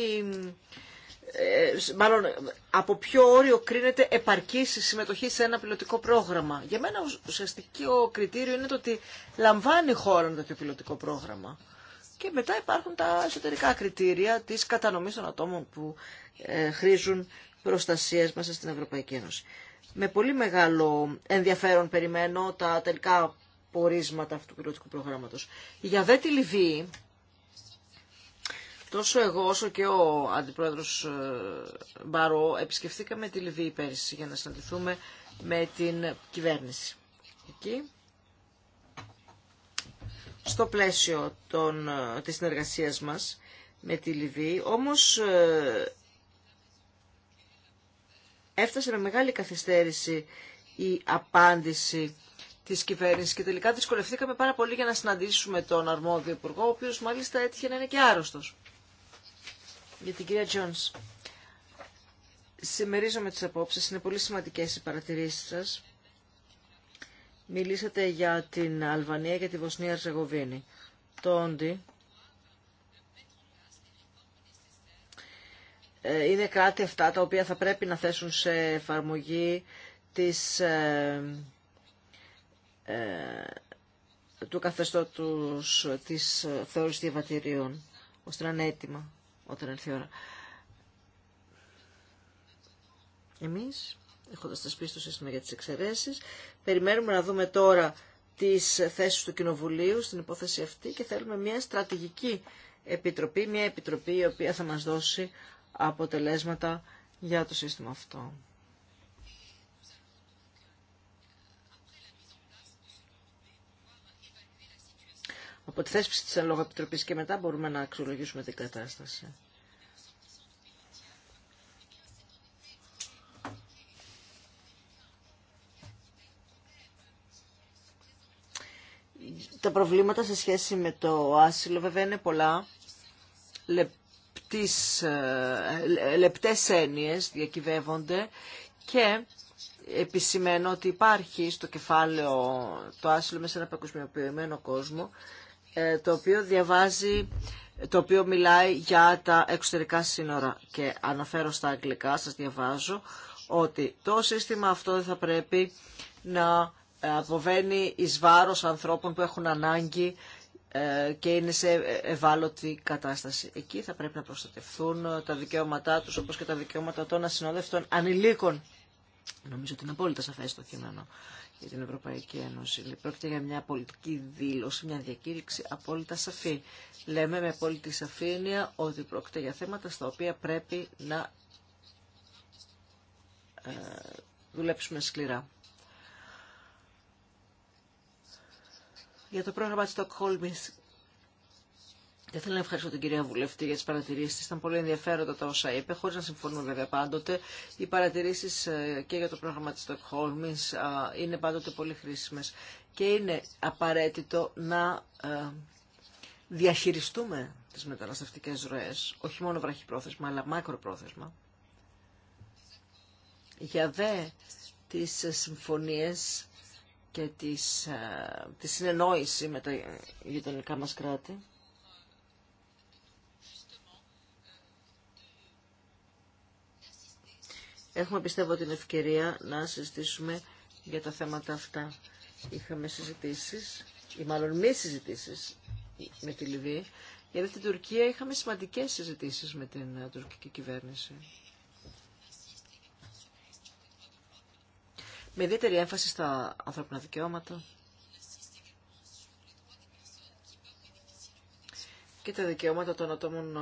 Ε, μάλλον από ποιο όριο κρίνεται επαρκή η συμμετοχή σε ένα πιλωτικό πρόγραμμα. Για μένα ουσιαστικό κριτήριο είναι το ότι λαμβάνει η χώρα ένα τέτοιο πιλωτικό πρόγραμμα. Και μετά υπάρχουν τα εσωτερικά κριτήρια της κατανομής των ατόμων που ε, χρήζουν προστασίας μέσα στην Ευρωπαϊκή Ένωση. Με πολύ μεγάλο ενδιαφέρον περιμένω τα τελικά πορίσματα αυτού του πιλωτικού προγράμματος. Για δε τη Λιβύη, τόσο εγώ όσο και ο Αντιπρόεδρος ε, Μπαρό επισκεφθήκαμε τη Λιβύη πέρυσι για να συναντηθούμε με την κυβέρνηση. Εκεί στο πλαίσιο των, ε, της συνεργασίας μας με τη Λιβύη. Όμως ε, έφτασε με μεγάλη καθυστέρηση η απάντηση της κυβέρνησης και τελικά δυσκολευθήκαμε πάρα πολύ για να συναντήσουμε τον αρμόδιο υπουργό, ο οποίος μάλιστα έτυχε να είναι και άρρωστος. Για την κυρία Τζόνς. Συμμερίζομαι τις απόψεις, είναι πολύ σημαντικές οι παρατηρήσεις σας. Μιλήσατε για την Αλβανία και τη Βοσνία ριζεγοβινη Το όντι είναι κράτη αυτά τα οποία θα πρέπει να θέσουν σε εφαρμογή της, ε, ε, του καθεστώτους της θεώρησης διαβατηρίων, ώστε να είναι έτοιμα όταν έρθει η ώρα. Εμείς, έχοντας τα σπίση στο σύστημα για τις εξαιρέσεις, περιμένουμε να δούμε τώρα τις θέσεις του Κοινοβουλίου στην υπόθεση αυτή και θέλουμε μια στρατηγική επιτροπή, μια επιτροπή η οποία θα μας δώσει αποτελέσματα για το σύστημα αυτό. Από τη θέσπιση της και μετά μπορούμε να αξιολογήσουμε την κατάσταση. Τα προβλήματα σε σχέση με το άσυλο βέβαια είναι πολλά. Τις ε, λεπτές έννοιες διακυβεύονται και επισημαίνω ότι υπάρχει στο κεφάλαιο το άσυλο μέσα σε ένα παγκοσμιοποιημένο κόσμο ε, το οποίο διαβάζει το οποίο μιλάει για τα εξωτερικά σύνορα και αναφέρω στα αγγλικά, σας διαβάζω, ότι το σύστημα αυτό δεν θα πρέπει να ε, αποβαίνει εις βάρος ανθρώπων που έχουν ανάγκη ε, και είναι σε ευάλωτη κατάσταση. Εκεί θα πρέπει να προστατευθούν ε, τα δικαιώματά τους όπως και τα δικαιώματα των ασυνόδευτων ανηλίκων. Νομίζω ότι είναι απόλυτα σαφές το κείμενο για την Ευρωπαϊκή Ένωση. Λοιπόν, πρόκειται για μια πολιτική δήλωση, μια διακήρυξη απόλυτα σαφή. Λέμε με απόλυτη σαφήνεια ότι πρόκειται για θέματα στα οποία πρέπει να ε, δουλέψουμε σκληρά. για το πρόγραμμα της Στοκχόλμης. Και θέλω να ευχαριστώ την κυρία Βουλευτή για τι παρατηρήσει τη. Ήταν πολύ ενδιαφέροντα τα όσα είπε, χωρί να συμφωνούμε βέβαια πάντοτε. Οι παρατηρήσει ε, και για το πρόγραμμα τη Στοκχόλμη ε, είναι πάντοτε πολύ χρήσιμε. Και είναι απαραίτητο να ε, διαχειριστούμε τι μεταναστευτικέ ροέ, όχι μόνο βραχυπρόθεσμα, αλλά μακροπρόθεσμα. Για δε τις συμφωνίες και της, ε, τη συνεννόηση με τα γειτονικά μας κράτη. Έχουμε πιστεύω την ευκαιρία να συζητήσουμε για τα θέματα αυτά. Είχαμε συζητήσεις, ή μάλλον μη συζητήσεις με τη Λιβύη, γιατί στην Τουρκία είχαμε σημαντικές συζητήσεις με την ε, τουρκική κυβέρνηση. με ιδιαίτερη έμφαση στα ανθρώπινα δικαιώματα και τα δικαιώματα των ατόμων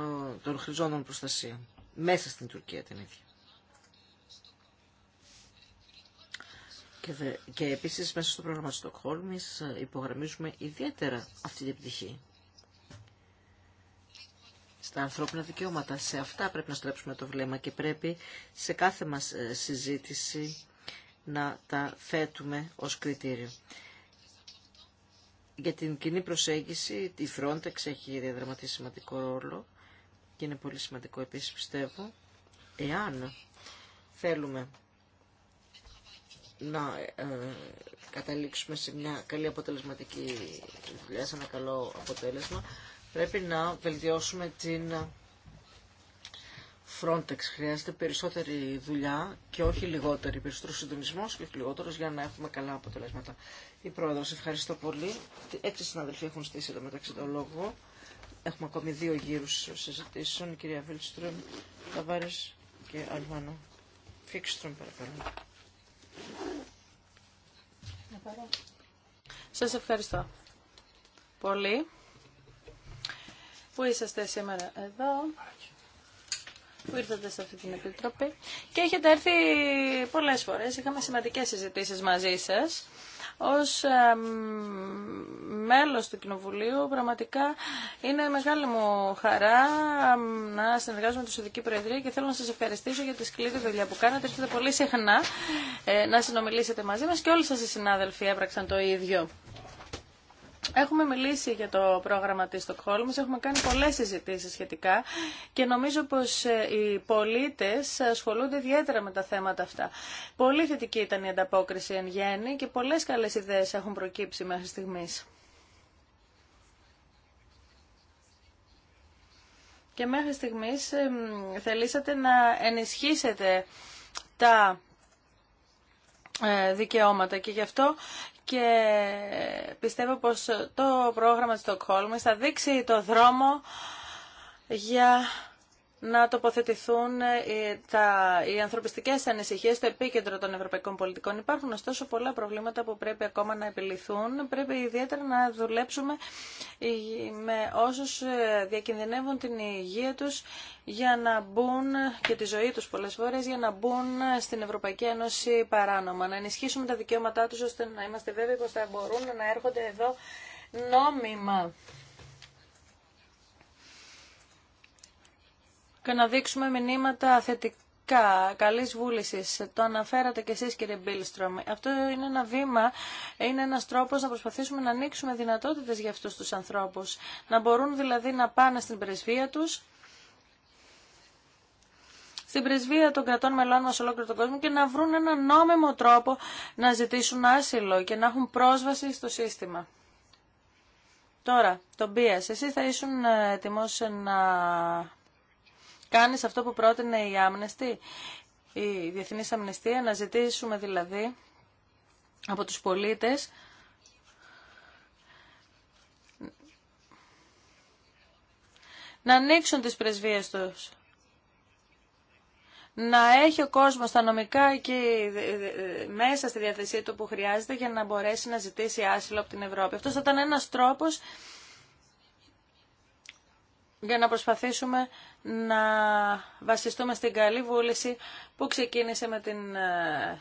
ε, των προστασία μέσα στην Τουρκία την ίδια. Και, δε, και επίσης μέσα στο πρόγραμμα της Στοκχόλμης ε, υπογραμμίζουμε ιδιαίτερα αυτή την πτυχή. Στα ανθρώπινα δικαιώματα, σε αυτά πρέπει να στρέψουμε το βλέμμα και πρέπει σε κάθε μας ε, συζήτηση να τα θέτουμε ως κριτήριο. Για την κοινή προσέγγιση, η Frontex έχει διαδραματίσει σημαντικό ρόλο και είναι πολύ σημαντικό επίσης πιστεύω. Εάν θέλουμε να ε, καταλήξουμε σε μια καλή αποτελεσματική δουλειά, σε ένα καλό αποτέλεσμα, πρέπει να βελτιώσουμε την Frontex χρειάζεται περισσότερη δουλειά και όχι λιγότερη, περισσότερο συντονισμό και όχι λιγότερο για να έχουμε καλά αποτελέσματα. Η Πρόεδρο, ευχαριστώ πολύ. Έξι συναδελφοί έχουν στήσει εδώ μεταξύ το λόγο. Έχουμε ακόμη δύο γύρου συζητήσεων. κυρία Βίλστρομ, Ταβάρε και Αλβάνο. Φίξτρομ, παρακαλώ. Σας ευχαριστώ πολύ που είσαστε σήμερα εδώ που ήρθατε σε αυτή την Επιτροπή και έχετε έρθει πολλές φορές. Είχαμε σημαντικές συζητήσεις μαζί σας. Ως μέλος του Κοινοβουλίου πραγματικά είναι μεγάλη μου χαρά να συνεργάζομαι με τους ειδικοί Προεδρία και θέλω να σας ευχαριστήσω για τη σκληρή δουλειά που κάνατε. Ήρθατε πολύ συχνά ε, να συνομιλήσετε μαζί μας και όλοι σας οι συνάδελφοι έπραξαν το ίδιο. Έχουμε μιλήσει για το πρόγραμμα της Στοκχόλμης, έχουμε κάνει πολλές συζητήσεις σχετικά και νομίζω πως ε, οι πολίτες ασχολούνται ιδιαίτερα με τα θέματα αυτά. Πολύ θετική ήταν η ανταπόκριση εν γέννη και πολλές καλές ιδέες έχουν προκύψει μέχρι στιγμής. Και μέχρι στιγμής θελήσατε να ενισχύσετε τα ε, δικαιώματα και γι' αυτό και πιστεύω πως το πρόγραμμα της Στοκχόλμης θα δείξει το δρόμο για να τοποθετηθούν ε, οι ανθρωπιστικές ανησυχίες στο επίκεντρο των ευρωπαϊκών πολιτικών. Υπάρχουν ωστόσο πολλά προβλήματα που πρέπει ακόμα να επιληθούν. Πρέπει ιδιαίτερα να δουλέψουμε ε, με όσους ε, διακινδυνεύουν την υγεία τους για να μπουν και τη ζωή τους πολλές φορές για να μπουν στην Ευρωπαϊκή Ένωση παράνομα. Να ενισχύσουμε τα δικαιώματά τους ώστε να είμαστε βέβαιοι πως θα μπορούν να έρχονται εδώ νόμιμα. και να δείξουμε μηνύματα θετικά, καλής βούλησης. Το αναφέρατε και εσείς κύριε Μπίλστρομ. Αυτό είναι ένα βήμα, είναι ένας τρόπος να προσπαθήσουμε να ανοίξουμε δυνατότητες για αυτούς τους ανθρώπους. Να μπορούν δηλαδή να πάνε στην πρεσβεία τους, στην πρεσβεία των κρατών μελών μας ολόκληρο τον κόσμο και να βρουν ένα νόμιμο τρόπο να ζητήσουν άσυλο και να έχουν πρόσβαση στο σύστημα. Τώρα, τον Πίας, εσύ θα ήσουν ε, έτοιμος να Κάνει αυτό που πρότεινε η Άμνεστη, η Διεθνής Αμνηστία, να ζητήσουμε δηλαδή από τους πολίτες να ανοίξουν τις πρεσβείες τους. Να έχει ο κόσμος τα νομικά ε, ε, ε, μέσα στη διαθεσία του που χρειάζεται για να μπορέσει να ζητήσει άσυλο από την Ευρώπη. Αυτός θα ήταν ένας τρόπος για να προσπαθήσουμε να βασιστούμε στην καλή βούληση που ξεκίνησε με την, ε,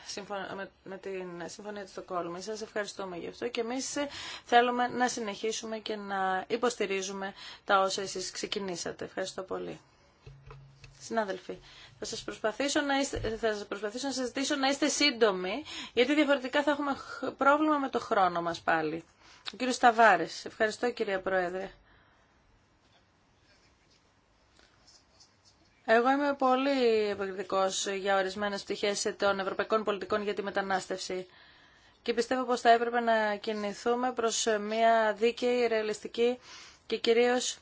με την Συμφωνία της Στοκόλμη. Σας ευχαριστούμε γι' αυτό και εμείς ε, θέλουμε να συνεχίσουμε και να υποστηρίζουμε τα όσα εσείς ξεκινήσατε. Ευχαριστώ πολύ. Συνάδελφοι, θα σας, προσπαθήσω να είστε, θα σας προσπαθήσω να σας ζητήσω να είστε σύντομοι, γιατί διαφορετικά θα έχουμε πρόβλημα με το χρόνο μας πάλι. Ο κύριος Σταβάρης. Ευχαριστώ κυρία Πρόεδρε. Εγώ είμαι πολύ επικριτικός για ορισμένε πτυχέ των ευρωπαϊκών πολιτικών για τη μετανάστευση και πιστεύω πως θα έπρεπε να κινηθούμε προς μια δίκαιη, ρεαλιστική και κυρίως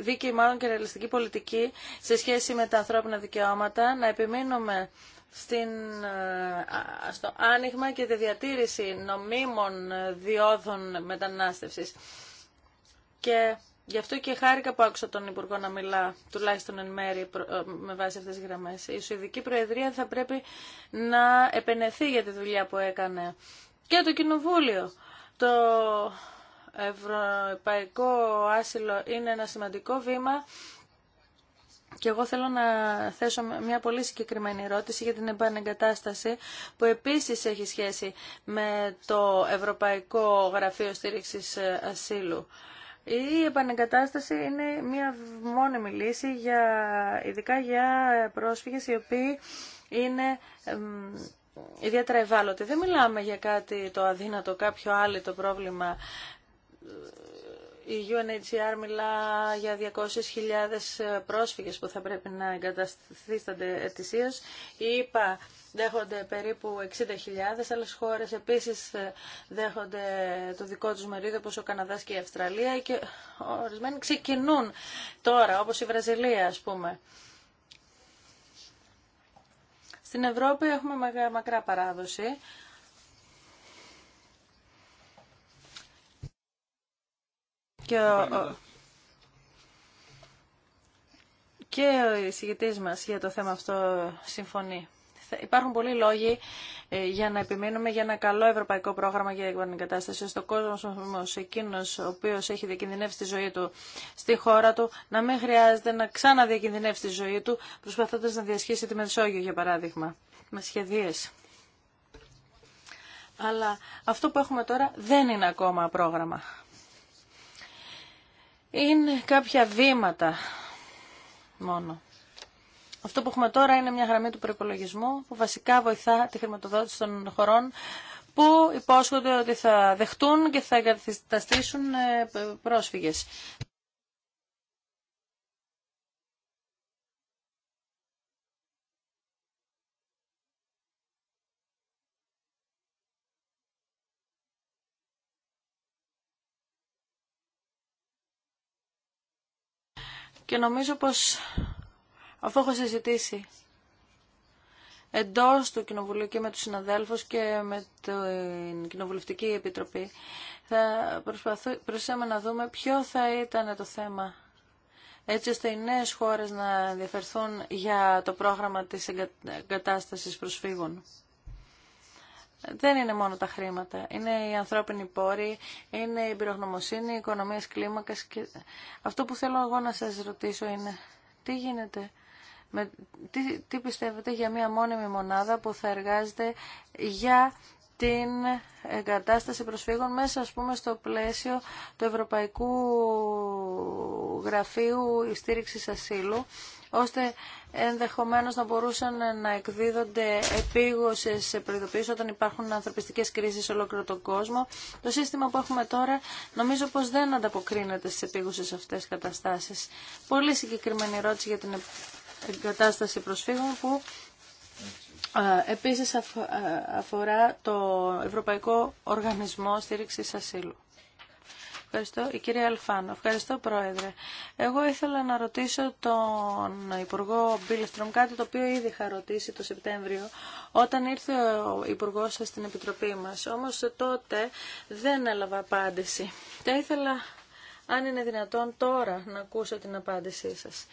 δίκαιη μάλλον και ρεαλιστική πολιτική σε σχέση με τα ανθρώπινα δικαιώματα, να επιμείνουμε στην, ε, στο άνοιγμα και τη διατήρηση νομίμων διόδων μετανάστευσης. Και Γι' αυτό και χάρηκα που άκουσα τον Υπουργό να μιλά, τουλάχιστον εν μέρη, ε, με βάση αυτές τις γραμμές. Η Σουηδική Προεδρία θα πρέπει να επενεθεί για τη δουλειά που έκανε. Και το Κοινοβούλιο. Το Ευρωπαϊκό Άσυλο είναι ένα σημαντικό βήμα και εγώ θέλω να θέσω μια πολύ συγκεκριμένη ερώτηση για την επανεγκατάσταση που επίσης έχει σχέση με το Ευρωπαϊκό Γραφείο Στήριξης Ασύλου. Η επανεγκατάσταση είναι μια μόνιμη λύση, για, ειδικά για πρόσφυγες οι οποίοι είναι ιδιαίτερα ευάλωτοι. Δεν μιλάμε για κάτι το αδύνατο, κάποιο άλλο το πρόβλημα η UNHCR μιλά για 200.000 ε, πρόσφυγες που θα πρέπει να εγκαταστήσονται ετησίως. Οι ΙΠΑ δέχονται περίπου 60.000, άλλες χώρες επίσης ε, δέχονται το δικό τους μερίδιο όπως ο Καναδάς και η Αυστραλία και ορισμένοι ξεκινούν τώρα όπως η Βραζιλία ας πούμε. Στην Ευρώπη έχουμε μακρά παράδοση. Και ο, και ο για το θέμα αυτό συμφωνεί. Υπάρχουν πολλοί λόγοι ε, για να επιμείνουμε για ένα καλό ευρωπαϊκό πρόγραμμα για κατάσταση στο κόσμο όμω εκείνος ο οποίος έχει διακινδυνεύσει τη ζωή του στη χώρα του, να μην χρειάζεται να ξαναδιακινδυνεύσει τη ζωή του, προσπαθώντα να διασχίσει τη Μεσόγειο, για παράδειγμα, με σχεδίες. Αλλά αυτό που έχουμε τώρα δεν είναι ακόμα πρόγραμμα είναι κάποια βήματα μόνο. Αυτό που έχουμε τώρα είναι μια γραμμή του προπολογισμού που βασικά βοηθά τη χρηματοδότηση των χωρών που υπόσχονται ότι θα δεχτούν και θα εγκαταστήσουν ε, πρόσφυγες. και νομίζω πως αφού έχω συζητήσει εντός του Κοινοβουλίου και με τους συναδέλφους και με την Κοινοβουλευτική Επιτροπή θα προσπαθούμε να δούμε ποιο θα ήταν το θέμα έτσι ώστε οι νέες χώρες να ενδιαφερθούν για το πρόγραμμα της εγκατάστασης προσφύγων δεν είναι μόνο τα χρήματα. Είναι οι ανθρώπινοι πόροι, είναι η πυρογνωμοσύνη, η οικονομία κλίμακας. Και... Αυτό που θέλω εγώ να σας ρωτήσω είναι τι γίνεται. Με, τι, πιστεύετε για μια μόνιμη μονάδα που θα εργάζεται για την εγκατάσταση προσφύγων μέσα ας πούμε στο πλαίσιο του Ευρωπαϊκού Γραφείου Στήριξης Ασύλου ώστε ενδεχομένως να μπορούσαν να εκδίδονται σε προειδοποιήσεις όταν υπάρχουν ανθρωπιστικές κρίσεις σε ολόκληρο τον κόσμο. Το σύστημα που έχουμε τώρα νομίζω πως δεν ανταποκρίνεται στις επίγουσες αυτές καταστάσεις. Πολύ συγκεκριμένη ερώτηση για την κατάσταση προσφύγων που ε, επίσης ε, αφορά το Ευρωπαϊκό Οργανισμό Στήριξης Ασύλου. Ευχαριστώ. Η κυρία Αλφάνο. Ευχαριστώ, Πρόεδρε. Εγώ ήθελα να ρωτήσω τον Υπουργό Μπίλστρομ κάτι το οποίο ήδη είχα ρωτήσει το Σεπτέμβριο όταν ήρθε ο Υπουργό σα στην Επιτροπή μα. Όμω τότε δεν έλαβα απάντηση. Θα ήθελα αν είναι δυνατόν τώρα να ακούσω την απάντησή σας.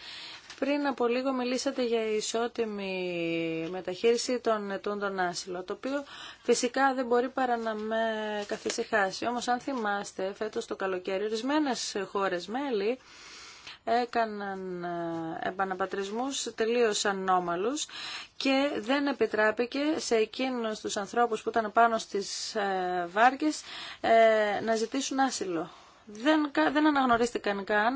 Πριν από λίγο μιλήσατε για ισότιμη μεταχείριση των των άσυλο, το οποίο φυσικά δεν μπορεί παρά να με καθησυχάσει. Όμως αν θυμάστε, φέτος το καλοκαίρι ορισμένε χώρες μέλη έκαναν ε, επαναπατρισμούς τελείως ανώμαλους και δεν επιτράπηκε σε εκείνους τους ανθρώπους που ήταν πάνω στις ε, βάρκες ε, να ζητήσουν άσυλο δεν, δεν αναγνωρίστηκαν καν,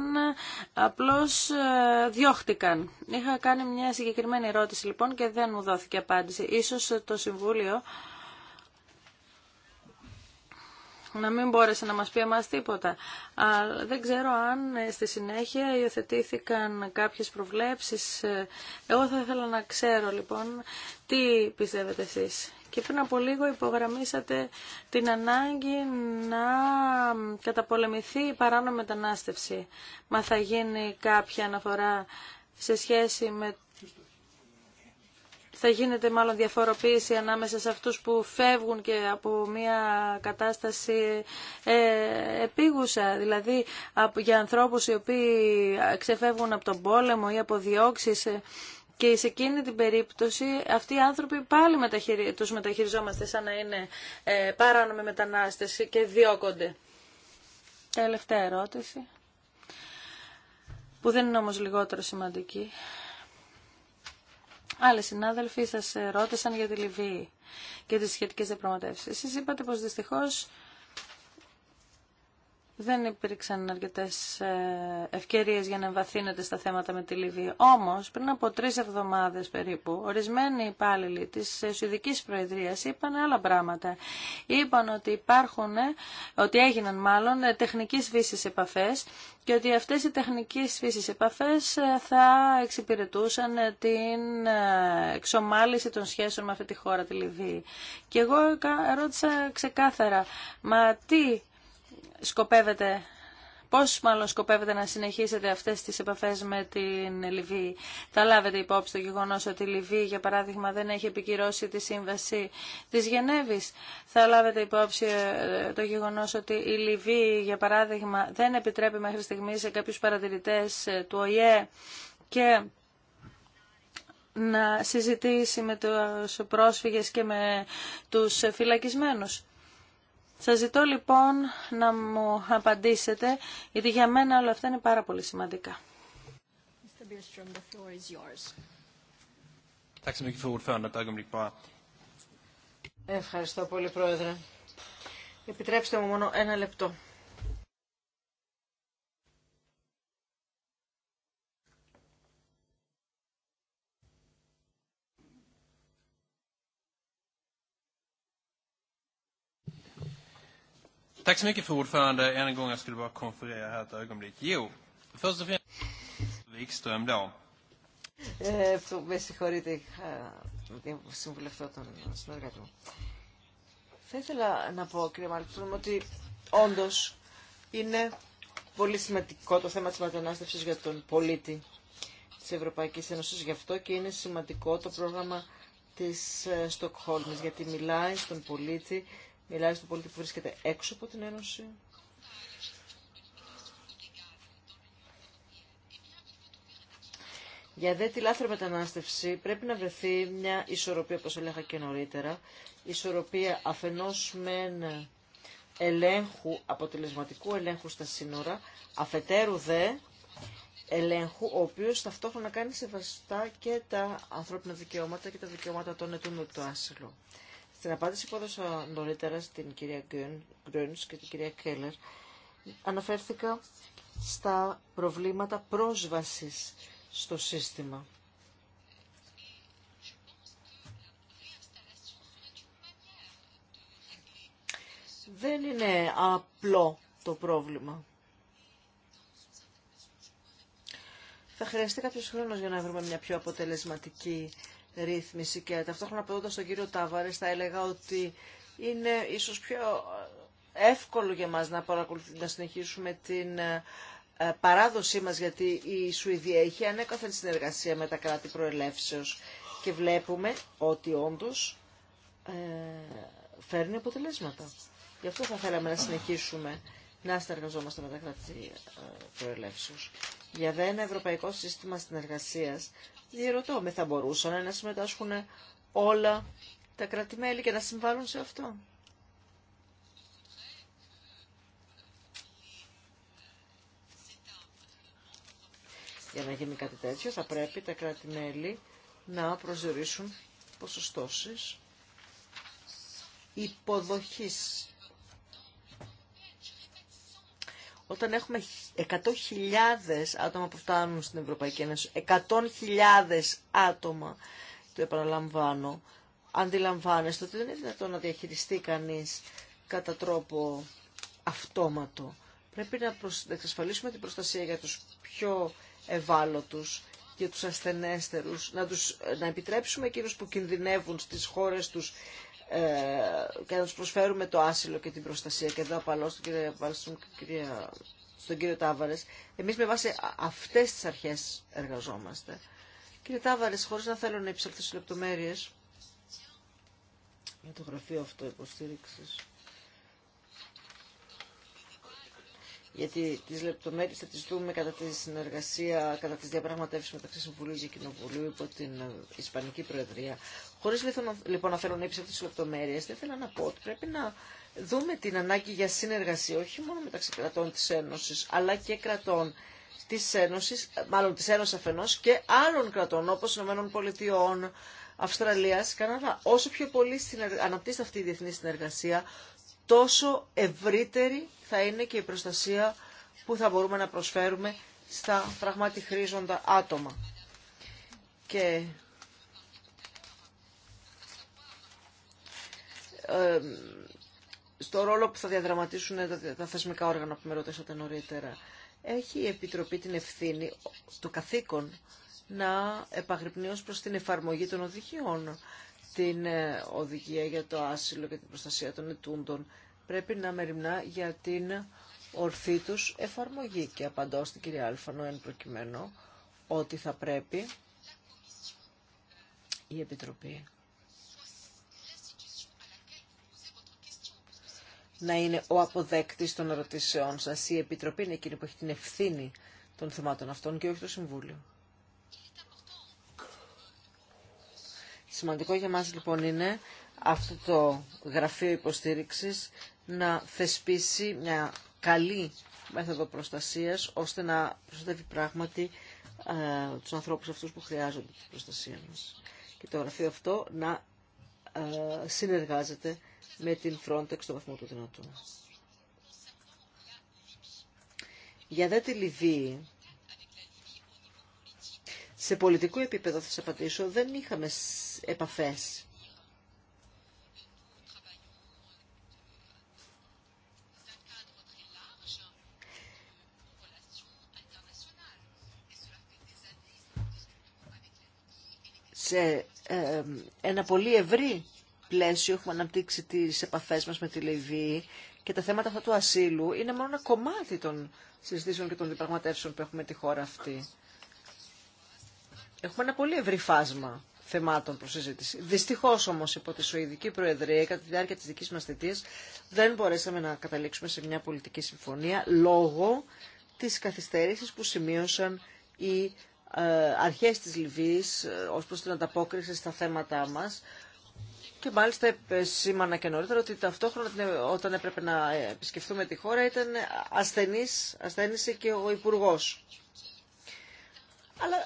απλώς ε, διώχτηκαν. Είχα κάνει μια συγκεκριμένη ερώτηση λοιπόν και δεν μου δόθηκε απάντηση. Ίσως το Συμβούλιο να μην μπόρεσε να μας πει εμάς τίποτα. Αλλά δεν ξέρω αν ε, στη συνέχεια υιοθετήθηκαν κάποιες προβλέψεις. Ε, εγώ θα ήθελα να ξέρω λοιπόν τι πιστεύετε εσείς. Και πριν από λίγο υπογραμμίσατε την ανάγκη να καταπολεμηθεί η παράνομη μετανάστευση. Μα θα γίνει κάποια αναφορά σε σχέση με θα γίνεται μάλλον διαφοροποίηση ανάμεσα σε αυτούς που φεύγουν και από μια κατάσταση ε, επίγουσα. Δηλαδή για ανθρώπους οι οποίοι ξεφεύγουν από τον πόλεμο ή από διώξεις ε, και σε εκείνη την περίπτωση αυτοί οι άνθρωποι πάλι μεταχειρι... τους μεταχειριζόμαστε σαν να είναι ε, παράνομοι μετανάστες και διώκονται. Τελευταία ερώτηση, που δεν είναι όμως λιγότερο σημαντική. Άλλοι συνάδελφοι σας ρώτησαν για τη Λιβύη και τις σχετικές διαπραγματεύσεις. Εσείς είπατε πως δυστυχώς δεν υπήρξαν αρκετές ε, ευκαιρίες για να εμβαθύνεται στα θέματα με τη Λιβύη. Όμως, πριν από τρει εβδομάδες περίπου, ορισμένοι υπάλληλοι τη ε, Σουηδική Προεδρίας είπαν άλλα πράγματα. Είπαν ότι υπάρχουν, ε, ότι έγιναν μάλλον τεχνικής φύση επαφές και ότι αυτές οι τεχνικές φύση επαφές θα εξυπηρετούσαν την εξομάλυση των σχέσεων με αυτή τη χώρα, τη Λιβύη. Και εγώ ρώτησα ξεκάθαρα, μα τι σκοπεύετε Πώς μάλλον σκοπεύετε να συνεχίσετε αυτές τις επαφές με την Λιβύη. Θα λάβετε υπόψη το γεγονός ότι η Λιβύη, για παράδειγμα, δεν έχει επικυρώσει τη σύμβαση της Γενέβης. Θα λάβετε υπόψη ε, το γεγονός ότι η Λιβύη, για παράδειγμα, δεν επιτρέπει μέχρι στιγμή σε κάποιους παρατηρητές ε, του ΟΗΕ και να συζητήσει με τους πρόσφυγες και με τους φυλακισμένους. Σας ζητώ λοιπόν να μου απαντήσετε, γιατί για μένα όλα αυτά είναι πάρα πολύ σημαντικά. Ευχαριστώ πολύ, Πρόεδρε. Επιτρέψτε μου μόνο ένα λεπτό. Tack så mycket för ordförande. Än en gång jag skulle bara konferera här ett ögonblick. Jo, först och främst Wikström då. Θα ήθελα να πω, κύριε Μάλκτρομ, ότι όντω είναι πολύ σημαντικό το θέμα της μετανάστευσης για τον πολίτη της Ευρωπαϊκής Ένωσης. Γι' αυτό και είναι σημαντικό το πρόγραμμα της ε, Στοκχόλμης, γιατί μιλάει στον πολίτη Μιλάει στον πολίτη που βρίσκεται έξω από την Ένωση. Για δε τη λάθρο μετανάστευση πρέπει να βρεθεί μια ισορροπία, όπως έλεγα και νωρίτερα, ισορροπία αφενός μεν ελέγχου, αποτελεσματικού ελέγχου στα σύνορα, αφετέρου δε ελέγχου, ο οποίος ταυτόχρονα κάνει σεβαστά και τα ανθρώπινα δικαιώματα και τα δικαιώματα των ετών του άσυλου. Στην απάντηση που έδωσα νωρίτερα στην κυρία Γκρόνς και την κυρία Κέλλερ, αναφέρθηκα στα προβλήματα πρόσβασης στο σύστημα. Δεν είναι απλό το πρόβλημα. Θα χρειαστεί κάποιος χρόνος για να βρούμε μια πιο αποτελεσματική ρύθμιση και ταυτόχρονα απαντώντα τον κύριο Ταβάρης θα έλεγα ότι είναι ίσως πιο εύκολο για μας να, συνεχίσουμε την ε, ε, παράδοσή μας γιατί η Σουηδία έχει ανέκαθεν συνεργασία με τα κράτη προελεύσεως και βλέπουμε ότι όντως ε, φέρνει αποτελέσματα. Γι' αυτό θα θέλαμε να συνεχίσουμε να συνεργαζόμαστε με τα κράτη ε, προελεύσεως. Για δε ένα ευρωπαϊκό σύστημα συνεργασίας, διερωτώ με θα μπορούσαν να συμμετάσχουν όλα τα κράτη-μέλη και να συμβάλλουν σε αυτό. Για να γίνει κάτι τέτοιο θα πρέπει τα κράτη-μέλη να προσδιορίσουν ποσοστώσεις υποδοχής Όταν έχουμε 100.000 άτομα που φτάνουν στην Ευρωπαϊκή Ένωση, 100.000 άτομα, το επαναλαμβάνω, αντιλαμβάνεστε ότι δεν είναι δυνατόν να διαχειριστεί κανείς κατά τρόπο αυτόματο. Πρέπει να, προσ... εξασφαλίσουμε την προστασία για τους πιο ευάλωτους, για τους ασθενέστερους, να, τους... να επιτρέψουμε εκείνους που κινδυνεύουν στις χώρες τους ε, και να του προσφέρουμε το άσυλο και την προστασία. Και εδώ απαλώ στον κύριο, κύριο, Τάβαρες. Εμείς με βάση αυτές τις αρχές εργαζόμαστε. Κύριε Τάβαρες, χωρίς να θέλω να υψέλθω λεπτομέρειες, για το γραφείο αυτό γιατί τις λεπτομέρειες θα τις δούμε κατά τη συνεργασία, κατά τις διαπραγματεύσεις μεταξύ Συμβουλίου και Κοινοβουλίου υπό την ε, Ισπανική Προεδρία. Χωρίς λοιπόν να φέρω νύψη αυτές τις λεπτομέρειες, δεν θέλω να πω ότι πρέπει να δούμε την ανάγκη για συνεργασία όχι μόνο μεταξύ κρατών της Ένωσης, αλλά και κρατών της Ένωσης, ε, μάλλον της Ένωσης αφενός και άλλων κρατών όπως Ηνωμένων Πολιτειών, Αυστραλίας, Καναδά. Όσο πιο πολύ αναπτύσσεται αυτή η διεθνή συνεργασία, τόσο ευρύτερη θα είναι και η προστασία που θα μπορούμε να προσφέρουμε στα πραγματι χρήζοντα άτομα. Και στο ρόλο που θα διαδραματίσουν τα, θεσμικά όργανα που με ρωτήσατε νωρίτερα, έχει η Επιτροπή την ευθύνη, το καθήκον, να επαγρυπνεί ως προς την εφαρμογή των οδηγιών. Την ε, οδηγία για το άσυλο και την προστασία των ετούντων πρέπει να μεριμνά για την ορθή τους εφαρμογή. Και απαντώ στην κυρία Αλφανό εν προκειμένου ότι θα πρέπει η Επιτροπή να είναι ο αποδέκτης των ερωτήσεών σας. Η Επιτροπή είναι εκείνη που έχει την ευθύνη των θεμάτων αυτών και όχι το Συμβούλιο. Σημαντικό για μας λοιπόν είναι αυτό το γραφείο υποστήριξης να θεσπίσει μια καλή μέθοδο προστασίας ώστε να προστατεύει πράγματι ε, τους ανθρώπους αυτούς που χρειάζονται την προστασία μας. Και το γραφείο αυτό να ε, συνεργάζεται με την Frontex στο βαθμό του δυνατού. Για δε τη Λιβύη, σε πολιτικό επίπεδο θα σας απαντήσω, δεν είχαμε επαφές. σε ε, ένα πολύ ευρύ πλαίσιο έχουμε αναπτύξει τις επαφές μας με τη Λιβύη και τα θέματα αυτά του ασύλου είναι μόνο ένα κομμάτι των συζητήσεων και των διπραγματεύσεων που έχουμε τη χώρα αυτή. Έχουμε ένα πολύ ευρύ φάσμα θεμάτων προς συζήτηση. Δυστυχώς όμως υπό τη Σουηδική Προεδρία κατά τη διάρκεια της δικής μας θητείας δεν μπορέσαμε να καταλήξουμε σε μια πολιτική συμφωνία λόγω της καθυστέρησης που σημείωσαν οι ε, αρχές της Λιβύης ε, ως προς την ανταπόκριση στα θέματα μας και μάλιστα ε, σήμανα και νωρίτερα ότι ταυτόχρονα όταν έπρεπε να επισκεφθούμε τη χώρα ήταν ασθενής, ασθένησε και ο υπουργό αλλά α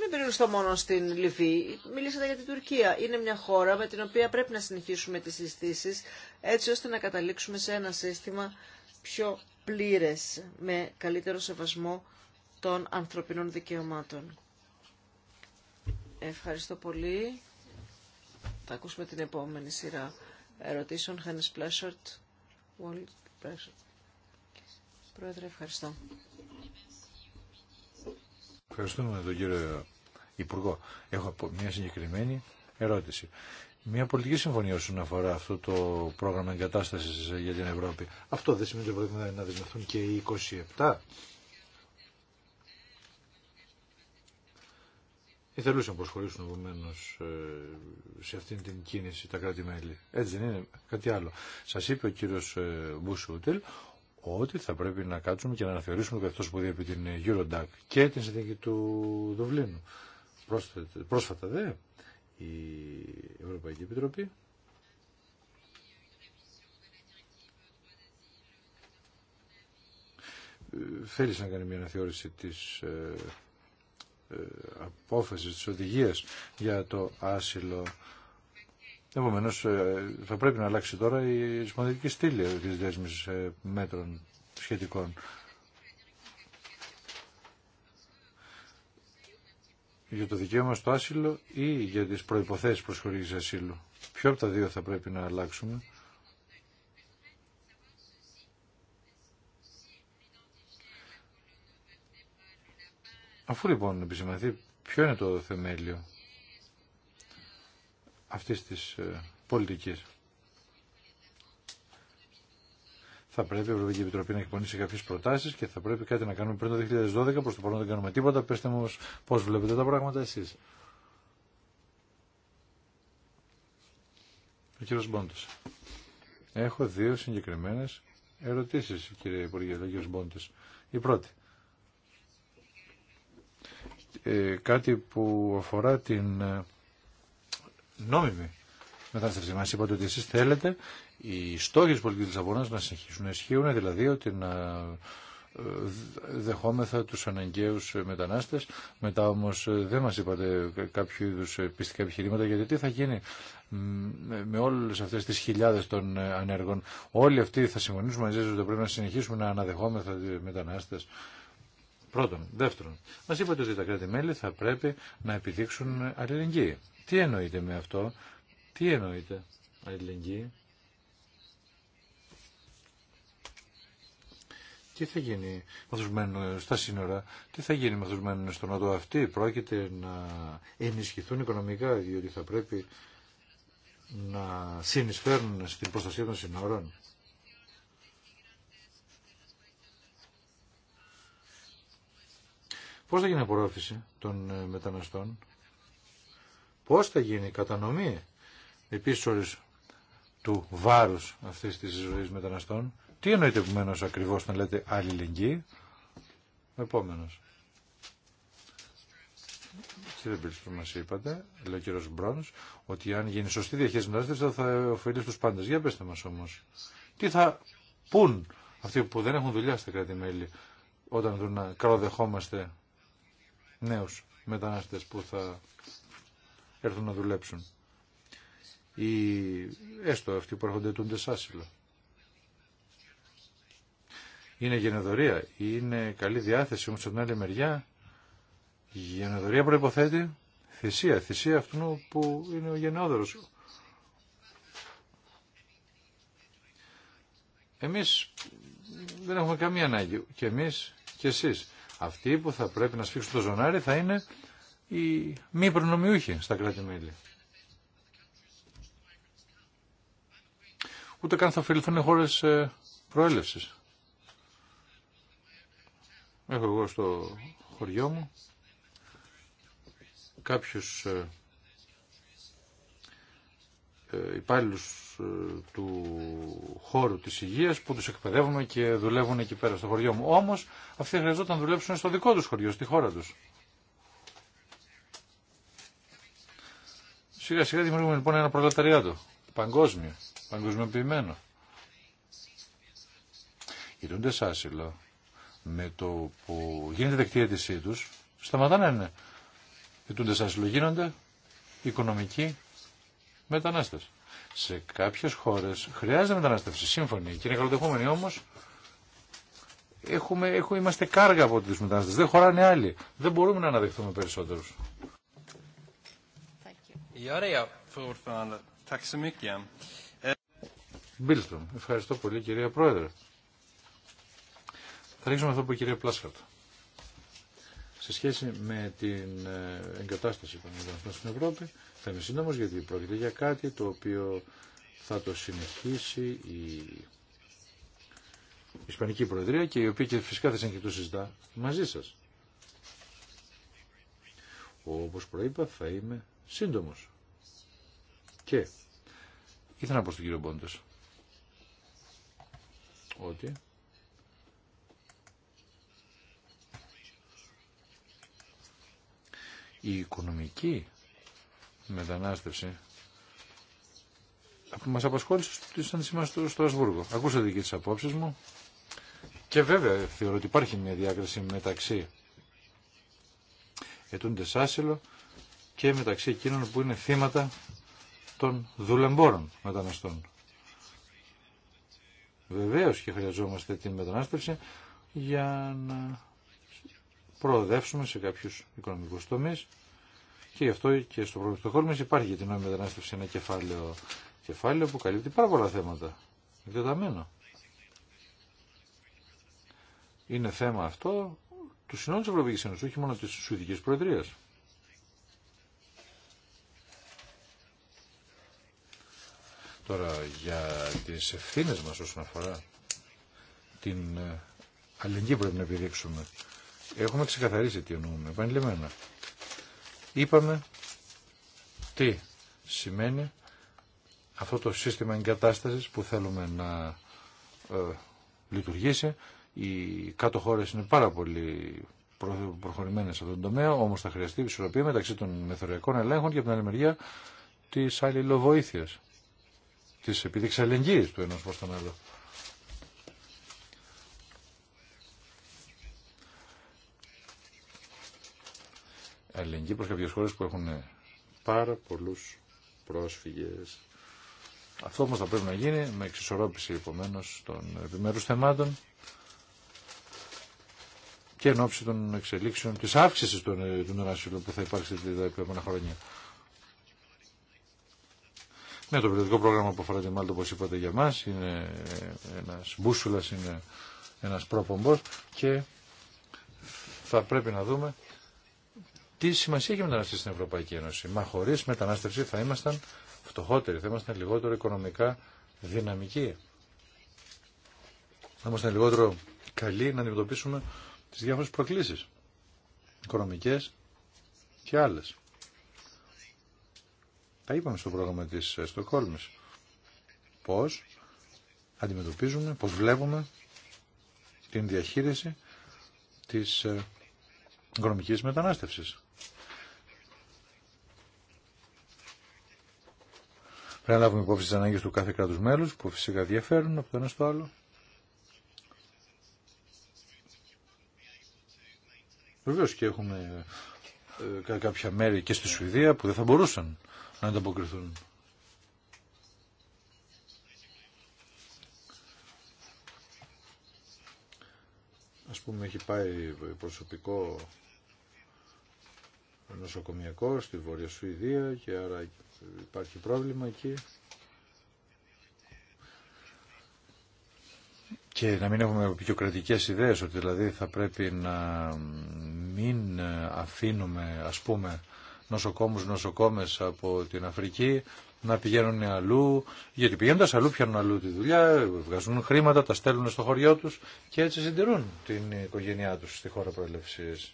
μην περιοριστώ μόνο στην Λιβύη. Μιλήσατε για την Τουρκία. Είναι μια χώρα με την οποία πρέπει να συνεχίσουμε τι συζητήσει έτσι ώστε να καταλήξουμε σε ένα σύστημα πιο πλήρε με καλύτερο σεβασμό των ανθρωπίνων δικαιωμάτων. Ευχαριστώ πολύ. Θα ακούσουμε την επόμενη σειρά ερωτήσεων. ευχαριστώ. Ευχαριστούμε τον κύριο Υπουργό. Έχω μια συγκεκριμένη ερώτηση. Μια πολιτική συμφωνία όσον αφορά αυτό το πρόγραμμα εγκατάσταση ε, για την Ευρώπη. Αυτό δεν σημαίνει ότι πρέπει να δεσμευτούν και οι 27. Ή θελούσαν να προσχωρήσουν επομένω ε, σε αυτήν την κίνηση τα κράτη-μέλη. Έτσι δεν είναι, κάτι άλλο. Σα είπε ο κύριο ε, Μπούσουτελ ότι θα πρέπει να κάτσουμε και να αναθεωρήσουμε το καθώς που διέπει την Eurodac και την συνθήκη του Δουβλίνου. Πρόσφατα δε η Ευρωπαϊκή Επιτροπή θέλησε να κάνει μια αναθεώρηση της ε, ε, απόφασης της οδηγίας για το άσυλο Επομένω, ε, θα πρέπει να αλλάξει τώρα η σημαντική στήλη τη δέσμη ε, μέτρων σχετικών. Για το δικαίωμα στο άσυλο ή για τις προϋποθέσεις προσχωρήσης ασύλου. Ποιο από τα δύο θα πρέπει να αλλάξουμε. Αφού λοιπόν επισημανθεί ποιο είναι το θεμέλιο αυτής της ε, πολιτικής. Θα πρέπει η Ευρωπαϊκή Επιτροπή να εκπονήσει κάποιες προτάσει και θα πρέπει κάτι να κάνουμε πριν το 2012. Προ το παρόν δεν κάνουμε τίποτα. Πετε μου πώ βλέπετε τα πράγματα εσείς. Ο κύριο Μπόντο. Έχω δύο συγκεκριμένε ερωτήσει, κύριε Υπουργέ, ο κύριο Μπόντο. Η πρώτη. Ε, κάτι που αφορά την ε, νόμιμη μετανάστευση. Μα είπατε ότι εσεί θέλετε οι στόχοι τη πολιτική Λισαβόνα να συνεχίσουν να ισχύουν, δηλαδή ότι να ε, δεχόμεθα τους αναγκαίους μετανάστες. Μετά όμως ε, δεν μας είπατε κάποιο είδου πιστικά επιχειρήματα γιατί τι θα γίνει με όλες αυτές τις χιλιάδες των ανέργων. Όλοι αυτοί θα συμφωνήσουν μαζί σα ότι πρέπει να συνεχίσουμε να αναδεχόμεθα μετανάστες. Πρώτον. Δεύτερον, μας είπατε ότι τα κράτη-μέλη θα πρέπει να επιδείξουν αλληλεγγύη. Τι εννοείται με αυτό, τι εννοείται αλληλεγγύη. Τι θα γίνει με στα σύνορα, τι θα γίνει με στον οδό αυτή, πρόκειται να ενισχυθούν οικονομικά, διότι θα πρέπει να συνεισφέρουν στην προστασία των σύνορων. Πώς θα γίνει η απορρόφηση των μεταναστών, Πώς θα γίνει η κατανομή επίσης του βάρους αυτής της ζωής μεταναστών. Τι εννοείται επομένως ακριβώς να λέτε αλληλεγγύη. Επόμενος. Κύριε που μα είπατε, λέει ο κύριο Μπρόν, ότι αν γίνει σωστή διαχείριση μεταναστών θα ωφελεί στους πάντες. Για πετε μας όμως, τι θα πούν αυτοί που δεν έχουν δουλειά στα κράτη-μέλη όταν δουν να καλοδεχόμαστε νέου μεταναστές που θα έρθουν να δουλέψουν. Ή έστω αυτοί που έρχονται τούντες άσυλο. Είναι γενεδορία, είναι καλή διάθεση, όμως από την άλλη μεριά η γενεδορία προϋποθέτει θυσία, θυσία αυτού που ερχονται τούντε ασυλο ειναι γενεδορια ειναι καλη διαθεση ομως απο την αλλη μερια η γενεδορια προυποθετει θυσια θυσια αυτου που ειναι ο γενναιόδωρος. Εμείς δεν έχουμε καμία ανάγκη, και εμείς και εσείς. Αυτοί που θα πρέπει να σφίξουν το ζωνάρι θα είναι οι μη προνομιούχοι στα κράτη-μέλη. Ούτε καν θα ωφεληθούν οι χώρες ε, προέλευσης. Έχω εγώ στο χωριό μου κάποιους ε, ε, υπάλληλου του χώρου της υγείας που τους εκπαιδεύουμε και δουλεύουν εκεί πέρα στο χωριό μου. Όμως αυτοί χρειαζόταν να δουλέψουν στο δικό τους χωριό, στη χώρα τους. Σιγά σιγά δημιουργούμε λοιπόν ένα προλαταριάτο. Παγκόσμιο. Παγκοσμιοποιημένο. Γυρούνται σε άσυλο με το που γίνεται δεκτή αίτησή του, σταματάνε να είναι. άσυλο. Γίνονται οικονομικοί μετανάστε. Σε κάποιε χώρε χρειάζεται μετανάστευση, σύμφωνοι και είναι καλοδεχούμενοι όμω. Έχουμε, έχουμε, είμαστε κάργα από του μετανάστε. Δεν χωράνε άλλοι. Δεν μπορούμε να αναδεχθούμε περισσότερου. Eh. ευχαριστώ πολύ κυρία Πρόεδρε. Θα ρίξουμε αυτό που είπε η κυρία Πλάσχαρτ. Σε σχέση με την ε, εγκατάσταση των μεταναστών στην Ευρώπη, θα είμαι σύντομο γιατί πρόκειται για κάτι το οποίο θα το συνεχίσει η Ισπανική Προεδρία και η οποία και φυσικά θα συνεχίσει το συζητά μαζί σας. Όπως προείπα θα είμαι σύντομος. Και ήθελα να πω στον κύριο Μπόντε ότι η οικονομική μετανάστευση που μας απασχόλησε στη συνάντησή μα στο Ασβούργο. Ακούσατε και τις απόψεις μου και βέβαια θεωρώ ότι υπάρχει μια διάκριση μεταξύ ετούντες άσυλο και μεταξύ εκείνων που είναι θύματα των δουλεμπόρων μεταναστών. Βεβαίω και χρειαζόμαστε την μετανάστευση για να προοδεύσουμε σε κάποιους οικονομικούς τομεί και γι' αυτό και στο πρόγραμμα Στοχόλμης υπάρχει για την νόμιμη μετανάστευση ένα κεφάλαιο, κεφάλαιο που καλύπτει πάρα πολλά θέματα. διαταμένο. Είναι θέμα αυτό του συνόλου της Ευρωπαϊκής Ένωσης, όχι μόνο της Σουηδικής Προεδρίας. Τώρα για τις ευθύνες μας όσον αφορά την ε, αλληλεγγύη πρέπει να επιδείξουμε. Έχουμε ξεκαθαρίσει τι εννοούμε, επανειλημμένα. Είπαμε τι σημαίνει αυτό το σύστημα εγκατάστασης που θέλουμε να ε, λειτουργήσει. Οι κάτω χώρες είναι πάρα πολύ προχωρημένες σε αυτόν τον τομέα, όμως θα χρειαστεί ισορροπία μεταξύ των μεθοριακών ελέγχων και από την άλλη μεριά της αλληλοβοήθειας της επίδειξης αλληλεγγύης του ενός προς τον άλλο. Αλληλεγγύη προς κάποιες χώρες που έχουν πάρα πολλούς πρόσφυγες. Αυτό όμως θα πρέπει να γίνει με εξισορρόπηση επομένω των επιμέρους θεμάτων και εν ώψη των εξελίξεων της αύξησης των, ε, των που θα υπάρξει τα επόμενα χρόνια. Ναι, το περιοδικό πρόγραμμα που αφορά τη Μάλτα, όπω είπατε για μα, είναι ένα μπούσουλα, είναι ένα προπομπό και θα πρέπει να δούμε τι σημασία έχει η μετανάστευση στην Ευρωπαϊκή Ένωση. Μα χωρί μετανάστευση θα ήμασταν φτωχότεροι, θα ήμασταν λιγότερο οικονομικά δυναμικοί. Θα ήμασταν λιγότερο καλοί να αντιμετωπίσουμε τι διάφορε προκλήσει. Οικονομικέ και άλλες. Τα είπαμε στο πρόγραμμα της ε, Στοκχόλμης Πώς αντιμετωπίζουμε, πώς βλέπουμε την διαχείριση της ε, οικονομικής μετανάστευσης. Πρέπει να λάβουμε υπόψη τι ανάγκε του κάθε κράτου μέλου που φυσικά διαφέρουν από το ένα στο άλλο. Βεβαίω και έχουμε ε, κάποια μέρη και στη Σουηδία που δεν θα μπορούσαν να ανταποκριθούν. Ας πούμε έχει πάει προσωπικό νοσοκομιακό στη Βόρεια Σουηδία και άρα υπάρχει πρόβλημα εκεί. Και να μην έχουμε κρατικές ιδέες ότι δηλαδή θα πρέπει να μην αφήνουμε ας πούμε νοσοκόμους, νοσοκόμες από την Αφρική να πηγαίνουν αλλού, γιατί πηγαίνοντας αλλού πιάνουν αλλού τη δουλειά, βγάζουν χρήματα, τα στέλνουν στο χωριό τους και έτσι συντηρούν την οικογένειά τους στη χώρα προέλευσης.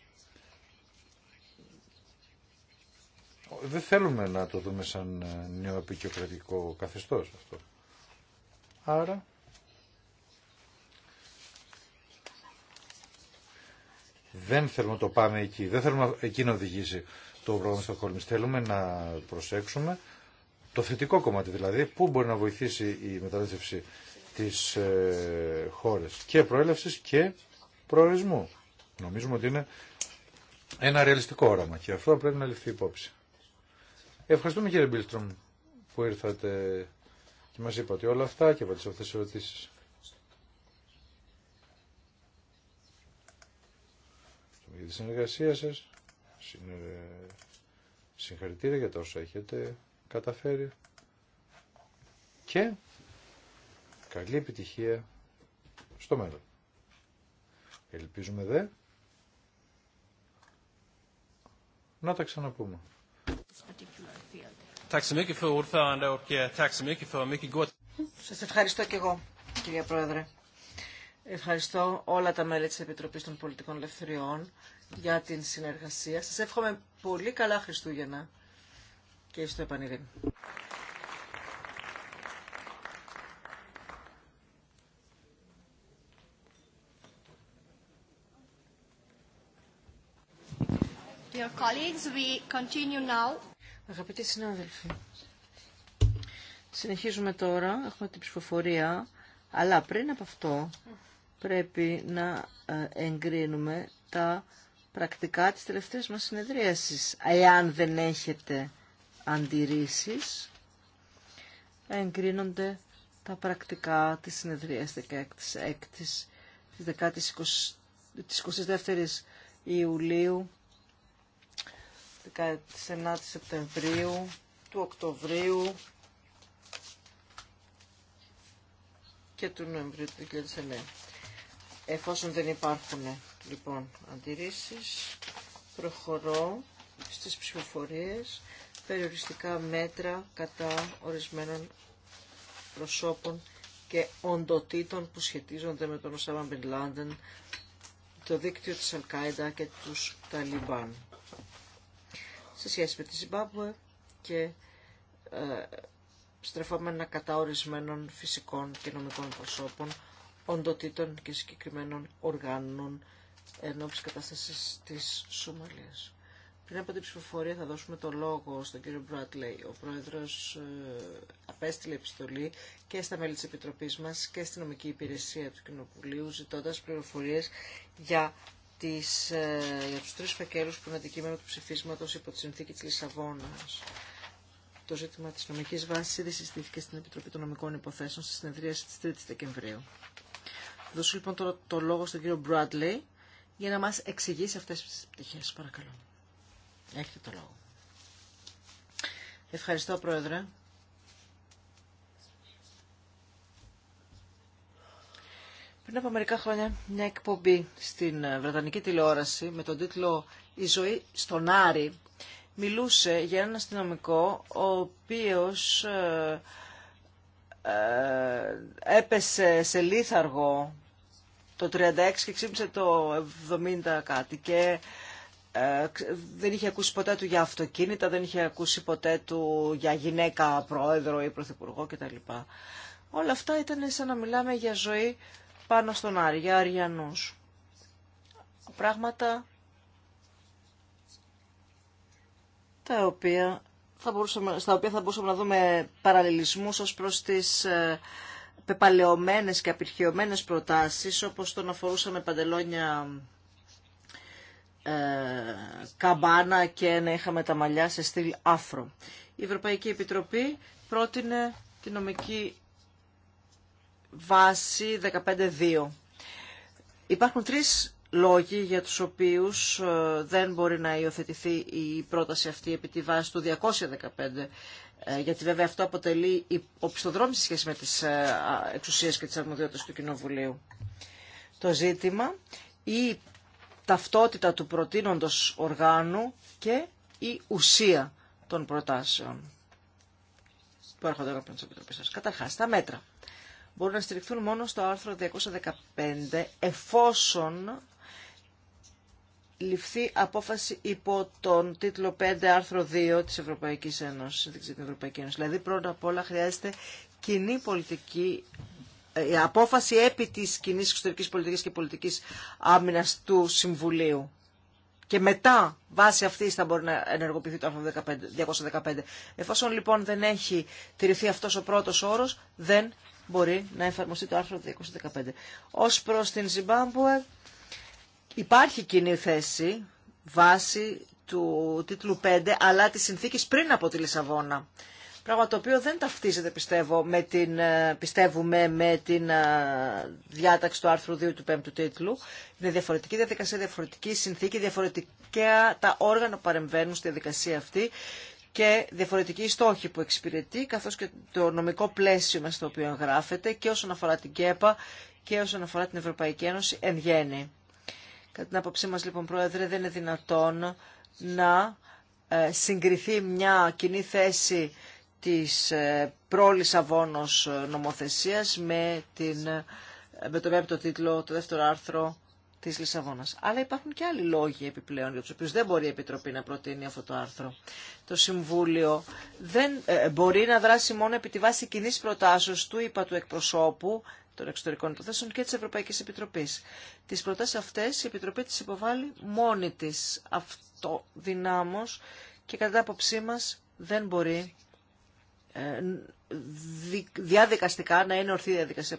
Δεν θέλουμε να το δούμε σαν νεοαπικιοκρατικό καθεστώς αυτό. Άρα... Δεν θέλουμε να το πάμε εκεί, δεν θέλουμε εκεί να οδηγήσει το πρόγραμμα Στοκχόλμης. Θέλουμε να προσέξουμε το θετικό κομμάτι, δηλαδή πού μπορεί να βοηθήσει η μετανάστευση της ε, χώρες και προέλευσης και προορισμού. Νομίζουμε ότι είναι ένα ρεαλιστικό όραμα και αυτό πρέπει να ληφθεί υπόψη. Ευχαριστούμε κύριε Μπίλστρομ που ήρθατε και μας είπατε όλα αυτά και απαντήσατε αυτές τις ερωτήσεις. για συνεργασία σας. Ε, συγχαρητήρια για τα όσα έχετε καταφέρει και καλή επιτυχία στο μέλλον. Ελπίζουμε δε να τα ξαναπούμε. Eh, Σα ευχαριστώ και εγώ, κυρία Πρόεδρε. Ευχαριστώ όλα τα μέλη της Επιτροπής των Πολιτικών Ελευθεριών για την συνεργασία. Σας εύχομαι πολύ καλά Χριστούγεννα και στο επανειδήν. colleagues, we continue Αγαπητοί συνάδελφοι, συνεχίζουμε τώρα, έχουμε την ψηφοφορία, αλλά πριν από αυτό πρέπει να ε, εγκρίνουμε τα πρακτικά τις τελευταίες μας συνεδρίασεις Εάν δεν έχετε αντιρρήσεις, εγκρίνονται τα πρακτικά της συνεδρίας 16 της 10 της 22ης Ιουλίου, 19 Σεπτεμβρίου, του Οκτωβρίου και του Νοεμβρίου του 2009. Εφόσον δεν υπάρχουν λοιπόν αντιρρήσεις, προχωρώ στις ψηφοφορίες περιοριστικά μέτρα κατά ορισμένων προσώπων και οντοτήτων που σχετίζονται με τον Οσάμα Μπιν το δίκτυο της Αλκάιντα και τους Ταλιμπάν. Σε σχέση με τη Ζιμπάμπουε και ε, στρεφόμενα κατά ορισμένων φυσικών και νομικών προσώπων οντοτήτων και συγκεκριμένων οργάνων ενώπιση κατάσταση κατάστασης της Σομαλίας. Πριν από την ψηφοφορία θα δώσουμε το λόγο στον κύριο Μπράτλεϊ. Ο πρόεδρος ε, απέστειλε επιστολή και στα μέλη της Επιτροπής μας και στην νομική υπηρεσία του Κοινοβουλίου ζητώντας πληροφορίες για, τις, ε, για τους τρεις φακέλους που είναι αντικείμενο του ψηφίσματος υπό τη συνθήκη της Λισαβόνας. Το ζήτημα της νομικής βάσης ήδη συστήθηκε στην Επιτροπή των Νομικών Υποθέσεων στη συνεδρίαση της 3ης Δεκεμβρίου δώσω λοιπόν τώρα το λόγο στον κύριο Bradley για να μας εξηγήσει αυτές τις πτυχές. Παρακαλώ. Έχετε το λόγο. Ευχαριστώ Πρόεδρε. Πριν από μερικά χρόνια μια εκπομπή στην ε, Βρετανική τηλεόραση με τον τίτλο «Η ζωή στον Άρη» μιλούσε για έναν αστυνομικό ο οποίος ε, ε, έπεσε σε λίθαργο το 36 και ξύπνησε το 70 κάτι και ε, δεν είχε ακούσει ποτέ του για αυτοκίνητα, δεν είχε ακούσει ποτέ του για γυναίκα πρόεδρο ή πρωθυπουργό κτλ. Όλα αυτά ήταν σαν να μιλάμε για ζωή πάνω στον Άρη, για Αριανούς. Πράγματα τα οποία θα μπορούσαμε, στα οποία θα μπορούσαμε να δούμε παραλληλισμούς ως προς τις ε, πεπαλαιωμένες και απειρχαιωμένες προτάσεις, όπως το να φορούσαμε παντελόνια ε, καμπάνα και να είχαμε τα μαλλιά σε στυλ άφρο. Η Ευρωπαϊκή Επιτροπή πρότεινε τη νομική βάση 15.2. Υπάρχουν τρεις λόγοι για τους οποίους ε, δεν μπορεί να υιοθετηθεί η πρόταση αυτή επί τη βάση του 215 ε, γιατί βέβαια αυτό αποτελεί οπισθοδρόμηση σχέση με τις ε, εξουσίες και τις αρμοδιότητες του Κοινοβουλίου. Το ζήτημα, η ταυτότητα του προτείνοντος οργάνου και η ουσία των προτάσεων που έρχονται από τις Επιτροπές σας. Καταρχάς, τα μέτρα μπορούν να στηριχθούν μόνο στο άρθρο 215 εφόσον ληφθεί απόφαση υπό τον τίτλο 5 άρθρο 2 της Ευρωπαϊκής Ένωσης, της Ευρωπαϊκής Ένωσης. Δηλαδή πρώτα απ' όλα χρειάζεται κοινή πολιτική ε, η απόφαση επί της κοινή εξωτερικής πολιτικής και πολιτικής άμυνας του Συμβουλίου. Και μετά, βάσει αυτή, θα μπορεί να ενεργοποιηθεί το άρθρο 215. Εφόσον λοιπόν δεν έχει τηρηθεί αυτός ο πρώτος όρος, δεν μπορεί να εφαρμοστεί το άρθρο 215. Ως προς την Ζιμπάμπουε, Υπάρχει κοινή θέση βάση του τίτλου 5 αλλά τη συνθήκη πριν από τη Λισαβόνα. Πράγμα το οποίο δεν ταυτίζεται πιστεύω με την, ε, πιστεύουμε με την ε, διάταξη του άρθρου 2 του 5ου τίτλου. Είναι διαφορετική διαδικασία, διαφορετική συνθήκη, διαφορετικά τα όργανα που παρεμβαίνουν στη διαδικασία αυτή και διαφορετική στόχη που εξυπηρετεί, καθώς και το νομικό πλαίσιο μέσα στο οποίο εγγράφεται και όσον αφορά την ΚΕΠΑ και όσον αφορά την Ευρωπαϊκή Ένωση εν γέννη. Κατά την άποψή μας λοιπόν Πρόεδρε δεν είναι δυνατόν να ε, συγκριθεί μια κοινή θέση της ε, πρόλης λισαβονος νομοθεσίας με, την, ε, με το τίτλο, το δεύτερο άρθρο της Λισαβόνας. Αλλά υπάρχουν και άλλοι λόγοι επιπλέον για τους οποίους δεν μπορεί η Επιτροπή να προτείνει αυτό το άρθρο. Το Συμβούλιο δεν μπορεί να δράσει μόνο επί τη βάση κοινή προτάσεως του είπα του εκπροσώπου των Εξωτερικών Υποθέσεων και τη Ευρωπαϊκή Επιτροπή. Τι προτάσει αυτές η Επιτροπή τι υποβάλλει μόνη τη αυτοδυνάμως και κατά την άποψή μα δεν μπορεί ε, διαδικαστικά να είναι ορθή διαδικασία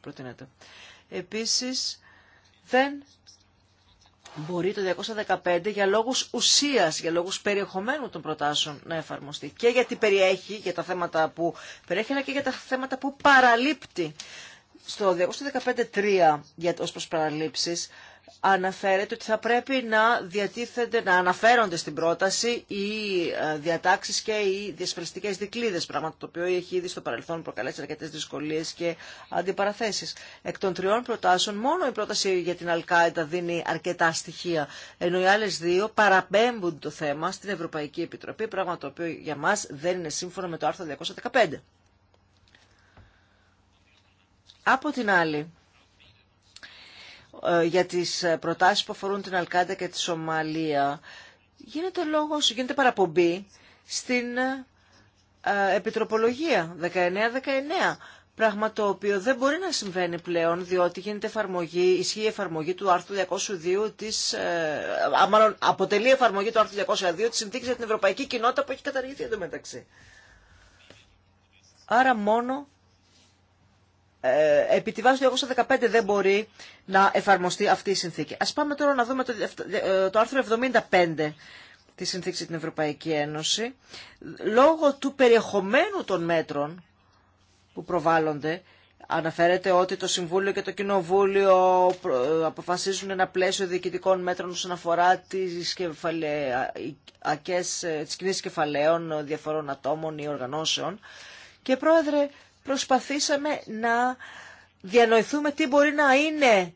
προτείνεται. Επίσης δεν μπορεί το 215 για λόγους ουσίας, για λόγους περιεχομένου των προτάσεων να εφαρμοστεί. Και γιατί περιέχει, για τα θέματα που περιέχει, αλλά και για τα θέματα που παραλείπτει στο 215.3 ως προς παραλήψεις αναφέρεται ότι θα πρέπει να διατίθενται, να αναφέρονται στην πρόταση οι ε, διατάξεις και οι διασφαλιστικές δικλίδες, πράγμα το οποίο έχει ήδη στο παρελθόν προκαλέσει αρκετές δυσκολίες και αντιπαραθέσεις. Εκ των τριών προτάσεων, μόνο η πρόταση για την Αλκάιτα δίνει αρκετά στοιχεία, ενώ οι άλλες δύο παραπέμπουν το θέμα στην Ευρωπαϊκή Επιτροπή, πράγμα το οποίο για μας δεν είναι σύμφωνο με το άρθρο 215. Από την άλλη, ε, για τις προτάσεις που αφορούν την Αλκάντα και τη Σομαλία, γίνεται λόγος, γίνεται παραπομπή στην ε, επιτροπολογία 19-19, πράγμα το οποίο δεν μπορεί να συμβαίνει πλέον, διότι γίνεται εφαρμογή, ισχύει η εφαρμογή του άρθρου 202 της, ε, μάλλον αποτελεί εφαρμογή του άρθρου 202 της συνθήκης για την Ευρωπαϊκή Κοινότητα που έχει καταργηθεί εντωμεταξύ. Άρα μόνο ε, επί τη βάση του δεν μπορεί να εφαρμοστεί αυτή η συνθήκη. Ας πάμε τώρα να δούμε το, ε, το άρθρο 75 τη συνθήκη την Ευρωπαϊκή Ένωση, λόγω του περιεχομένου των μέτρων που προβάλλονται, Αναφέρεται ότι το Συμβούλιο και το Κοινοβούλιο ε, αποφασίζουν ένα πλαίσιο διοικητικών μέτρων όσον αφορά τις, τις κεφαλαίων διαφορών ατόμων ή οργανώσεων. Και πρόεδρε, προσπαθήσαμε να διανοηθούμε τι μπορεί να είναι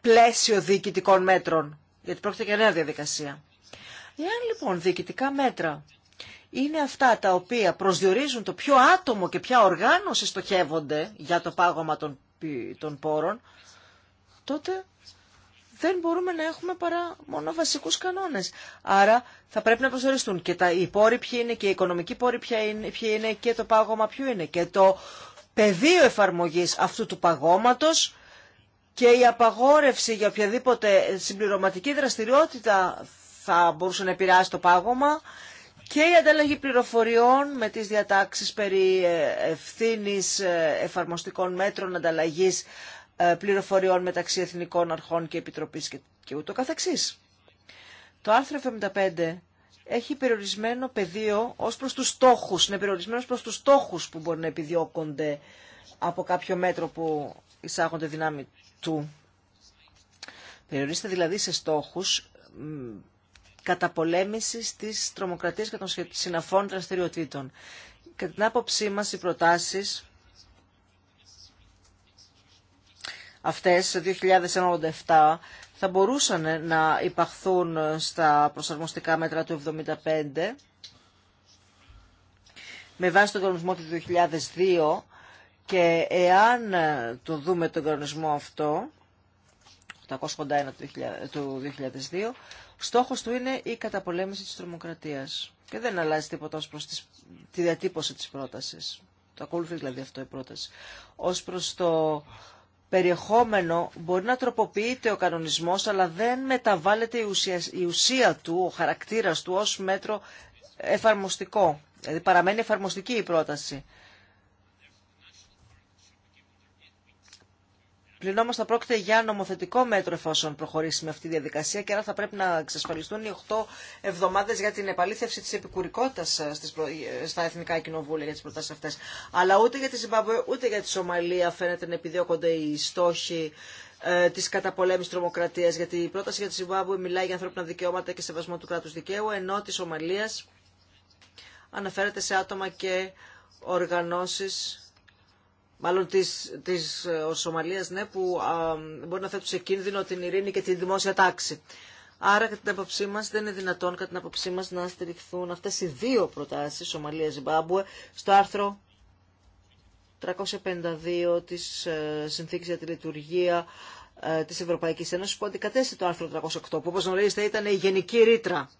πλαίσιο διοικητικών μέτρων, γιατί πρόκειται για νέα διαδικασία. Εάν λοιπόν διοικητικά μέτρα είναι αυτά τα οποία προσδιορίζουν το ποιο άτομο και ποια οργάνωση στοχεύονται για το πάγωμα των, των πόρων, τότε δεν μπορούμε να έχουμε παρά μόνο βασικούς κανόνες. Άρα θα πρέπει να προσοριστούν και τα, οι πόροι ποιοι είναι και οι οικονομικοί πόροι είναι, ποιοι είναι και το πάγωμα ποιο είναι και το πεδίο εφαρμογής αυτού του παγώματος και η απαγόρευση για οποιαδήποτε συμπληρωματική δραστηριότητα θα μπορούσε να επηρεάσει το πάγωμα και η ανταλλαγή πληροφοριών με τις διατάξεις περί ε, ευθύνης ε, εφαρμοστικών μέτρων ανταλλαγής ε, πληροφοριών μεταξύ εθνικών αρχών και επιτροπής και ούτω καθεξής. Το άρθρο 75 έχει περιορισμένο πεδίο ως προς τους στόχους, είναι περιορισμένος προς τους στόχους που μπορεί να επιδιώκονται από κάποιο μέτρο που εισάγονται δυνάμει του. Περιορίζεται δηλαδή σε στόχους καταπολέμησης της τρομοκρατίας και των συναφών δραστηριοτήτων. Κατά την άποψή μας οι προτάσεις αυτές 2097 θα μπορούσαν να υπαχθούν στα προσαρμοστικά μέτρα του 75 με βάση τον κανονισμό του 2002 και εάν το δούμε τον κανονισμό αυτό, 881 του 2002, στόχος του είναι η καταπολέμηση της τρομοκρατίας. Και δεν αλλάζει τίποτα ως προς τη διατύπωση της πρότασης. Το ακολουθεί δηλαδή αυτό η πρόταση. Ως προς το περιεχόμενο μπορεί να τροποποιείται ο κανονισμός αλλά δεν μεταβάλλεται η ουσία, του, ο χαρακτήρας του ως μέτρο εφαρμοστικό. Δηλαδή παραμένει εφαρμοστική η πρόταση. Πλην όμω θα πρόκειται για νομοθετικό μέτρο εφόσον προχωρήσει με αυτή τη διαδικασία και άρα θα πρέπει να εξασφαλιστούν οι 8 εβδομάδε για την επαλήθευση τη επικουρικότητα ε, ε, στα εθνικά κοινοβούλια για τι προτάσει αυτέ. Αλλά ούτε για τη Ζιμπάμπουε ούτε για τη Σομαλία φαίνεται να επιδιώκονται οι στόχοι ε, τη καταπολέμηση τρομοκρατία. Γιατί η πρόταση για τη Ζιμπάμπουε μιλάει για ανθρώπινα δικαιώματα και σεβασμό του κράτου δικαίου, ενώ τη Σομαλία αναφέρεται σε άτομα και οργανώσεις μάλλον της, της ε, Σομαλίας, ναι, που α, μπορεί να θέτουν σε κίνδυνο την ειρήνη και τη δημόσια τάξη. Άρα, κατά την άποψή μα, δεν είναι δυνατόν κατά την άποψή μα να στηριχθούν αυτέ οι δύο προτάσει, Σομαλία-Ζιμπάμπουε, στο άρθρο 352 τη Συνθήκη για τη Λειτουργία ε, τη Ευρωπαϊκή Ένωση, που αντικατέστη το άρθρο 308, που όπω γνωρίζετε ήταν η γενική ρήτρα.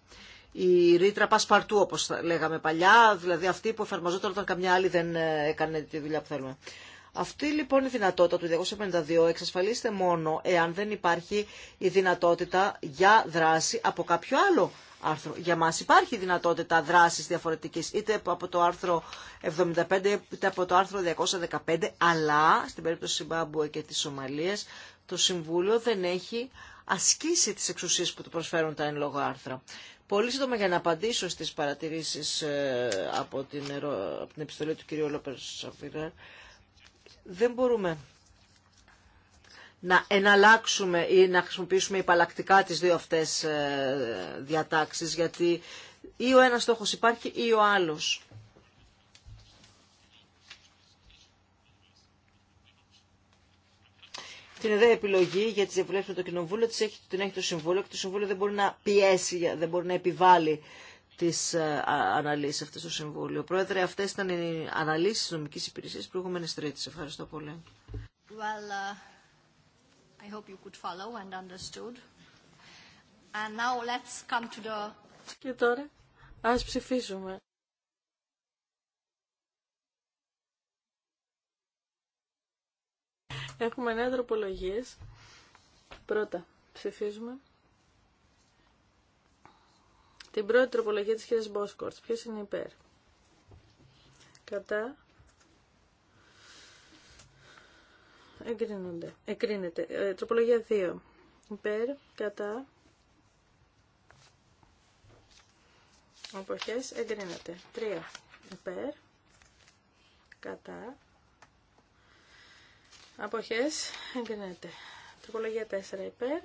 Η ρήτρα πασπαρτού, όπω λέγαμε παλιά, δηλαδή αυτή που εφαρμοζόταν όταν καμιά άλλη δεν ε, έκανε τη δουλειά που θέλουμε. Αυτή λοιπόν η δυνατότητα του 252 εξασφαλίζεται μόνο εάν δεν υπάρχει η δυνατότητα για δράση από κάποιο άλλο άρθρο. Για μας υπάρχει δυνατότητα δράσης διαφορετικής είτε από το άρθρο 75 είτε από το άρθρο 215 αλλά στην περίπτωση Συμπάμπουε και της Σομαλίας το Συμβούλιο δεν έχει ασκήσει τις εξουσίες που του προσφέρουν τα εν λόγω άρθρα. Πολύ σύντομα για να απαντήσω στις παρατηρήσεις ε, από την, επιστολή του κ. Λόπερ Σαφίρα δεν μπορούμε να εναλλάξουμε ή να χρησιμοποιήσουμε υπαλλακτικά τις δύο αυτές ε, διατάξεις, γιατί ή ο ένας στόχος υπάρχει ή ο άλλος. Την ιδέα επιλογή για τις διαβουλεύσεις με το Κοινοβούλιο την έχει το Συμβούλιο και το Συμβούλιο δεν μπορεί να πιέσει, δεν μπορεί να επιβάλλει τις ε, αναλύσεις αυτές στο Συμβούλιο. Πρόεδρε, αυτές ήταν οι αναλύσεις της νομικής υπηρεσίας προηγούμενης τρίτης. Ευχαριστώ πολύ. Και τώρα, ας ψηφίσουμε. Έχουμε νέα τροπολογίες. Πρώτα, ψηφίζουμε. Την πρώτη τροπολογία της κυρίας Μπόσκορτς. Ποιος είναι υπέρ. Κατά. Εγκρίνονται. Εγκρίνεται. Ε, τροπολογία 2. Υπέρ. Κατά. Αποχές. Εγκρίνεται. 3. Υπέρ. Κατά. Αποχές. Εγκρίνεται. Τροπολογία 4. Υπέρ.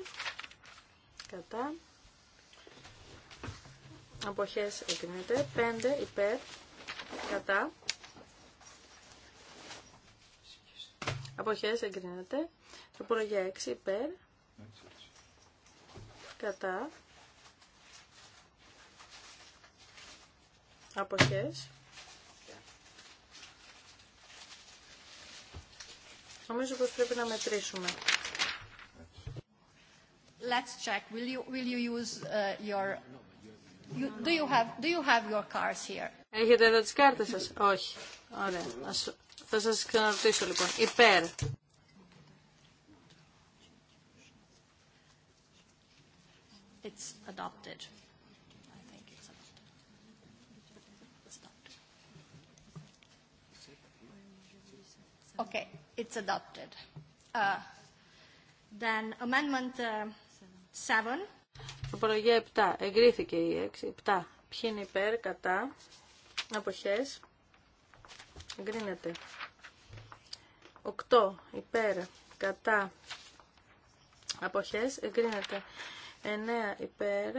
Κατά αποχές εγκρίνεται 5 υπέρ κατά αποχές εγκρίνεται τροπολογία 6 υπέρ κατά αποχές Νομίζω πως πρέπει να μετρήσουμε. Let's check. Will you, will you use uh, your Do you have, do you have your cars here? Έχετε εδώ τις κάρτες σας. Όχι. Ωραία. Θα σας ξαναρωτήσω λοιπόν. Υπέρ. It's adopted. I It's adopted. Okay, it's adopted. Uh, then amendment uh, seven. Τροπολογία 7. Εγκρίθηκε η 6. 7. Ποιοι είναι υπέρ, κατά, αποχές. Εγκρίνεται. 8. Υπέρ, κατά, αποχές. Εγκρίνεται. 9. Υπέρ,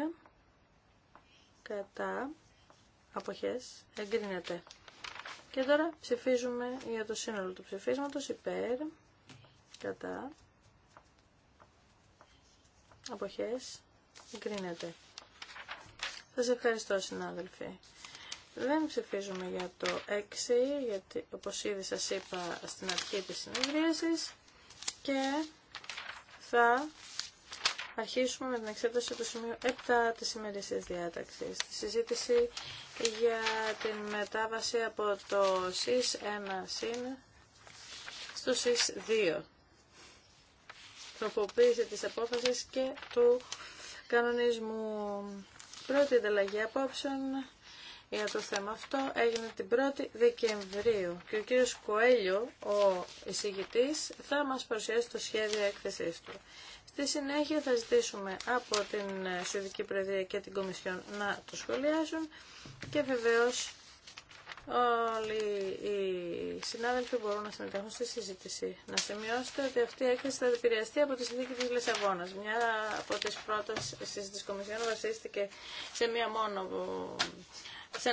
κατά, αποχές. Εγκρίνεται. Και τώρα ψηφίζουμε για το σύνολο του ψηφίσματος. Υπέρ, κατά, αποχές. Θα σε ευχαριστώ συνάδελφοι. Δεν ψηφίζουμε για το 6, γιατί όπως ήδη σας είπα στην αρχή της συνεδρίασης και θα αρχίσουμε με την εξέταση του σημείου 7 της ημερήσιας διάταξης. Τη συζήτηση για την μετάβαση από το ΣΥΣ 1 συν στο ΣΥΣ 2. Τροποποίηση της απόφασης και του κανονισμού. Πρώτη ανταλλαγή απόψεων για το θέμα αυτό έγινε την 1η Δεκεμβρίου και ο κύριος Κοέλιο, ο εισηγητής, θα μας παρουσιάσει το σχέδιο έκθεσής του. Στη συνέχεια θα ζητήσουμε από την Σουηδική Προεδρία και την Κομισιόν να το σχολιάσουν και βεβαίως όλοι οι συνάδελφοι μπορούν να συμμετέχουν στη συζήτηση. Να σημειώσετε ότι αυτή η έκθεση θα επηρεαστεί από τη συνθήκη τη Λισαβόνα. Μια από πρώτε πρώτες τη Κομισιόν βασίστηκε σε μία μόνο σε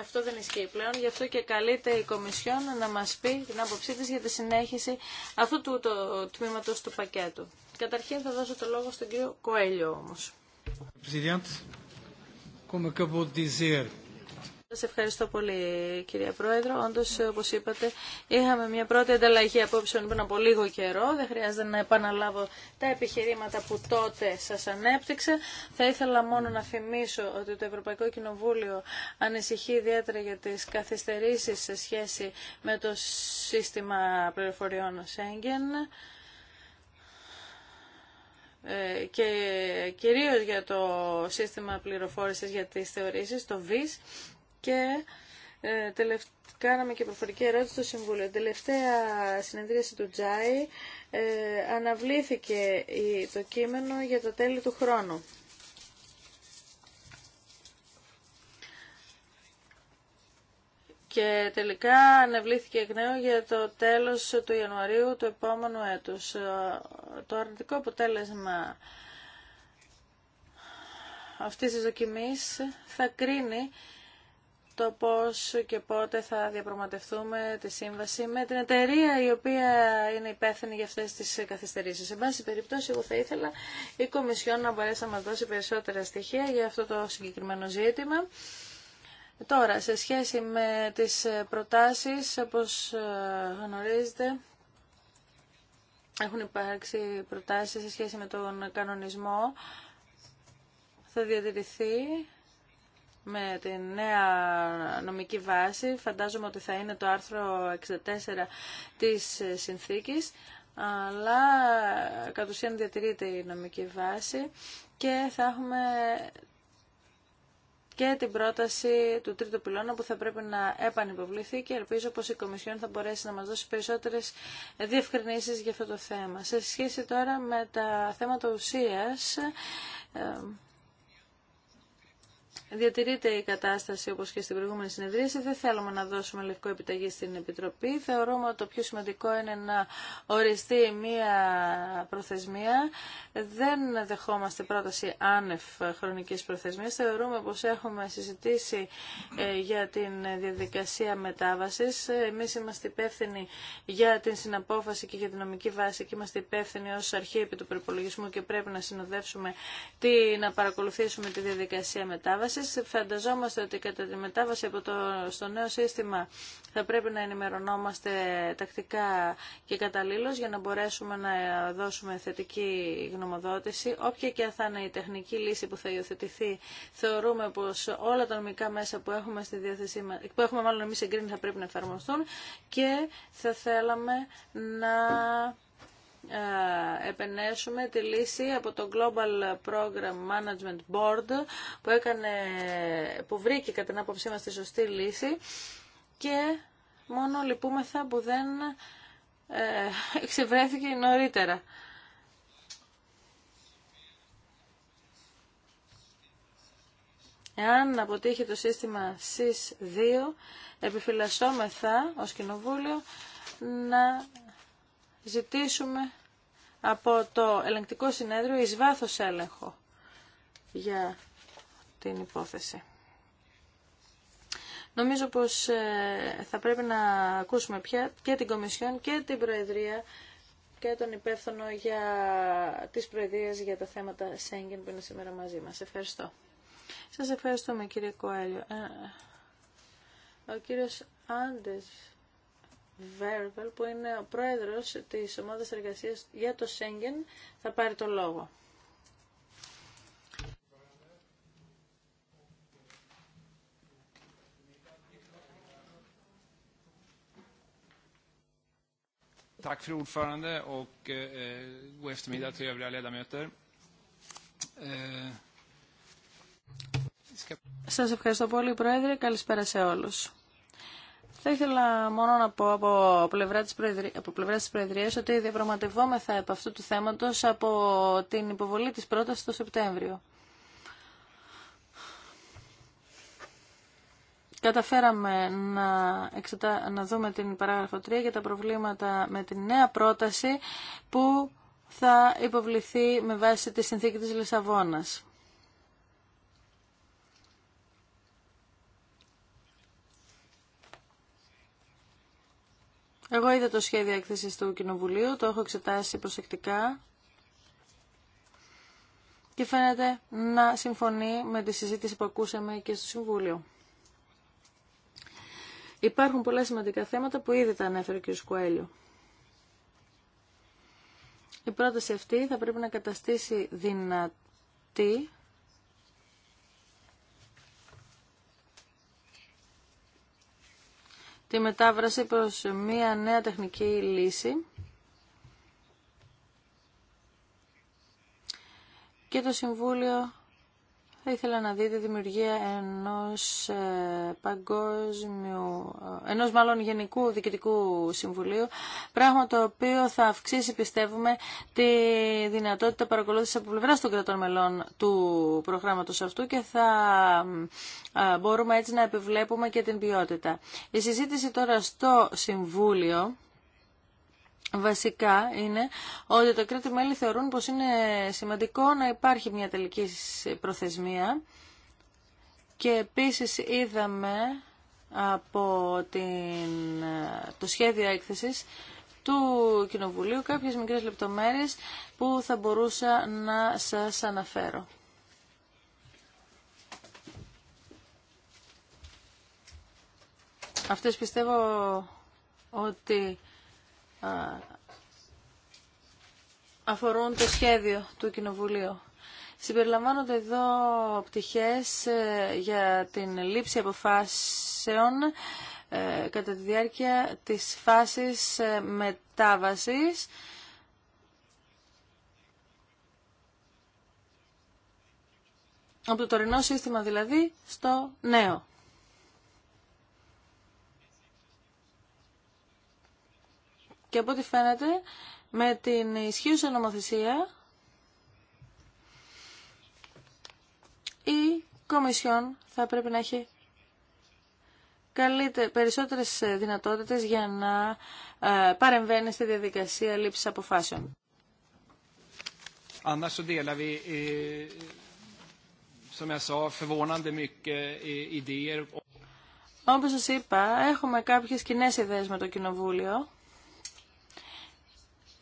αυτό δεν ισχύει πλέον, γι' αυτό και καλείται η Κομισιόν να μας πει την άποψή της για τη συνέχιση αυτού του το, τμήματος του πακέτου. Καταρχήν θα δώσω το λόγο στον κύριο Κοέλιο όμως. Σας ευχαριστώ πολύ κυρία Πρόεδρο. Όντως, όπως είπατε, είχαμε μια πρώτη ανταλλαγή απόψεων πριν από λίγο καιρό. Δεν χρειάζεται να επαναλάβω τα επιχειρήματα που τότε σας ανέπτυξα. Θα ήθελα μόνο να θυμίσω ότι το Ευρωπαϊκό Κοινοβούλιο ανησυχεί ιδιαίτερα για τις καθυστερήσεις σε σχέση με το σύστημα πληροφοριών Σέγγεν ε, και κυρίως για το σύστημα πληροφόρησης για τις θεωρήσεις, το ΒΙΣ, και ε, κάναμε και προφορική ερώτηση στο Συμβούλιο. Τελευταία συνεδρίαση του Τζάι ε, αναβλήθηκε η, το κείμενο για το τέλη του χρόνου. Και τελικά αναβλήθηκε εκ νέου για το τέλος του Ιανουαρίου του επόμενου έτους. Ε, το αρνητικό αποτέλεσμα αυτής της δοκιμής θα κρίνει το πώς και πότε θα διαπραγματευτούμε τη σύμβαση με την εταιρεία η οποία είναι υπεύθυνη για αυτές τις καθυστερήσεις. Σε πάση περιπτώσει, εγώ θα ήθελα η Κομισιόν να μπορέσει να μας δώσει περισσότερα στοιχεία για αυτό το συγκεκριμένο ζήτημα. Τώρα, σε σχέση με τις προτάσεις, όπως ε, γνωρίζετε, έχουν υπάρξει προτάσεις σε σχέση με τον κανονισμό. Θα διατηρηθεί με τη νέα νομική βάση. Φαντάζομαι ότι θα είναι το άρθρο 64 της συνθήκης, αλλά κατ' ουσίαν διατηρείται η νομική βάση και θα έχουμε και την πρόταση του τρίτου πυλώνα που θα πρέπει να επανυποβληθεί και ελπίζω πως η Κομισιόν θα μπορέσει να μας δώσει περισσότερες διευκρινήσεις για αυτό το θέμα. Σε σχέση τώρα με τα θέματα ουσίας, ε, διατηρείται η κατάσταση όπως και στην προηγούμενη συνεδρίαση. Δεν θέλουμε να δώσουμε λευκό επιταγή στην Επιτροπή. Θεωρούμε ότι το πιο σημαντικό είναι να οριστεί μία προθεσμία. Δεν δεχόμαστε πρόταση άνευ χρονικής προθεσμίας. Θεωρούμε πως έχουμε συζητήσει ε, για την διαδικασία μετάβασης. Εμείς είμαστε υπεύθυνοι για την συναπόφαση και για την νομική βάση και είμαστε υπεύθυνοι ως αρχή επί του προπολογισμού και πρέπει να συνοδεύσουμε, τι, να παρακολουθήσουμε τη διαδικασία μετάβαση εσείς Φανταζόμαστε ότι κατά τη μετάβαση από το, στο νέο σύστημα θα πρέπει να ενημερωνόμαστε τακτικά και καταλήλως για να μπορέσουμε να δώσουμε θετική γνωμοδότηση. Όποια και θα είναι η τεχνική λύση που θα υιοθετηθεί, θεωρούμε πως όλα τα νομικά μέσα που έχουμε, στη διάθεσή μας, που έχουμε μάλλον εμείς εγκρίνει θα πρέπει να εφαρμοστούν και θα θέλαμε να επενέσουμε τη λύση από το Global Program Management Board που, έκανε, που βρήκε κατά την άποψή μας τη σωστή λύση και μόνο λυπούμεθα που δεν εξευρέθηκε νωρίτερα. Εάν αποτύχει το σύστημα SIS-2, επιφυλασσόμεθα ως Κοινοβούλιο να ζητήσουμε από το ελεγκτικό συνέδριο εις βάθος έλεγχο για την υπόθεση. Νομίζω πως ε, θα πρέπει να ακούσουμε πια και την Κομισιόν και την Προεδρία και τον υπεύθυνο για τις Προεδρίες για τα θέματα Σέγγεν που είναι σήμερα μαζί μας. Ευχαριστώ. Σας ευχαριστούμε κύριε Κοέλιο. Ε, ε, ο κύριος Άντες που είναι ο πρόεδρος της ομάδας εργασίας για το Σέγγεν, θα πάρει το λόγο. Tack eh, eh, Σας ευχαριστώ πολύ, Πρόεδρε. Καλησπέρα σε όλους. Θα ήθελα μόνο να πω από πλευρά της, Προεδρία, από πλευρά της Προεδρίας ότι διαπραγματευόμεθα από αυτού του θέματος από την υποβολή της πρότασης το Σεπτέμβριο. Καταφέραμε να, εξετα... να δούμε την παράγραφο 3 για τα προβλήματα με την νέα πρόταση που θα υποβληθεί με βάση τη συνθήκη της Λισαβόνας. Εγώ είδα το σχέδιο έκθεσης του Κοινοβουλίου, το έχω εξετάσει προσεκτικά και φαίνεται να συμφωνεί με τη συζήτηση που ακούσαμε και στο Συμβούλιο. Υπάρχουν πολλά σημαντικά θέματα που ήδη τα ανέφερε ο κ. Σκουέλιο. Η πρόταση αυτή θα πρέπει να καταστήσει δυνατή τη μετάβραση προς μια νέα τεχνική λύση και το Συμβούλιο θα ήθελα να δείτε τη δημιουργία ενός ε, παγκόσμιου, ε, ενός μάλλον γενικού διοικητικού συμβουλίου, πράγμα το οποίο θα αυξήσει, πιστεύουμε, τη δυνατότητα παρακολούθησης από πλευρά των κρατών μελών του προγράμματος αυτού και θα ε, μπορούμε έτσι να επιβλέπουμε και την ποιότητα. Η συζήτηση τώρα στο Συμβούλιο, βασικά είναι ότι τα κράτη-μέλη θεωρούν πως είναι σημαντικό να υπάρχει μια τελική προθεσμία και επίσης είδαμε από την, το σχέδιο έκθεσης του Κοινοβουλίου κάποιες μικρές λεπτομέρειες που θα μπορούσα να σας αναφέρω. Αυτές πιστεύω ότι αφορούν το σχέδιο του Κοινοβουλίου. Συμπεριλαμβάνονται εδώ πτυχές ε, για την λήψη αποφάσεων ε, κατά τη διάρκεια της φάσης ε, μετάβασης από το τωρινό σύστημα δηλαδή στο νέο. Και από ό,τι φαίνεται, με την ισχύουσα νομοθεσία, η Κομισιόν θα πρέπει να έχει καλύτερες, περισσότερες δυνατότητες για να ε, παρεμβαίνει στη διαδικασία λήψη αποφάσεων. Annars så Όπως σας είπα, έχουμε κάποιες κοινέ ιδέες με το Κοινοβούλιο.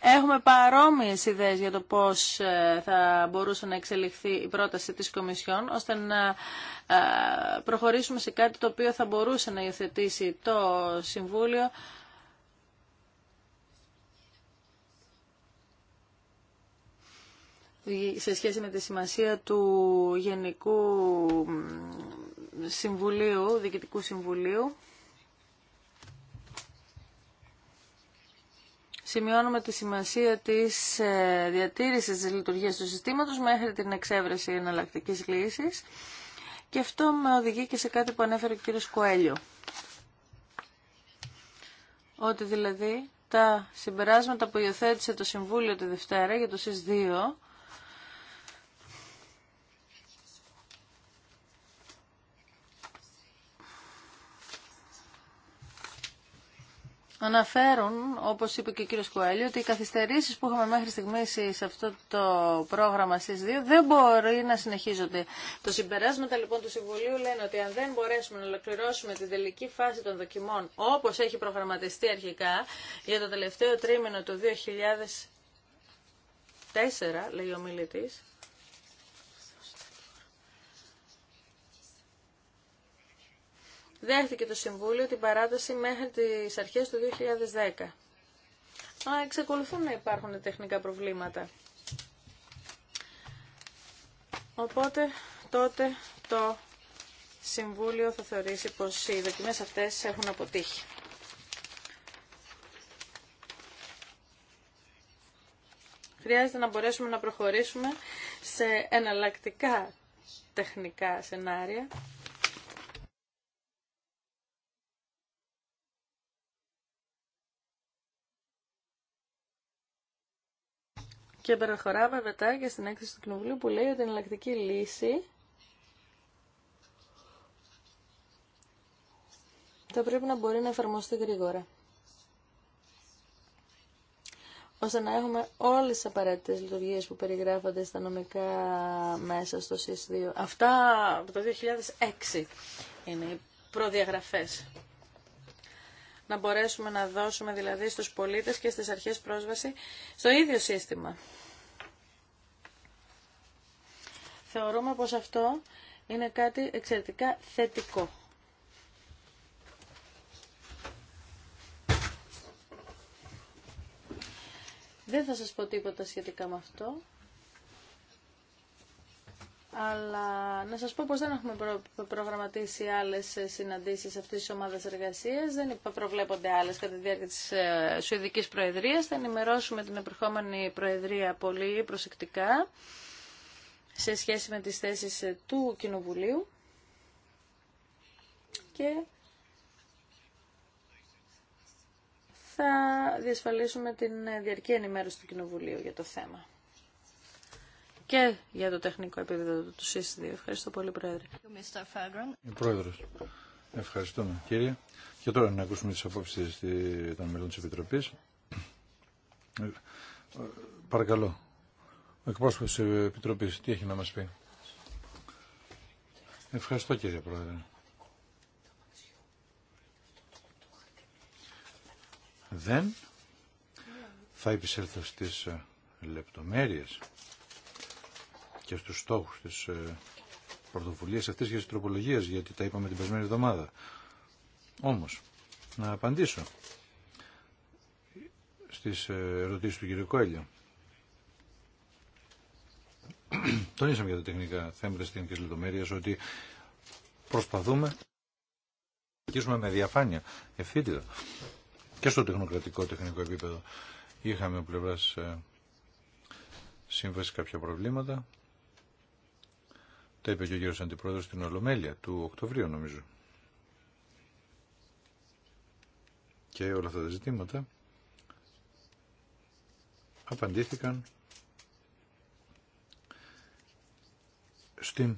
Έχουμε παρόμοιες ιδέες για το πώς ε, θα μπορούσε να εξελιχθεί η πρόταση της Κομισιόν, ώστε να ε, προχωρήσουμε σε κάτι το οποίο θα μπορούσε να υιοθετήσει το Συμβούλιο σε σχέση με τη σημασία του Γενικού Συμβουλίου, Διοικητικού Συμβουλίου. σημειώνουμε τη σημασία της ε, διατήρησης της λειτουργίας του συστήματος μέχρι την εξέβρεση εναλλακτική λύσης και αυτό με οδηγεί και σε κάτι που ανέφερε ο κ. Κοέλιο. Ότι δηλαδή τα συμπεράσματα που υιοθέτησε το Συμβούλιο τη Δευτέρα για το ΣΥΣ αναφέρουν, όπως είπε και ο κύριος Κουέλη, ότι οι καθυστερήσεις που είχαμε μέχρι στιγμής σε αυτό το πρόγραμμα στις δύο δεν μπορεί να συνεχίζονται. Το συμπεράσματα λοιπόν του Συμβουλίου λένε ότι αν δεν μπορέσουμε να ολοκληρώσουμε την τελική φάση των δοκιμών όπως έχει προγραμματιστεί αρχικά για το τελευταίο τρίμηνο του 2004, λέει ο μιλητής, δέχτηκε το Συμβούλιο την παράταση μέχρι τις αρχές του 2010. Αλλά εξακολουθούν να υπάρχουν τεχνικά προβλήματα. Οπότε τότε το Συμβούλιο θα θεωρήσει πως οι δοκιμές αυτές έχουν αποτύχει. Χρειάζεται να μπορέσουμε να προχωρήσουμε σε εναλλακτικά τεχνικά σενάρια Και προχωράμε μετά και στην έκθεση του Κοινοβουλίου που λέει ότι η εναλλακτική λύση θα πρέπει να μπορεί να εφαρμοστεί γρήγορα. ώστε να έχουμε όλες τις απαραίτητες λειτουργίες που περιγράφονται στα νομικά μέσα στο συς Αυτά από το 2006 είναι οι προδιαγραφές να μπορέσουμε να δώσουμε δηλαδή στους πολίτες και στις αρχές πρόσβαση στο ίδιο σύστημα. Θεωρούμε πως αυτό είναι κάτι εξαιρετικά θετικό. Δεν θα σας πω τίποτα σχετικά με αυτό. Αλλά να σας πω πως δεν έχουμε προγραμματίσει άλλες ε, συναντήσεις αυτής της ομάδας εργασίας. Δεν προβλέπονται άλλες κατά τη διάρκεια της ε, Σουηδικής Προεδρίας. Θα ενημερώσουμε την επερχόμενη Προεδρία πολύ προσεκτικά σε σχέση με τις θέσεις ε, του Κοινοβουλίου. Και θα διασφαλίσουμε την διαρκή ενημέρωση του Κοινοβουλίου για το θέμα και για το τεχνικό επίπεδο του συς Ευχαριστώ πολύ, Πρόεδρε. Ε, Πρόεδρος, ευχαριστούμε, κύριε. Και τώρα να ακούσουμε τις απόψεις των μελών της Επιτροπής. Ε, παρακαλώ, ο εκπρόσωπος της Επιτροπής, τι έχει να μας πει. Ευχαριστώ, κύριε Πρόεδρε. Δεν θα επισέλθω στις ε, λεπτομέρειες και στους στόχους της ε, πρωτοβουλίας αυτής και της τροπολογίας, γιατί τα είπαμε την περσμένη εβδομάδα. Όμως, να απαντήσω στις ε, ερωτήσεις του κ. Κόελιο. Τονίσαμε για τα τεχνικά θέματα, στην τεχνικές λεπτομέρειες, ότι προσπαθούμε να με διαφάνεια, ευθύτητα και στο τεχνοκρατικό τεχνικό επίπεδο. Είχαμε πλευράς ε, σύμβαση κάποια προβλήματα τα είπε και ο κύριος Αντιπρόεδρος στην Ολομέλεια του Οκτωβρίου νομίζω. Και όλα αυτά τα ζητήματα απαντήθηκαν στην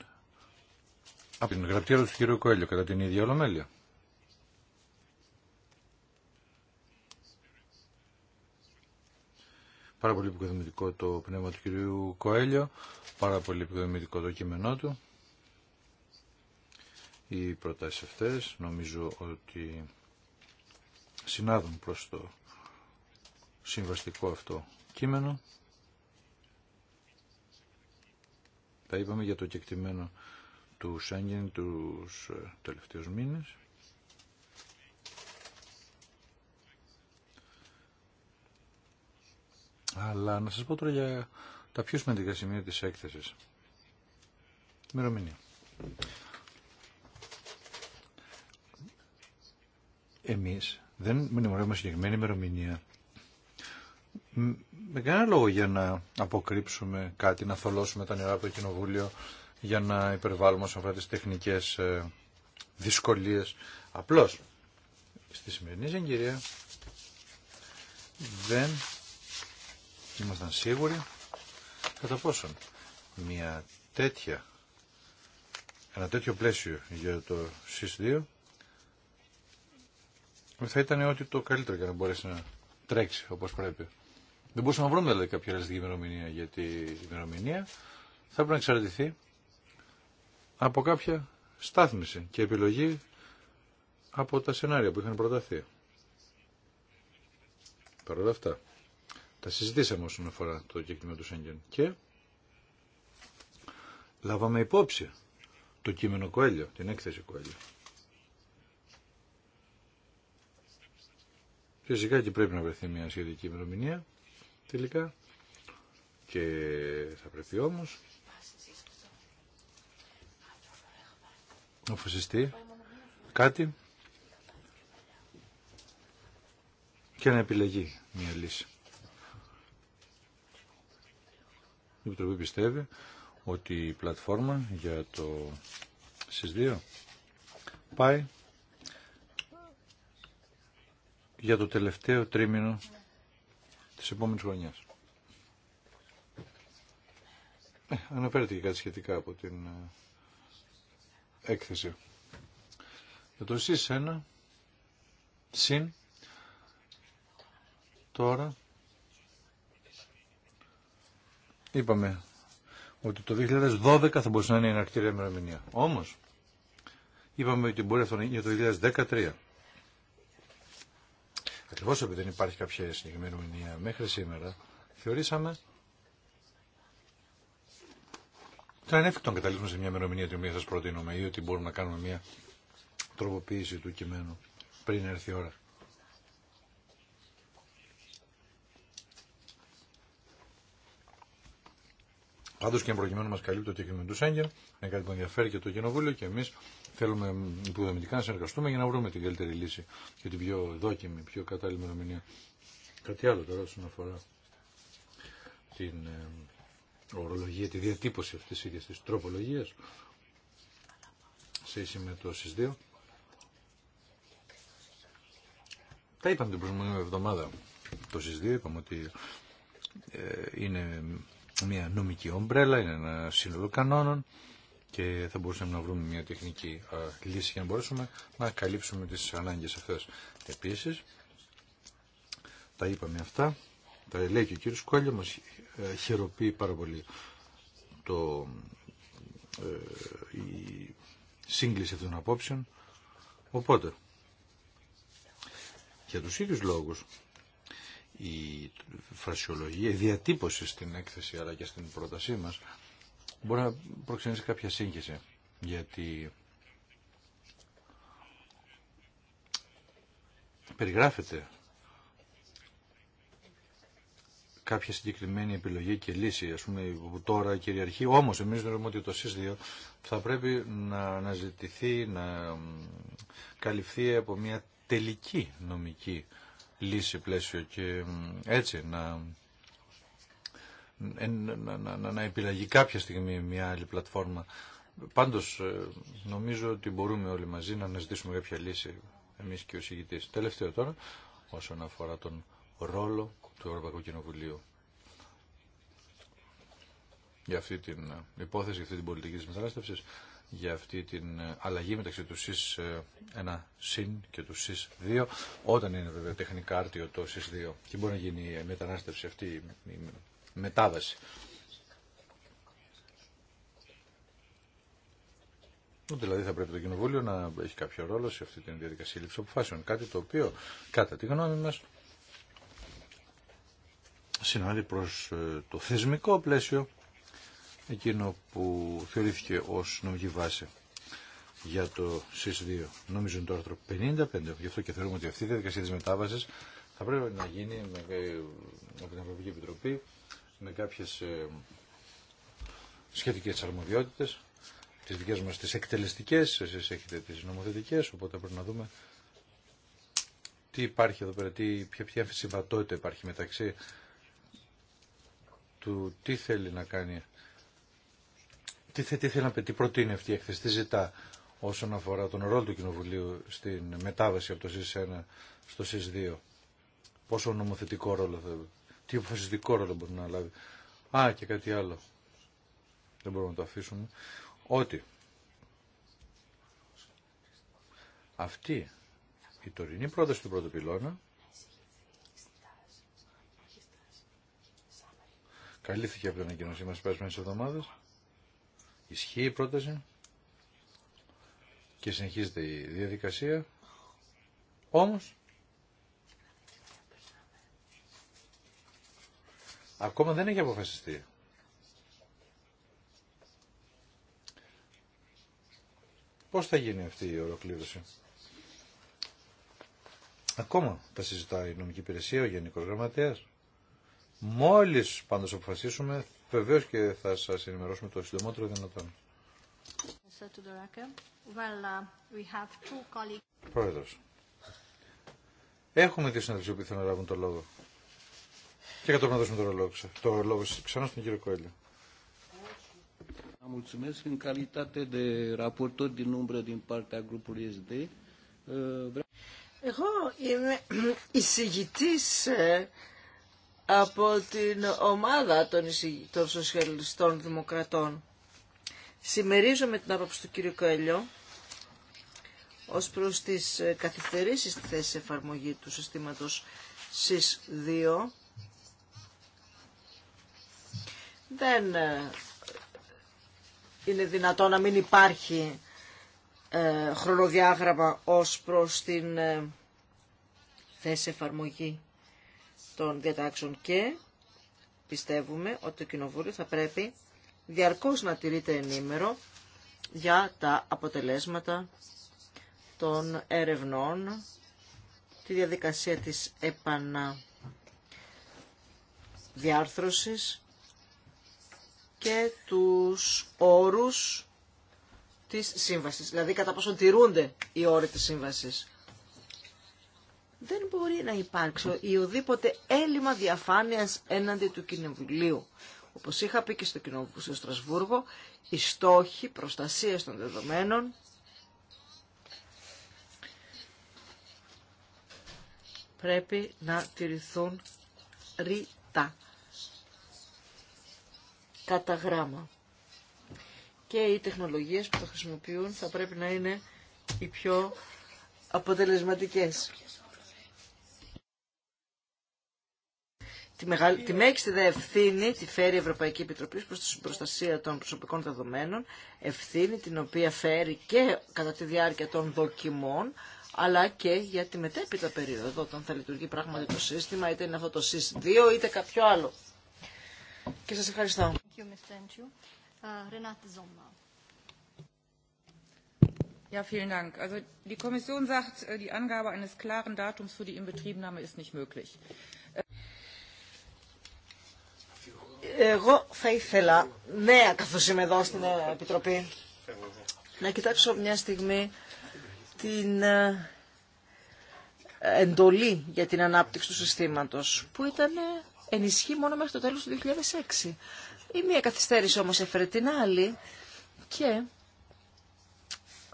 από την γραπτήρα του κ. Κοέλιο κατά την ίδια Ολομέλεια. Πάρα πολύ επικοδομητικό το πνεύμα του κυρίου Κοέλιο, πάρα πολύ επικοδομητικό το κείμενό του. Οι προτάσεις αυτές νομίζω ότι συνάδουν προς το συμβαστικό αυτό κείμενο. Τα είπαμε για το κεκτημένο του Σέγγεν τους ε, τελευταίους μήνες. Αλλά να σας πω τώρα για τα πιο σημαντικά σημεία της έκθεσης. Μερομηνία. Εμείς δεν μνημονεύουμε συγκεκριμένη ημερομηνία με κανένα λόγο για να αποκρύψουμε κάτι, να θολώσουμε τα νερά από το Κοινοβούλιο, για να υπερβάλλουμε όσον αφορά τις τεχνικές ε, δυσκολίες. Απλώς, στη σημερινή συγκυρία δεν ήμασταν σίγουροι κατά πόσον μια τέτοια, ένα τέτοιο πλαίσιο για το ΣΥΣ2 θα ήταν ότι το καλύτερο για να μπορέσει να τρέξει όπως πρέπει. Δεν μπορούσαμε να βρούμε δηλαδή κάποια ρεαλιστική ημερομηνία γιατί η ημερομηνία θα πρέπει να εξαρτηθεί από κάποια στάθμιση και επιλογή από τα σενάρια που είχαν προταθεί. Παρ' όλα αυτά, τα συζητήσαμε όσον αφορά το κείμενο του Σέγγεν και λάβαμε υπόψη το κείμενο Κοέλιο, την έκθεση Κοέλιο. Φυσικά και πρέπει να βρεθεί μια σχετική ημερομηνία τελικά και θα πρέπει όμως να αποφασιστεί κάτι και να επιλεγεί μια λύση. Η Επιτροπή πιστεύει ότι η πλατφόρμα για το ΣΥΣ2 πάει για το τελευταίο τρίμηνο της επόμενης χρονιάς. Ε, αναφέρεται και κάτι σχετικά από την ε, έκθεση. Για το ΣΥΣΕΝΑ, 1 συν τώρα είπαμε ότι το 2012 θα μπορούσε να είναι η εναρκτήρια ημερομηνία. Όμω είπαμε ότι μπορεί αυτό να είναι για το 2013. Ακριβώ επειδή δεν υπάρχει κάποια συγκεκριμένη ημερομηνία μέχρι σήμερα, θεωρήσαμε ήταν ανέφικτο να καταλήξουμε σε μια ημερομηνία την οποία σα προτείνουμε ή ότι μπορούμε να κάνουμε μια τροποποίηση του κειμένου πριν έρθει η ώρα. Πάντω και προκειμένου μα καλύπτει το κείμενο του Σέγγεν, είναι κάτι που ενδιαφέρει και το Κοινοβούλιο και εμεί θέλουμε υποδομητικά να συνεργαστούμε για να βρούμε την καλύτερη λύση και την πιο δόκιμη, πιο κατάλληλη ημερομηνία. Κάτι άλλο τώρα όσον αφορά την ε, ορολογία, τη διατύπωση αυτή τη ίδια τη τροπολογία σε ίση με το ΣΥΣ2. Τα είπαμε την προηγούμενη εβδομάδα το ΣΥΣ2, είπαμε ότι ε, είναι μια νομική ομπρέλα, είναι ένα σύνολο κανόνων και θα μπορούσαμε να βρούμε μια τεχνική λύση για να μπορέσουμε να καλύψουμε τις ανάγκες αυτές. Επίσης, τα είπαμε αυτά, τα λέει και ο κύριος Κόλλιο, μας ε, χαιροποιεί πάρα πολύ το, ε, η σύγκληση αυτών των απόψεων. Οπότε, για τους ίδιους λόγους η φρασιολογία, η διατύπωση στην έκθεση αλλά και στην πρότασή μας μπορεί να προξενήσει κάποια σύγχυση γιατί περιγράφεται κάποια συγκεκριμένη επιλογή και λύση, ας πούμε, που τώρα κυριαρχεί. Όμως, εμείς νομίζουμε ότι το ΣΥΣ2 θα πρέπει να αναζητηθεί, να καλυφθεί από μια τελική νομική λύση πλαίσιο και έτσι να, να, να, να επιλαγεί κάποια στιγμή μια άλλη πλατφόρμα. Πάντως ε, νομίζω ότι μπορούμε όλοι μαζί να αναζητήσουμε κάποια λύση εμείς και ο συγητής. Τελευταίο τώρα όσον αφορά τον ρόλο του Ευρωπαϊκού Κοινοβουλίου για αυτή την ε, υπόθεση, για αυτή την πολιτική της μετανάστευσης για αυτή την ε, αλλαγή μεταξύ του ΣΥΣ 1 ε, συν και του ΣΥΣ 2 όταν είναι βέβαια τεχνικά άρτιο το ΣΥΣ 2 και μπορεί να γίνει η μετανάστευση αυτή η μετάβαση. δηλαδή θα πρέπει το Κοινοβούλιο να έχει κάποιο ρόλο σε αυτή την διαδικασία λήψη αποφάσεων. Κάτι το οποίο, κατά τη γνώμη μας, συνάδει προς ε, το θεσμικό πλαίσιο εκείνο που θεωρήθηκε ως νομική βάση για το ΣΥΣ2. Νομίζω είναι το άρθρο 55, γι' αυτό και θεωρούμε ότι αυτή η διαδικασία της μετάβασης θα πρέπει να γίνει με, από την Ευρωπαϊκή Επιτροπή με κάποιες σχετικέ σχετικές αρμοδιότητες, τις δικές μας τις εκτελεστικές, εσείς έχετε τις νομοθετικές, οπότε πρέπει να δούμε τι υπάρχει εδώ πέρα, τι, ποια, ποια συμβατότητα υπάρχει μεταξύ του τι θέλει να κάνει τι, τι, θέλει να πει, τι προτείνει αυτή η έκθεση, ζητά όσον αφορά τον ρόλο του Κοινοβουλίου στην μετάβαση από το ΣΥΣ 1 στο ΣΥΣ 2. Πόσο νομοθετικό ρόλο θα τι αποφασιστικό ρόλο μπορεί να λάβει. Α, και κάτι άλλο. Δεν μπορούμε να το αφήσουμε. Ότι αυτή η τωρινή πρόταση του πρώτου πυλώνα καλύφθηκε από την ανακοίνωσή μας πέρασμένες εβδομάδες Ισχύει η πρόταση και συνεχίζεται η διαδικασία. Όμως, ακόμα δεν έχει αποφασιστεί. Πώς θα γίνει αυτή η ολοκλήρωση. Ακόμα τα συζητάει η νομική υπηρεσία, ο Γενικός Γραμματέας. Μόλις πάντως αποφασίσουμε Βεβαίω και θα σα ενημερώσουμε το συντομότερο δυνατόν. Uh, Πρόεδρο. Έχουμε δύο συναντήσει που θέλουν να λάβουν το λόγο. Και κατόπιν να δώσουμε το λόγο, το λόγο ξανά στον κύριο Κοέλιο. Uh, Εγώ είμαι εισηγητής ε, από την ομάδα των σοσιαλιστών δημοκρατών. Συμμερίζομαι την άποψη του κ. Καελιό ως προς τις ε, καθυστερήσεις στη θέση εφαρμογή του συστήματος ΣΥΣ 2. Δεν ε, είναι δυνατό να μην υπάρχει ε, χρονοδιάγραμμα ως προς την θέση εφαρμογή των διατάξεων και πιστεύουμε ότι το Κοινοβούλιο θα πρέπει διαρκώς να τηρείται ενήμερο για τα αποτελέσματα των ερευνών, τη διαδικασία της επαναδιάρθρωσης και τους όρους της σύμβασης. Δηλαδή κατά πόσο τηρούνται οι όροι της σύμβασης δεν μπορεί να υπάρξει ο οδήποτε έλλειμμα διαφάνειας έναντι του Κοινοβουλίου. Όπως είχα πει και στο Κοινοβούλιο στο Στρασβούργο, οι στόχοι προστασίας των δεδομένων πρέπει να τηρηθούν ρητά κατά γράμμα. Και οι τεχνολογίες που θα χρησιμοποιούν θα πρέπει να είναι οι πιο αποτελεσματικές. τη, μεγάλη, τη μέγιστη ευθύνη τη φέρει η Ευρωπαϊκή Επιτροπή προς την προστασία των προσωπικών δεδομένων, ευθύνη την οποία φέρει και κατά τη διάρκεια των δοκιμών, αλλά και για τη μετέπειτα περίοδο, όταν θα λειτουργεί πράγματι το σύστημα, είτε είναι αυτό το ΣΥΣ 2 είτε κάποιο άλλο. Και σας ευχαριστώ. Uh, ja, vielen Dank. Also die Kommission sagt, äh, die Angabe eines klaren Datums für die Inbetriebnahme ist nicht möglich. Εγώ θα ήθελα, νέα καθώς είμαι εδώ στην Επιτροπή, να κοιτάξω μια στιγμή την ε, εντολή για την ανάπτυξη του συστήματος, που ήταν ε, ενισχύ μόνο μέχρι το τέλος του 2006. Η μία καθυστέρηση όμως έφερε την άλλη και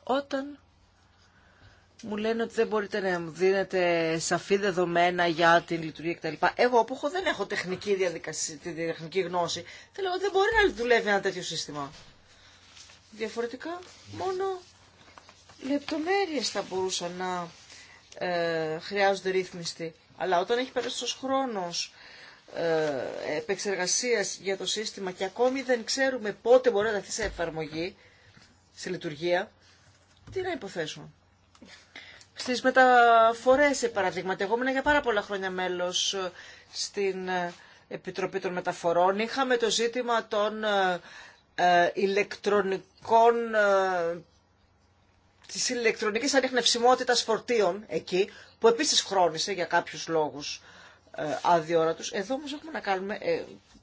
όταν μου λένε ότι δεν μπορείτε να μου δίνετε σαφή δεδομένα για την λειτουργία κτλ. Εγώ που έχω, δεν έχω τεχνική διαδικασία, τη τεχνική γνώση, θέλω ότι δεν μπορεί να δουλεύει ένα τέτοιο σύστημα. Διαφορετικά, μόνο λεπτομέρειες θα μπορούσαν να ε, χρειάζονται ρύθμιστη. Αλλά όταν έχει περάσει ο χρόνος ε, επεξεργασίας για το σύστημα και ακόμη δεν ξέρουμε πότε μπορεί να δαθεί σε εφαρμογή, σε λειτουργία, τι να υποθέσουμε στις μεταφορές, παραδείγματι. Εγώ ήμουν για πάρα πολλά χρόνια μέλος ε, στην ε, Επιτροπή των Μεταφορών. Είχαμε το ζήτημα των ε, ηλεκτρονικών της ηλεκτρονικής ανέχνευσιμοτητα φορτίων εκεί, που επίσης χρόνισε για κάποιους λόγους αδιόρατους. Εδώ όμως έχουμε να κάνουμε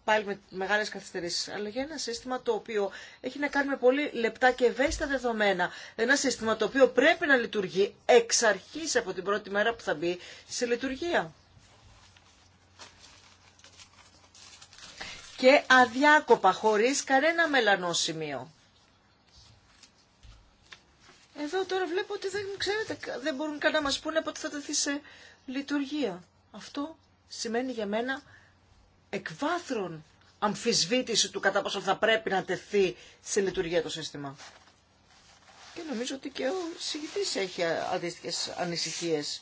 πάλι με μεγάλε καθυστερήσει, αλλά για ένα σύστημα το οποίο έχει να κάνει με πολύ λεπτά και ευαίσθητα δεδομένα. Ένα σύστημα το οποίο πρέπει να λειτουργεί εξ αρχή από την πρώτη μέρα που θα μπει σε λειτουργία. Και αδιάκοπα, χωρίς κανένα μελανό σημείο. Εδώ τώρα βλέπω ότι δεν ξέρετε, δεν μπορούν καν να μας πούνε πότε θα τεθεί σε λειτουργία. Αυτό σημαίνει για μένα εκβάθρων αμφισβήτηση του κατά πόσο θα πρέπει να τεθεί σε λειτουργία το σύστημα. Και νομίζω ότι και ο συγητής έχει αντίστοιχε ανησυχίες.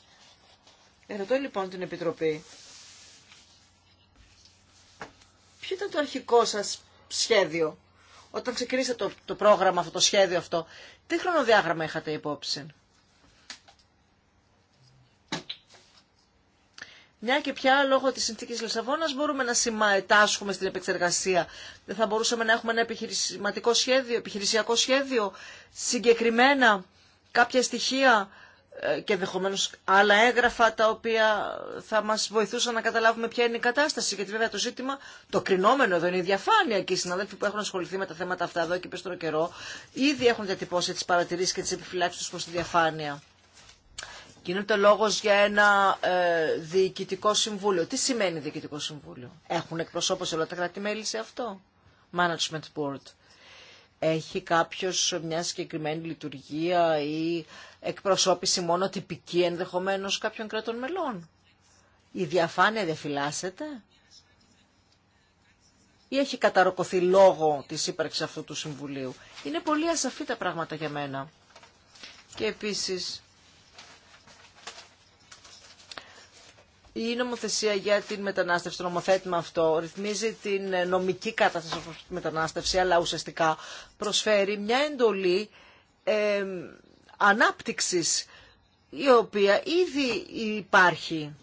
Ερωτώ λοιπόν την Επιτροπή. Ποιο ήταν το αρχικό σας σχέδιο, όταν ξεκινήσατε το, το πρόγραμμα αυτό, το σχέδιο αυτό, τι χρονοδιάγραμμα είχατε υπόψη. Μια και πια λόγω της συνθήκη Λισαβόνα μπορούμε να συμμετάσχουμε στην επεξεργασία. Δεν θα μπορούσαμε να έχουμε ένα επιχειρηματικό σχέδιο, επιχειρησιακό σχέδιο, συγκεκριμένα κάποια στοιχεία ε, και ενδεχομένω άλλα έγγραφα τα οποία θα μα βοηθούσαν να καταλάβουμε ποια είναι η κατάσταση. Γιατί βέβαια το ζήτημα, το κρινόμενο εδώ είναι η διαφάνεια και οι συναδέλφοι που έχουν ασχοληθεί με τα θέματα αυτά εδώ και στον καιρό ήδη έχουν διατυπώσει τι παρατηρήσει και τι επιφυλάξει του προ τη διαφάνεια. Γίνεται λόγος για ένα ε, διοικητικό συμβούλιο. Τι σημαίνει διοικητικό συμβούλιο. Έχουν εκπροσώπωση όλα τα κράτη-μέλη σε αυτό. Management Board. Έχει κάποιος μια συγκεκριμένη λειτουργία ή εκπροσώπηση μόνο τυπική ενδεχομένως κάποιων κρατών μελών. Η διαφάνεια διαφυλάσσεται ή η διαφανεια δεν φυλάσσεται. καταρροκωθεί λόγω της ύπαρξης αυτού του συμβουλίου. Είναι πολύ ασαφή τα πράγματα για μένα. Και επίσης Η νομοθεσία για την μετανάστευση, το νομοθέτημα αυτό, ρυθμίζει την ε, νομική κατάσταση της τη μετανάστευση, αλλά ουσιαστικά προσφέρει μια εντολή ε, ανάπτυξης, η οποία ήδη υπάρχει.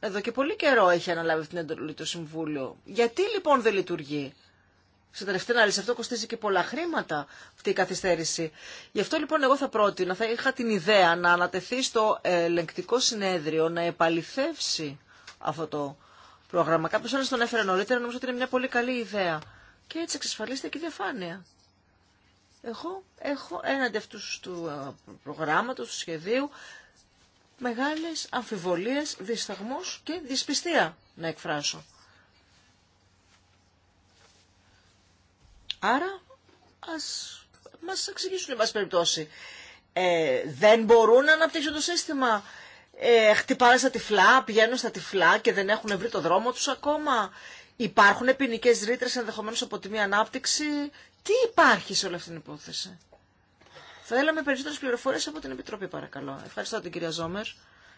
Εδώ και πολύ καιρό έχει αναλάβει την εντολή το Συμβούλιο. Γιατί λοιπόν δεν λειτουργεί σε τελευταία σε αυτό κοστίζει και πολλά χρήματα αυτή η καθυστέρηση. Γι' αυτό λοιπόν εγώ θα πρότεινα, θα είχα την ιδέα να ανατεθεί στο ελεγκτικό συνέδριο να επαληθεύσει αυτό το πρόγραμμα. Κάποιο άλλο τον έφερε νωρίτερα, νομίζω ότι είναι μια πολύ καλή ιδέα. Και έτσι εξασφαλίστηκε και η διαφάνεια. Εγώ έχω έναντι αυτού του ε, προγράμματο, του σχεδίου, μεγάλε αμφιβολίε, δισταγμού και δυσπιστία να εκφράσω. Άρα, ας μας εξηγήσουν, εν πάση περιπτώσει. Ε, δεν μπορούν να αναπτύξουν το σύστημα. Ε, χτυπάνε στα τυφλά, πηγαίνουν στα τυφλά και δεν έχουν βρει το δρόμο τους ακόμα. Υπάρχουν ποινικέ ρήτρε ενδεχομένω από τη μία ανάπτυξη. Τι υπάρχει σε όλη αυτή την υπόθεση. Θα θέλαμε περισσότερε πληροφορίε από την Επιτροπή, παρακαλώ. Ευχαριστώ την κυρία Ζόμερ.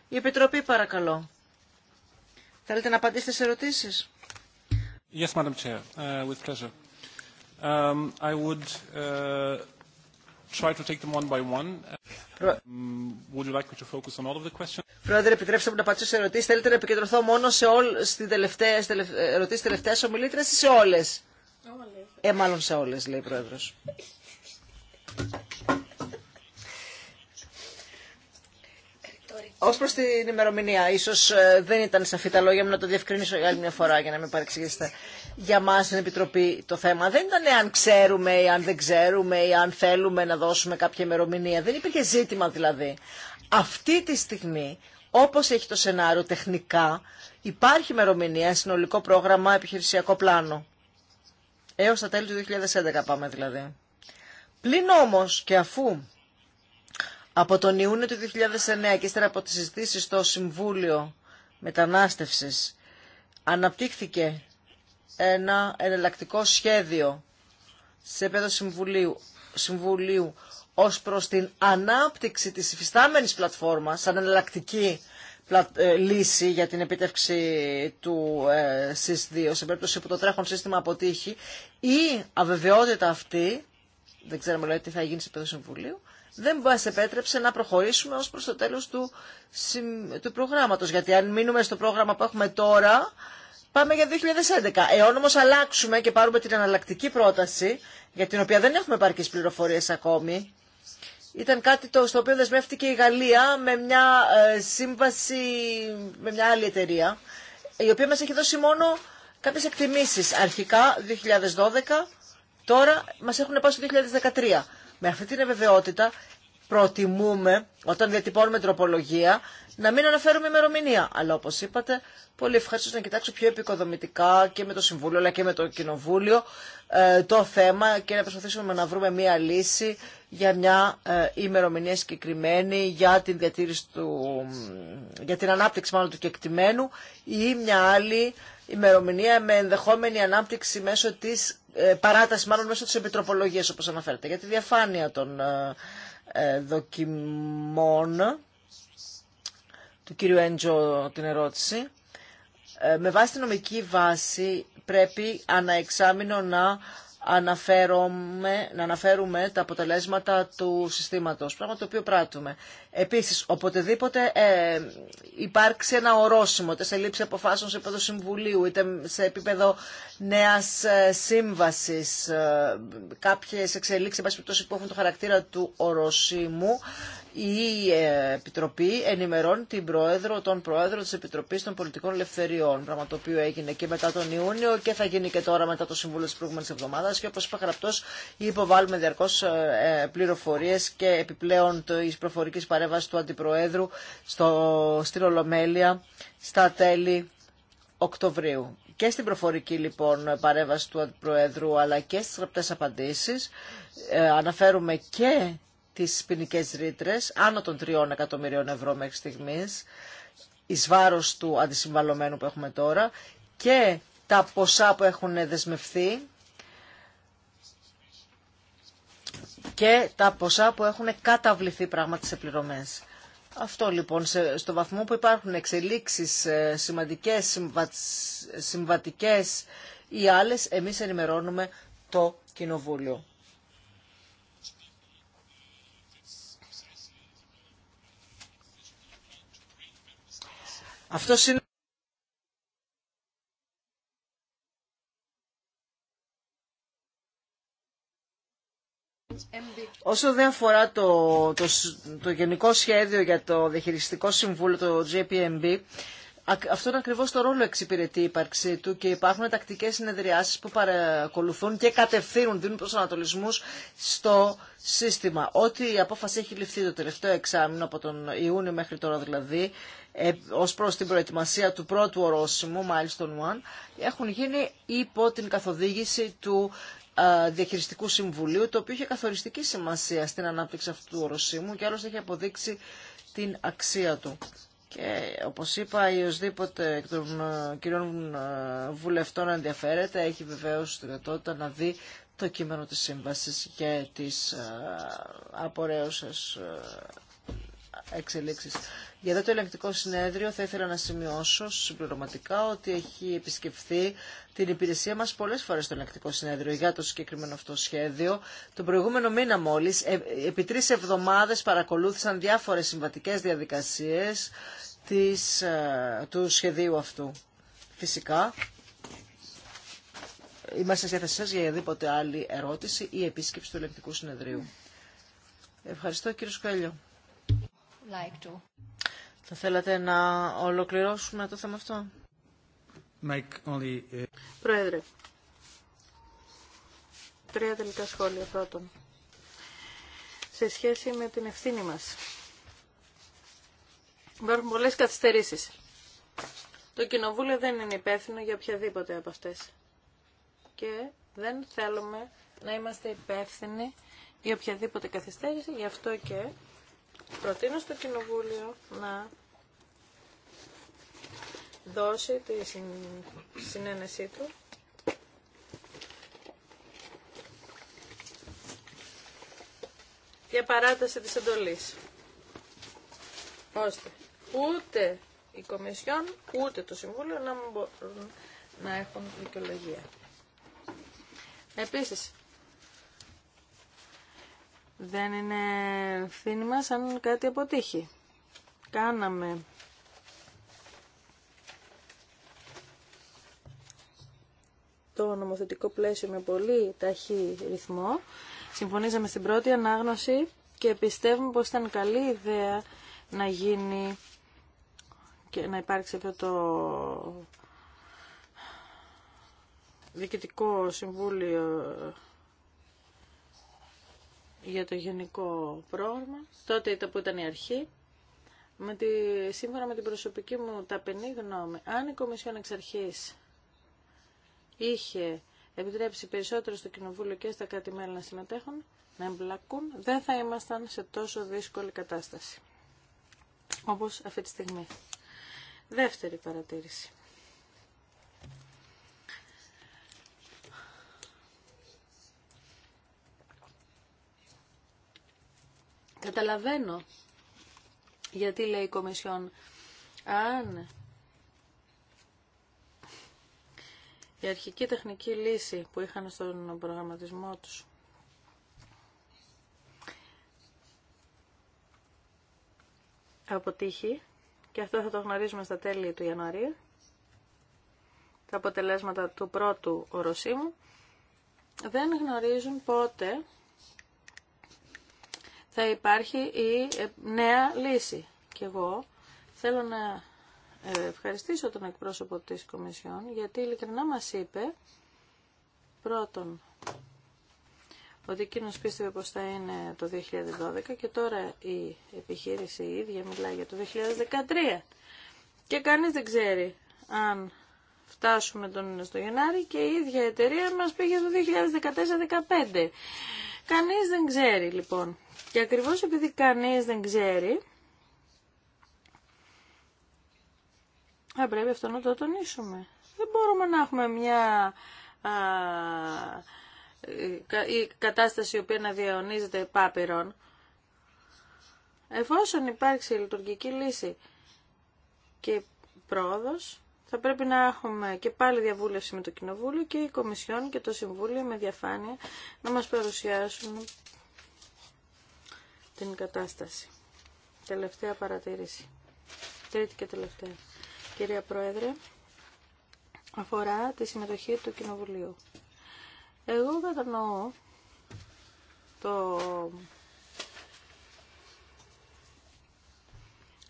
Η Επιτροπή, παρακαλώ. Θέλετε να απαντήσετε σε ερωτήσει. Yes, uh, Um, I would uh, try to take them one by one. Um, would you like me to focus on all of the questions? Πρόεδρε, επιτρέψτε μου να απαντήσω σε ερωτήσεις. Θέλετε να επικεντρωθώ μόνο σε όλες τις τελευταίες, ε, ερωτήσεις τελευταίας ομιλήτρες ή σε ε, ομιλήτρια σε όλες, λέει η σε ολες ε μαλλον σε ολες λεει ο προεδρος Ω προ την ημερομηνία, ίσω ε, δεν ήταν σαφή τα λόγια μου να το διευκρινίσω για άλλη μια φορά για να μην παρεξηγήσετε για μας στην Επιτροπή το θέμα. Δεν ήταν αν ξέρουμε ή αν δεν ξέρουμε ή αν θέλουμε να δώσουμε κάποια ημερομηνία. Δεν υπήρχε ζήτημα δηλαδή. Αυτή τη στιγμή, όπως έχει το σενάριο τεχνικά, υπάρχει ημερομηνία, συνολικό πρόγραμμα, επιχειρησιακό πλάνο. Έως τα τέλη του 2011 πάμε δηλαδή. Πλην όμω και αφού από τον Ιούνιο του 2009 και ύστερα από τις συζητήσεις στο Συμβούλιο Μετανάστευσης αναπτύχθηκε ένα εναλλακτικό σχέδιο σε επίπεδο συμβουλίου, συμβουλίου ως προς την ανάπτυξη της υφιστάμενης πλατφόρμας σαν εναλλακτική ε, λύση για την επίτευξη του ε, ΣΥΣ2 σε περίπτωση που το τρέχον σύστημα αποτύχει η αβεβαιότητα αυτή, δεν ξέρουμε λέει, τι θα γίνει σε επίπεδο συμβουλίου, δεν μας επέτρεψε να προχωρήσουμε ως προς το τέλος του, του προγράμματος. Γιατί αν μείνουμε στο πρόγραμμα που έχουμε τώρα, πάμε για 2011. Εάν όμω αλλάξουμε και πάρουμε την αναλλακτική πρόταση, για την οποία δεν έχουμε επαρκεί πληροφορίες ακόμη, ήταν κάτι το, στο οποίο δεσμεύτηκε η Γαλλία με μια ε, σύμβαση με μια άλλη εταιρεία, η οποία μας έχει δώσει μόνο κάποιε εκτιμήσεις. Αρχικά 2012, τώρα μας έχουν πάει στο 2013. Με αυτή την βεβαιότητα προτιμούμε όταν διατυπώνουμε τροπολογία να μην αναφέρουμε ημερομηνία. Αλλά όπω είπατε, πολύ ευχαριστώ να κοιτάξω πιο επικοδομητικά και με το Συμβούλιο αλλά και με το Κοινοβούλιο ε, το θέμα και να προσπαθήσουμε να βρούμε μία λύση για μια ε, ημερομηνία συγκεκριμένη για την, διατήρηση του, για την ανάπτυξη μάλλον του κεκτημένου ή μια άλλη ημερομηνία με ενδεχόμενη ανάπτυξη μέσω της ε, παράτασης μάλλον μέσω της επιτροπολογίας όπως αναφέρεται για τη διαφάνεια των ε, δοκιμών του κύριου Έντζο την ερώτηση. Ε, με βάση τη νομική βάση πρέπει αναεξάμεινο να αναφέρουμε, να αναφέρουμε τα αποτελέσματα του συστήματος, πράγμα το οποίο πράττουμε. Επίσης, οποτεδήποτε ε, υπάρξει ένα ορόσημο, είτε σε λήψη αποφάσεων σε επίπεδο συμβουλίου, είτε σε επίπεδο νέας ε, σύμβασης, ε, κάποιες εξελίξεις, που έχουν το χαρακτήρα του ορόσημου, η ε, Επιτροπή ενημερώνει την Πρόεδρο, τον Πρόεδρο της Επιτροπής των Πολιτικών Ελευθεριών, πράγμα το οποίο έγινε και μετά τον Ιούνιο και θα γίνει και τώρα μετά το Συμβούλιο της προηγούμενης εβδομάδας και όπως είπα χαραπτός υποβάλλουμε διαρκώς ε, πληροφορίες και επιπλέον η προφορική παρέμβαση παρέμβαση του Αντιπροέδρου στο, στην Ολομέλεια στα τέλη Οκτωβρίου. Και στην προφορική λοιπόν παρέμβαση του Αντιπροέδρου αλλά και στις γραπτές απαντήσεις ε, αναφέρουμε και τις ποινικέ ρήτρε άνω των 3 εκατομμυρίων ευρώ μέχρι στιγμής εις βάρος του αντισυμβαλωμένου που έχουμε τώρα και τα ποσά που έχουν δεσμευθεί και τα ποσά που έχουν καταβληθεί πράγματι σε πληρωμές. Αυτό λοιπόν, στο βαθμό που υπάρχουν εξελίξεις ε, σημαντικές, συμβα... συμβατικές ή άλλες, εμείς ενημερώνουμε το Κοινοβούλιο. Αυτό είναι... Όσο δεν αφορά το, το, το γενικό σχέδιο για το διαχειριστικό συμβούλιο, το JPMB, αυτόν ακριβώς το ρόλο εξυπηρετεί η ύπαρξή του και υπάρχουν τακτικές συνεδριάσεις που παρακολουθούν και κατευθύνουν, δίνουν προσανατολισμούς στο σύστημα. Ό,τι η απόφαση έχει ληφθεί το τελευταίο εξάμεινο από τον Ιούνιο μέχρι τώρα δηλαδή, ε, ως προς την προετοιμασία του πρώτου ορόσημου, Milestone One, έχουν γίνει υπό την καθοδήγηση του Διαχειριστικού Συμβουλίου, το οποίο είχε καθοριστική σημασία στην ανάπτυξη αυτού του οροσίμου και άλλωστε είχε αποδείξει την αξία του. Και όπως είπα, η οσδήποτε εκ των κυρίων βουλευτών ενδιαφέρεται, έχει βεβαίως τη δυνατότητα να δει το κείμενο της σύμβασης και της απορρέωσης εξελίξεις. Για το ελεγκτικό συνέδριο θα ήθελα να σημειώσω συμπληρωματικά ότι έχει επισκεφθεί την υπηρεσία μας πολλές φορές στο ελεγκτικό συνέδριο για το συγκεκριμένο αυτό σχέδιο. Το προηγούμενο μήνα μόλις, ε, επί τρεις εβδομάδες παρακολούθησαν διάφορες συμβατικές διαδικασίες ε, του σχεδίου αυτού. Φυσικά, είμαστε σε θέση για οποιαδήποτε άλλη ερώτηση ή επίσκεψη του ελεγκτικού συνεδρίου. Ευχαριστώ κύριο Σκέλιο like to. Θα θέλατε να ολοκληρώσουμε το θέμα αυτό. Mike, only... Ε, Πρόεδρε, τρία τελικά σχόλια πρώτον. Σε σχέση με την ευθύνη μας. Υπάρχουν πολλές καθυστερήσεις. Το κοινοβούλιο δεν είναι υπεύθυνο για οποιαδήποτε από αυτές. Και δεν θέλουμε να είμαστε υπεύθυνοι για οποιαδήποτε καθυστέρηση, γι' αυτό και Προτείνω στο Κοινοβούλιο να δώσει τη συνένεσή του για παράταση της εντολής. Ώστε ούτε η Κομισιόν ούτε το Συμβούλιο να μπορούν να έχουν δικαιολογία. Επίσης, δεν είναι ευθύνη μας αν κάτι αποτύχει. Κάναμε το νομοθετικό πλαίσιο με πολύ ταχύ ρυθμό. Συμφωνήσαμε στην πρώτη ανάγνωση και πιστεύουμε πως ήταν καλή ιδέα να γίνει και να υπάρξει αυτό το Διοικητικό Συμβούλιο για το γενικό πρόγραμμα, τότε ήταν που ήταν η αρχή, με τη, σύμφωνα με την προσωπική μου ταπεινή γνώμη, αν η Κομισιόν εξ αρχής είχε επιτρέψει περισσότερο στο Κοινοβούλιο και στα κάτι μέλη να συμμετέχουν, να εμπλακούν, δεν θα ήμασταν σε τόσο δύσκολη κατάσταση, όπως αυτή τη στιγμή. Δεύτερη παρατήρηση. Καταλαβαίνω γιατί λέει η Κομισιόν αν η αρχική τεχνική λύση που είχαν στον προγραμματισμό τους αποτύχει και αυτό θα το γνωρίζουμε στα τέλη του Ιανουαρίου τα αποτελέσματα του πρώτου οροσίμου δεν γνωρίζουν πότε θα υπάρχει η ε, νέα λύση. Και εγώ θέλω να ε, ευχαριστήσω τον εκπρόσωπο της Κομισιόν γιατί ειλικρινά μας είπε πρώτον ότι εκείνο πίστευε πως θα είναι το 2012 και τώρα η επιχείρηση η ίδια μιλάει για το 2013 και κανείς δεν ξέρει αν φτάσουμε τον στο Γενάρη και η ίδια εταιρεία μας πήγε το 2014-2015. Κανείς δεν ξέρει λοιπόν και ακριβώς επειδή κανείς δεν ξέρει, θα πρέπει αυτό να το τονίσουμε. Δεν μπορούμε να έχουμε μια η κατάσταση η οποία να διαονίζεται πάπυρον. Εφόσον υπάρξει λειτουργική λύση και πρόοδος, θα πρέπει να έχουμε και πάλι διαβούλευση με το Κοινοβούλιο και η Κομισιόν και το Συμβούλιο με διαφάνεια να μας παρουσιάσουν την κατάσταση. Τελευταία παρατήρηση. Τρίτη και τελευταία. Κυρία Πρόεδρε, αφορά τη συμμετοχή του Κοινοβουλίου. Εγώ κατανοώ το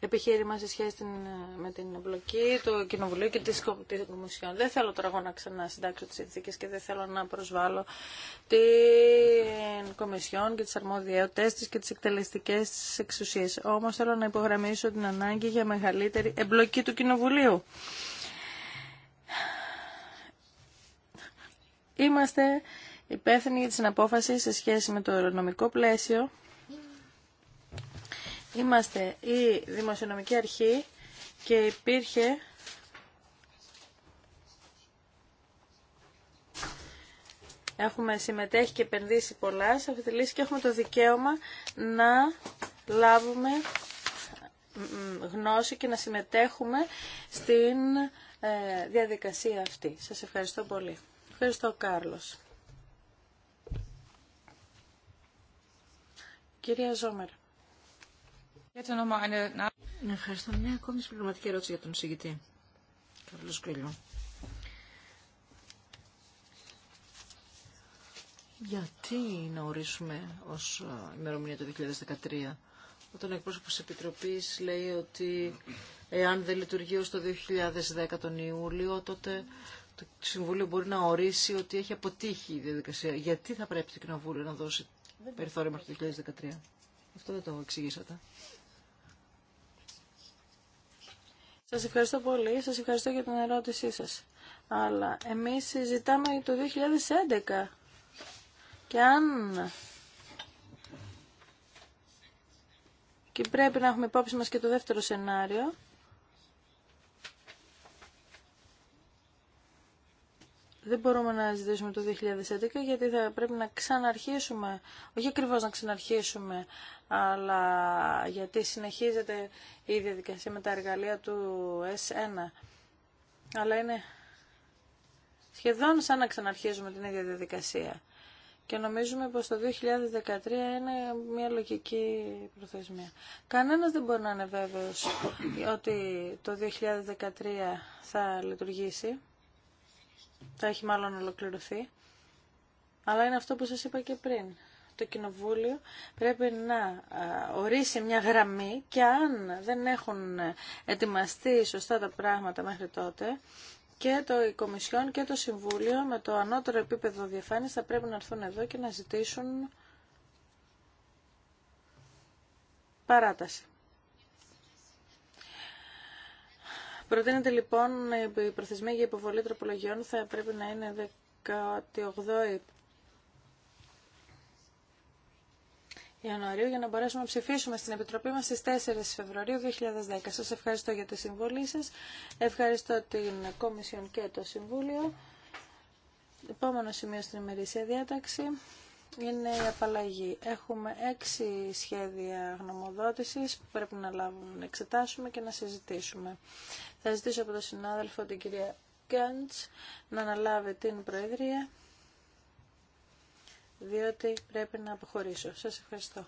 επιχείρημα σε σχέση με την εμπλοκή του Κοινοβουλίου και της Κομισιόν. Δεν θέλω τώρα εγώ να ξανασυντάξω τις συνθήκε και δεν θέλω να προσβάλλω την Κομισιόν και τις αρμοδιότητες της και τις εκτελεστικές της εξουσίες. Όμως θέλω να υπογραμμίσω την ανάγκη για μεγαλύτερη εμπλοκή του Κοινοβουλίου. Είμαστε υπεύθυνοι για την απόφαση σε σχέση με το νομικό πλαίσιο είμαστε η δημοσιονομική αρχή και υπήρχε Έχουμε συμμετέχει και επενδύσει πολλά σε αυτή τη λύση και έχουμε το δικαίωμα να λάβουμε γνώση και να συμμετέχουμε στην ε, διαδικασία αυτή. Σας ευχαριστώ πολύ. Ευχαριστώ, Κάρλος. Κυρία Ζόμερ. Ευχαριστώ. Μια ακόμη συμπληρωματική ερώτηση για τον συγγητή. Γιατί να ορίσουμε ως ε, ημερομηνία το 2013 όταν ο εκπρόσωπο τη Επιτροπή λέει ότι εάν δεν λειτουργεί ω το 2010 τον Ιούλιο, τότε το Συμβούλιο μπορεί να ορίσει ότι έχει αποτύχει η διαδικασία. Γιατί θα πρέπει το Κοινοβούλιο να δώσει περιθώριο μέχρι το 2013. Αυτό δεν το εξηγήσατε. Σας ευχαριστώ πολύ, σας ευχαριστώ για την ερώτησή σας. Αλλά εμείς συζητάμε το 2011 και αν και πρέπει να έχουμε υπόψη μας και το δεύτερο σενάριο, Δεν μπορούμε να ζητήσουμε το 2011 γιατί θα πρέπει να ξαναρχίσουμε, όχι ακριβώς να ξαναρχίσουμε, αλλά γιατί συνεχίζεται η διαδικασία με τα εργαλεία του S1. Αλλά είναι σχεδόν σαν να ξαναρχίζουμε την ίδια διαδικασία. Και νομίζουμε πως το 2013 είναι μια λογική προθεσμία. Κανένας δεν μπορεί να είναι βέβαιος ότι το 2013 θα λειτουργήσει θα έχει μάλλον ολοκληρωθεί. Αλλά είναι αυτό που σας είπα και πριν. Το Κοινοβούλιο πρέπει να ορίσει μια γραμμή και αν δεν έχουν ετοιμαστεί σωστά τα πράγματα μέχρι τότε, και το η Κομισιόν και το Συμβούλιο με το ανώτερο επίπεδο διαφάνειας θα πρέπει να έρθουν εδώ και να ζητήσουν παράταση. Προτείνεται λοιπόν η προθεσμία για υποβολή τροπολογιών θα πρέπει να είναι 18 Ιανουαρίου για να μπορέσουμε να ψηφίσουμε στην Επιτροπή μας στις 4 Φεβρουαρίου 2010. Σας ευχαριστώ για τη συμβολή σας. Ευχαριστώ την Κομισιόν και το Συμβούλιο. Επόμενο σημείο στην ημερήσια διάταξη είναι η απαλλαγή. Έχουμε έξι σχέδια γνωμοδότησης που πρέπει να λάβουμε, να εξετάσουμε και να συζητήσουμε. Θα ζητήσω από τον συνάδελφο την κυρία Γκάντς να αναλάβει την Προεδρία, διότι πρέπει να αποχωρήσω. Σας ευχαριστώ.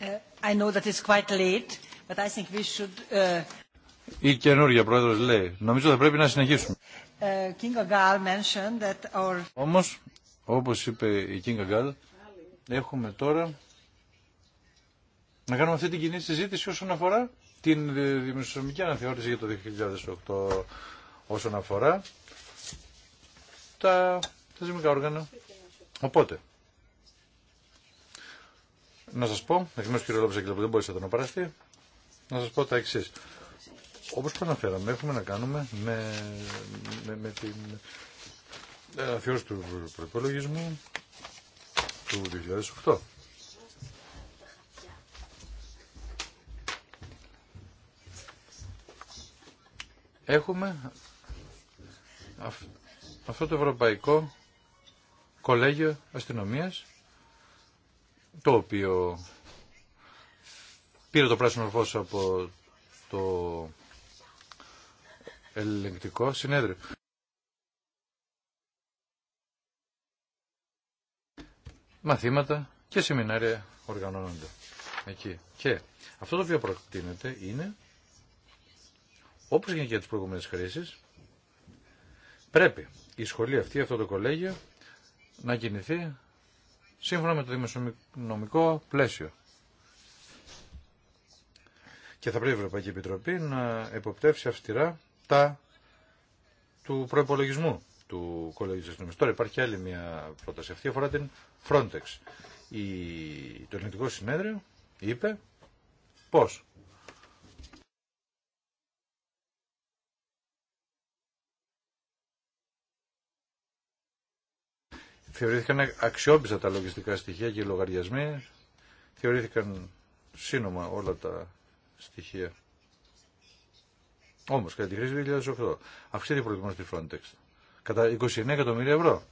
Uh, I know that it's quite late, but I think we should... Uh, η καινούργια πρόεδρος λέει, νομίζω θα πρέπει να συνεχίσουμε. Uh, King mentioned that our... Όμως, όπως είπε η King Γκάλ, έχουμε τώρα να κάνουμε αυτή την κοινή συζήτηση όσον αφορά την δημοσιονομική αναθεώρηση για το 2008 όσον αφορά τα θεσμικά όργανα. Οπότε, να σας πω, εκ μέρου του κ. που δεν μπορούσατε να τον παραστεί, να σας πω τα εξής. Όπως προαναφέραμε, έχουμε να κάνουμε με, με, με την αφιόρωση του προπολογισμού του 2008. Έχουμε αυτό το Ευρωπαϊκό Κολέγιο Αστυνομίας το οποίο πήρε το πράσινο φως από το ελεγκτικό συνέδριο. Μαθήματα και σεμινάρια οργανώνονται εκεί. Και αυτό το οποίο προτείνεται είναι, όπως και για τις προηγούμενες χρήσεις, πρέπει η σχολή αυτή, αυτό το κολέγιο, να κινηθεί σύμφωνα με το δημοσιονομικό πλαίσιο. Και θα πρέπει η Ευρωπαϊκή Επιτροπή να εποπτεύσει αυστηρά τα του προϋπολογισμού του Κολεγίου της Αστυνομίας. Τώρα υπάρχει άλλη μια πρόταση. Αυτή αφορά την Frontex. Η... Το Ελληνικό Συνέδριο είπε πώς θεωρήθηκαν αξιόπιστα τα λογιστικά στοιχεία και οι λογαριασμοί, θεωρήθηκαν σύνομα όλα τα στοιχεία. Όμω, κατά τη χρήση του 2008, αυξήθηκε η προετοιμασία στη Frontex κατά 29 εκατομμύρια ευρώ.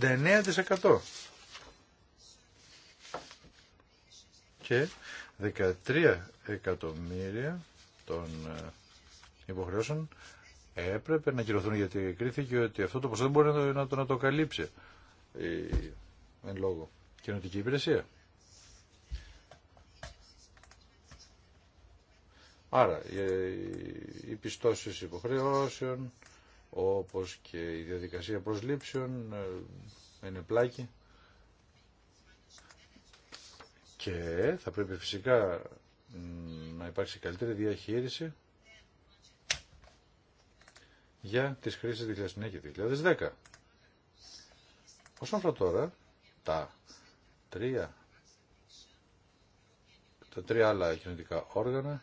69% και 13 εκατομμύρια των ε, υποχρεώσεων έπρεπε να κυρωθούν γιατί κρίθηκε ότι αυτό το ποσό δεν μπορεί να το, να το, καλύψει η, εν λόγω κοινωτική υπηρεσία. Άρα, οι πιστώσει υποχρεώσεων, όπως και η διαδικασία προσλήψεων, ε, είναι πλάκη. Και θα πρέπει φυσικά να υπάρξει καλύτερη διαχείριση για τις χρήσεις 2009 και 2010. Όσον αφορά τώρα τα τρία, τα τρία άλλα κοινωνικά όργανα,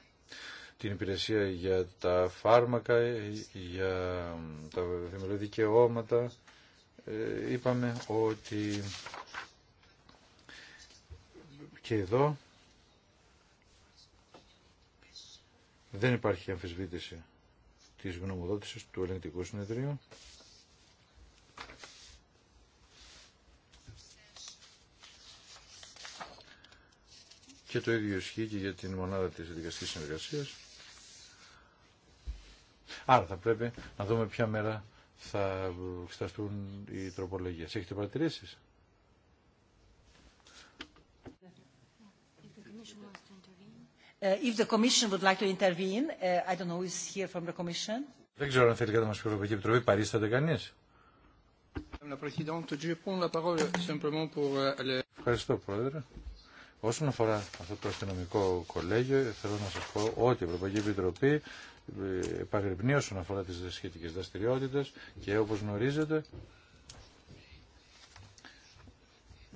την υπηρεσία για τα φάρμακα, για τα θεμελιώδη δικαιώματα, ε, είπαμε ότι και εδώ δεν υπάρχει αμφισβήτηση της γνωμοδότησης του Ελληνικού Συνεδρίου. Και το ίδιο ισχύει και για την μονάδα της δικαστικής συνεργασίας. Άρα θα πρέπει να δούμε ποια μέρα θα εξεταστούν οι τροπολογίες. Έχετε παρατηρήσεις? Δεν ξέρω αν θέλει κάτι να μας η Ευρωπαϊκή Επιτροπή. Παρίσταται κανείς. Euh, Ευχαριστώ, Πρόεδρε. Όσον αφορά αυτό το αστυνομικό κολέγιο, θέλω να σας πω ότι η Ευρωπαϊκή Επιτροπή ε, επαγρυπνεί όσον αφορά τις σχετικές δραστηριότητες και όπως γνωρίζετε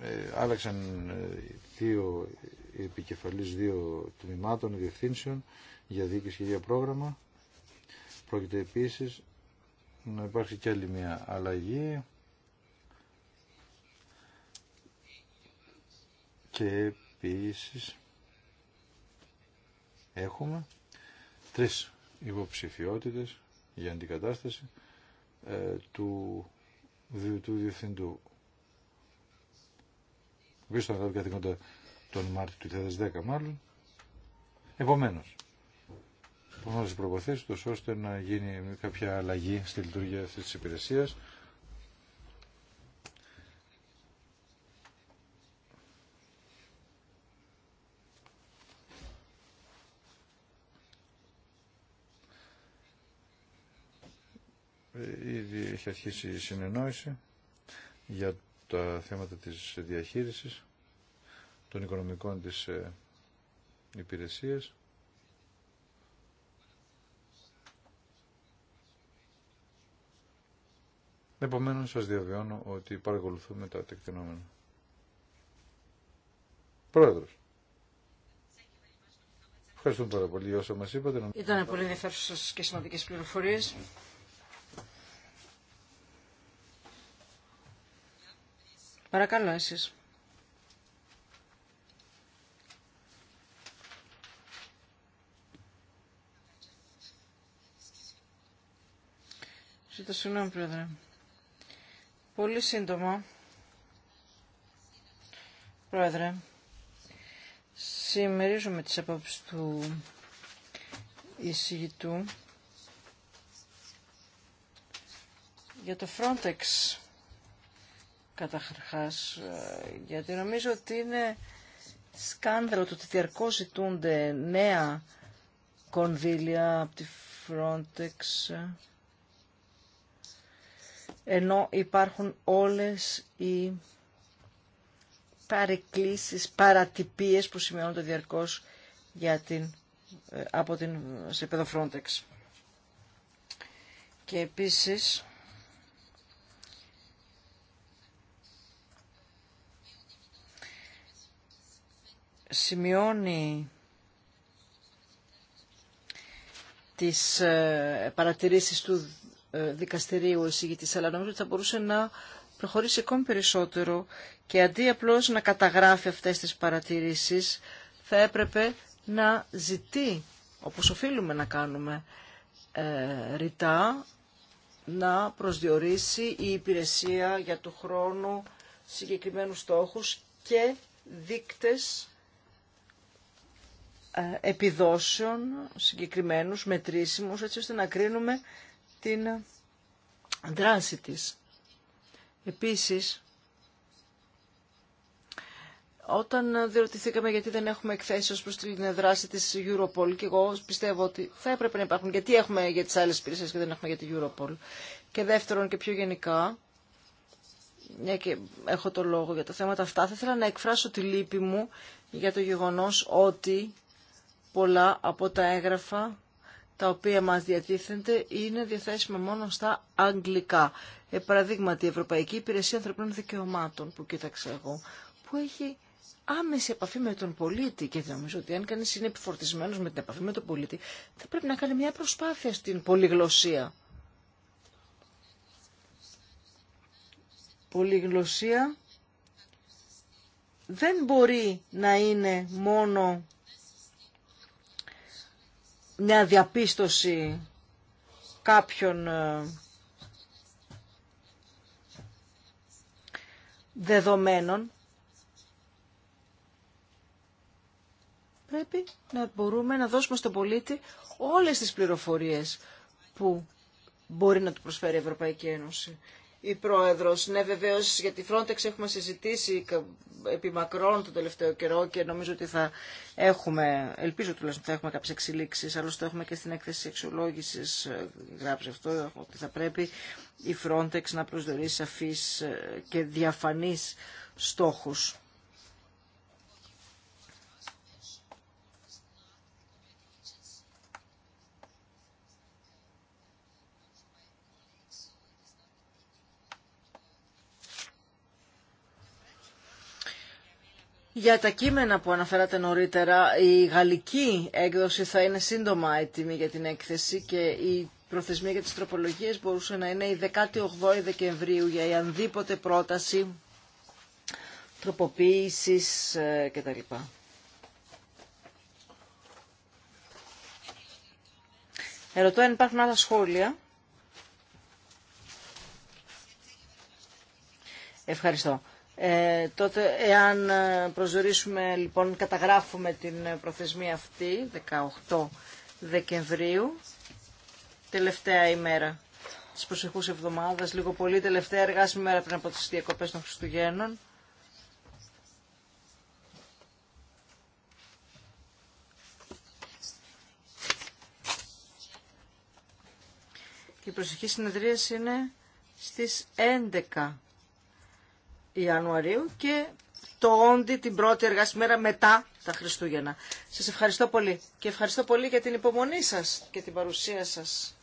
ε, άλλαξαν ε, δύο επικεφαλής δύο τμήματων διευθύνσεων για διοίκηση και για πρόγραμμα. Πρόκειται επίσης να υπάρξει και άλλη μια αλλαγή και επίσης έχουμε τρεις υποψηφιότητες για αντικατάσταση ε, του, του διευθυντού ο θα καθήκοντα τον Μάρτιο του 2010 μάλλον. Επομένω. προφανώς τις προποθέσεις ώστε να γίνει κάποια αλλαγή στη λειτουργία αυτή τη υπηρεσία. Ε, ήδη έχει αρχίσει η συνεννόηση για τα θέματα της διαχείρισης των οικονομικών της ε, υπηρεσίας Επομένως σας διαβιώνω ότι παρακολουθούμε τα τεκτενόμενα. Πρόεδρος. Ευχαριστούμε πάρα πολύ για όσα μας είπατε. Ήταν πολύ ενδιαφέρουσες και σημαντικές πληροφορίες. Παρακαλώ εσείς. Ζητώ συγγνώμη, Πρόεδρε. Πολύ σύντομα, Πρόεδρε, συμμερίζομαι τις απόψεις του εισηγητού για το Frontex καταρχάς, ε, γιατί νομίζω ότι είναι σκάνδαλο το ότι διαρκώ ζητούνται νέα κονδύλια από τη Frontex, ενώ υπάρχουν όλες οι παρεκκλήσεις, παρατυπίες που σημειώνονται διαρκώς για την, ε, από την, σε επίπεδο Frontex. Και επίσης, σημειώνει τις ε, παρατηρήσεις του ε, δικαστηρίου εισηγητής, αλλά νομίζω ότι θα μπορούσε να προχωρήσει ακόμη περισσότερο και αντί απλώς να καταγράφει αυτές τις παρατηρήσεις, θα έπρεπε να ζητεί, όπως οφείλουμε να κάνουμε ε, ρητά, να προσδιορίσει η υπηρεσία για του χρόνου συγκεκριμένους στόχους και δίκτες ε, επιδόσεων συγκεκριμένους, μετρήσιμους, έτσι ώστε να κρίνουμε την ε, δράση της. Επίσης, όταν διερωτηθήκαμε γιατί δεν έχουμε εκθέσει ως προς την δράση της Europol και εγώ πιστεύω ότι θα έπρεπε να υπάρχουν γιατί έχουμε για τις άλλες υπηρεσίες και δεν έχουμε για την Europol. Και δεύτερον και πιο γενικά, μια και έχω το λόγο για τα θέματα αυτά, θα ήθελα να εκφράσω τη λύπη μου για το γεγονός ότι πολλά από τα έγγραφα τα οποία μας διατίθενται είναι διαθέσιμα μόνο στα αγγλικά. Ε, παραδείγματι, η Ευρωπαϊκή Υπηρεσία Ανθρωπίνων Δικαιωμάτων που κοίταξα εγώ, που έχει άμεση επαφή με τον πολίτη και νομίζω ότι αν κανείς είναι επιφορτισμένος με την επαφή με τον πολίτη, θα πρέπει να κάνει μια προσπάθεια στην πολυγλωσία. Πολυγλωσία δεν μπορεί να είναι μόνο μια διαπίστωση κάποιων ε, δεδομένων, πρέπει να μπορούμε να δώσουμε στον πολίτη όλες τις πληροφορίες που μπορεί να του προσφέρει η Ευρωπαϊκή Ένωση η Πρόεδρος. Ναι, βεβαίως, για τη Frontex έχουμε συζητήσει επί μακρόν τον τελευταίο καιρό και νομίζω ότι θα έχουμε, ελπίζω τουλάχιστον θα έχουμε κάποιες εξελίξεις, άλλωστε έχουμε και στην έκθεση αξιολόγηση ε, γράψει αυτό, ότι θα πρέπει η Frontex να προσδιορίσει σαφείς ε, και διαφανείς στόχους Για τα κείμενα που αναφέρατε νωρίτερα, η γαλλική έκδοση θα είναι σύντομα έτοιμη για την έκθεση και η προθεσμία για τις τροπολογίες μπορούσε να είναι η 18η Δεκεμβρίου για η ανδήποτε πρόταση τροποποίησης ε, κτλ. Ερωτώ αν υπάρχουν άλλα σχόλια. Ευχαριστώ. Ε, τότε εάν ε, προσδιορίσουμε λοιπόν, καταγράφουμε την προθεσμία αυτή, 18 Δεκεμβρίου, τελευταία ημέρα της προσεχούς εβδομάδας, λίγο πολύ τελευταία εργάσιμη μέρα πριν από τις διακοπές των Χριστουγέννων. Και η προσεχή συνεδρίαση είναι στις 11 Ιανουαρίου και το όντι την πρώτη μέρα μετά τα Χριστούγεννα. Σας ευχαριστώ πολύ και ευχαριστώ πολύ για την υπομονή σας και την παρουσία σας.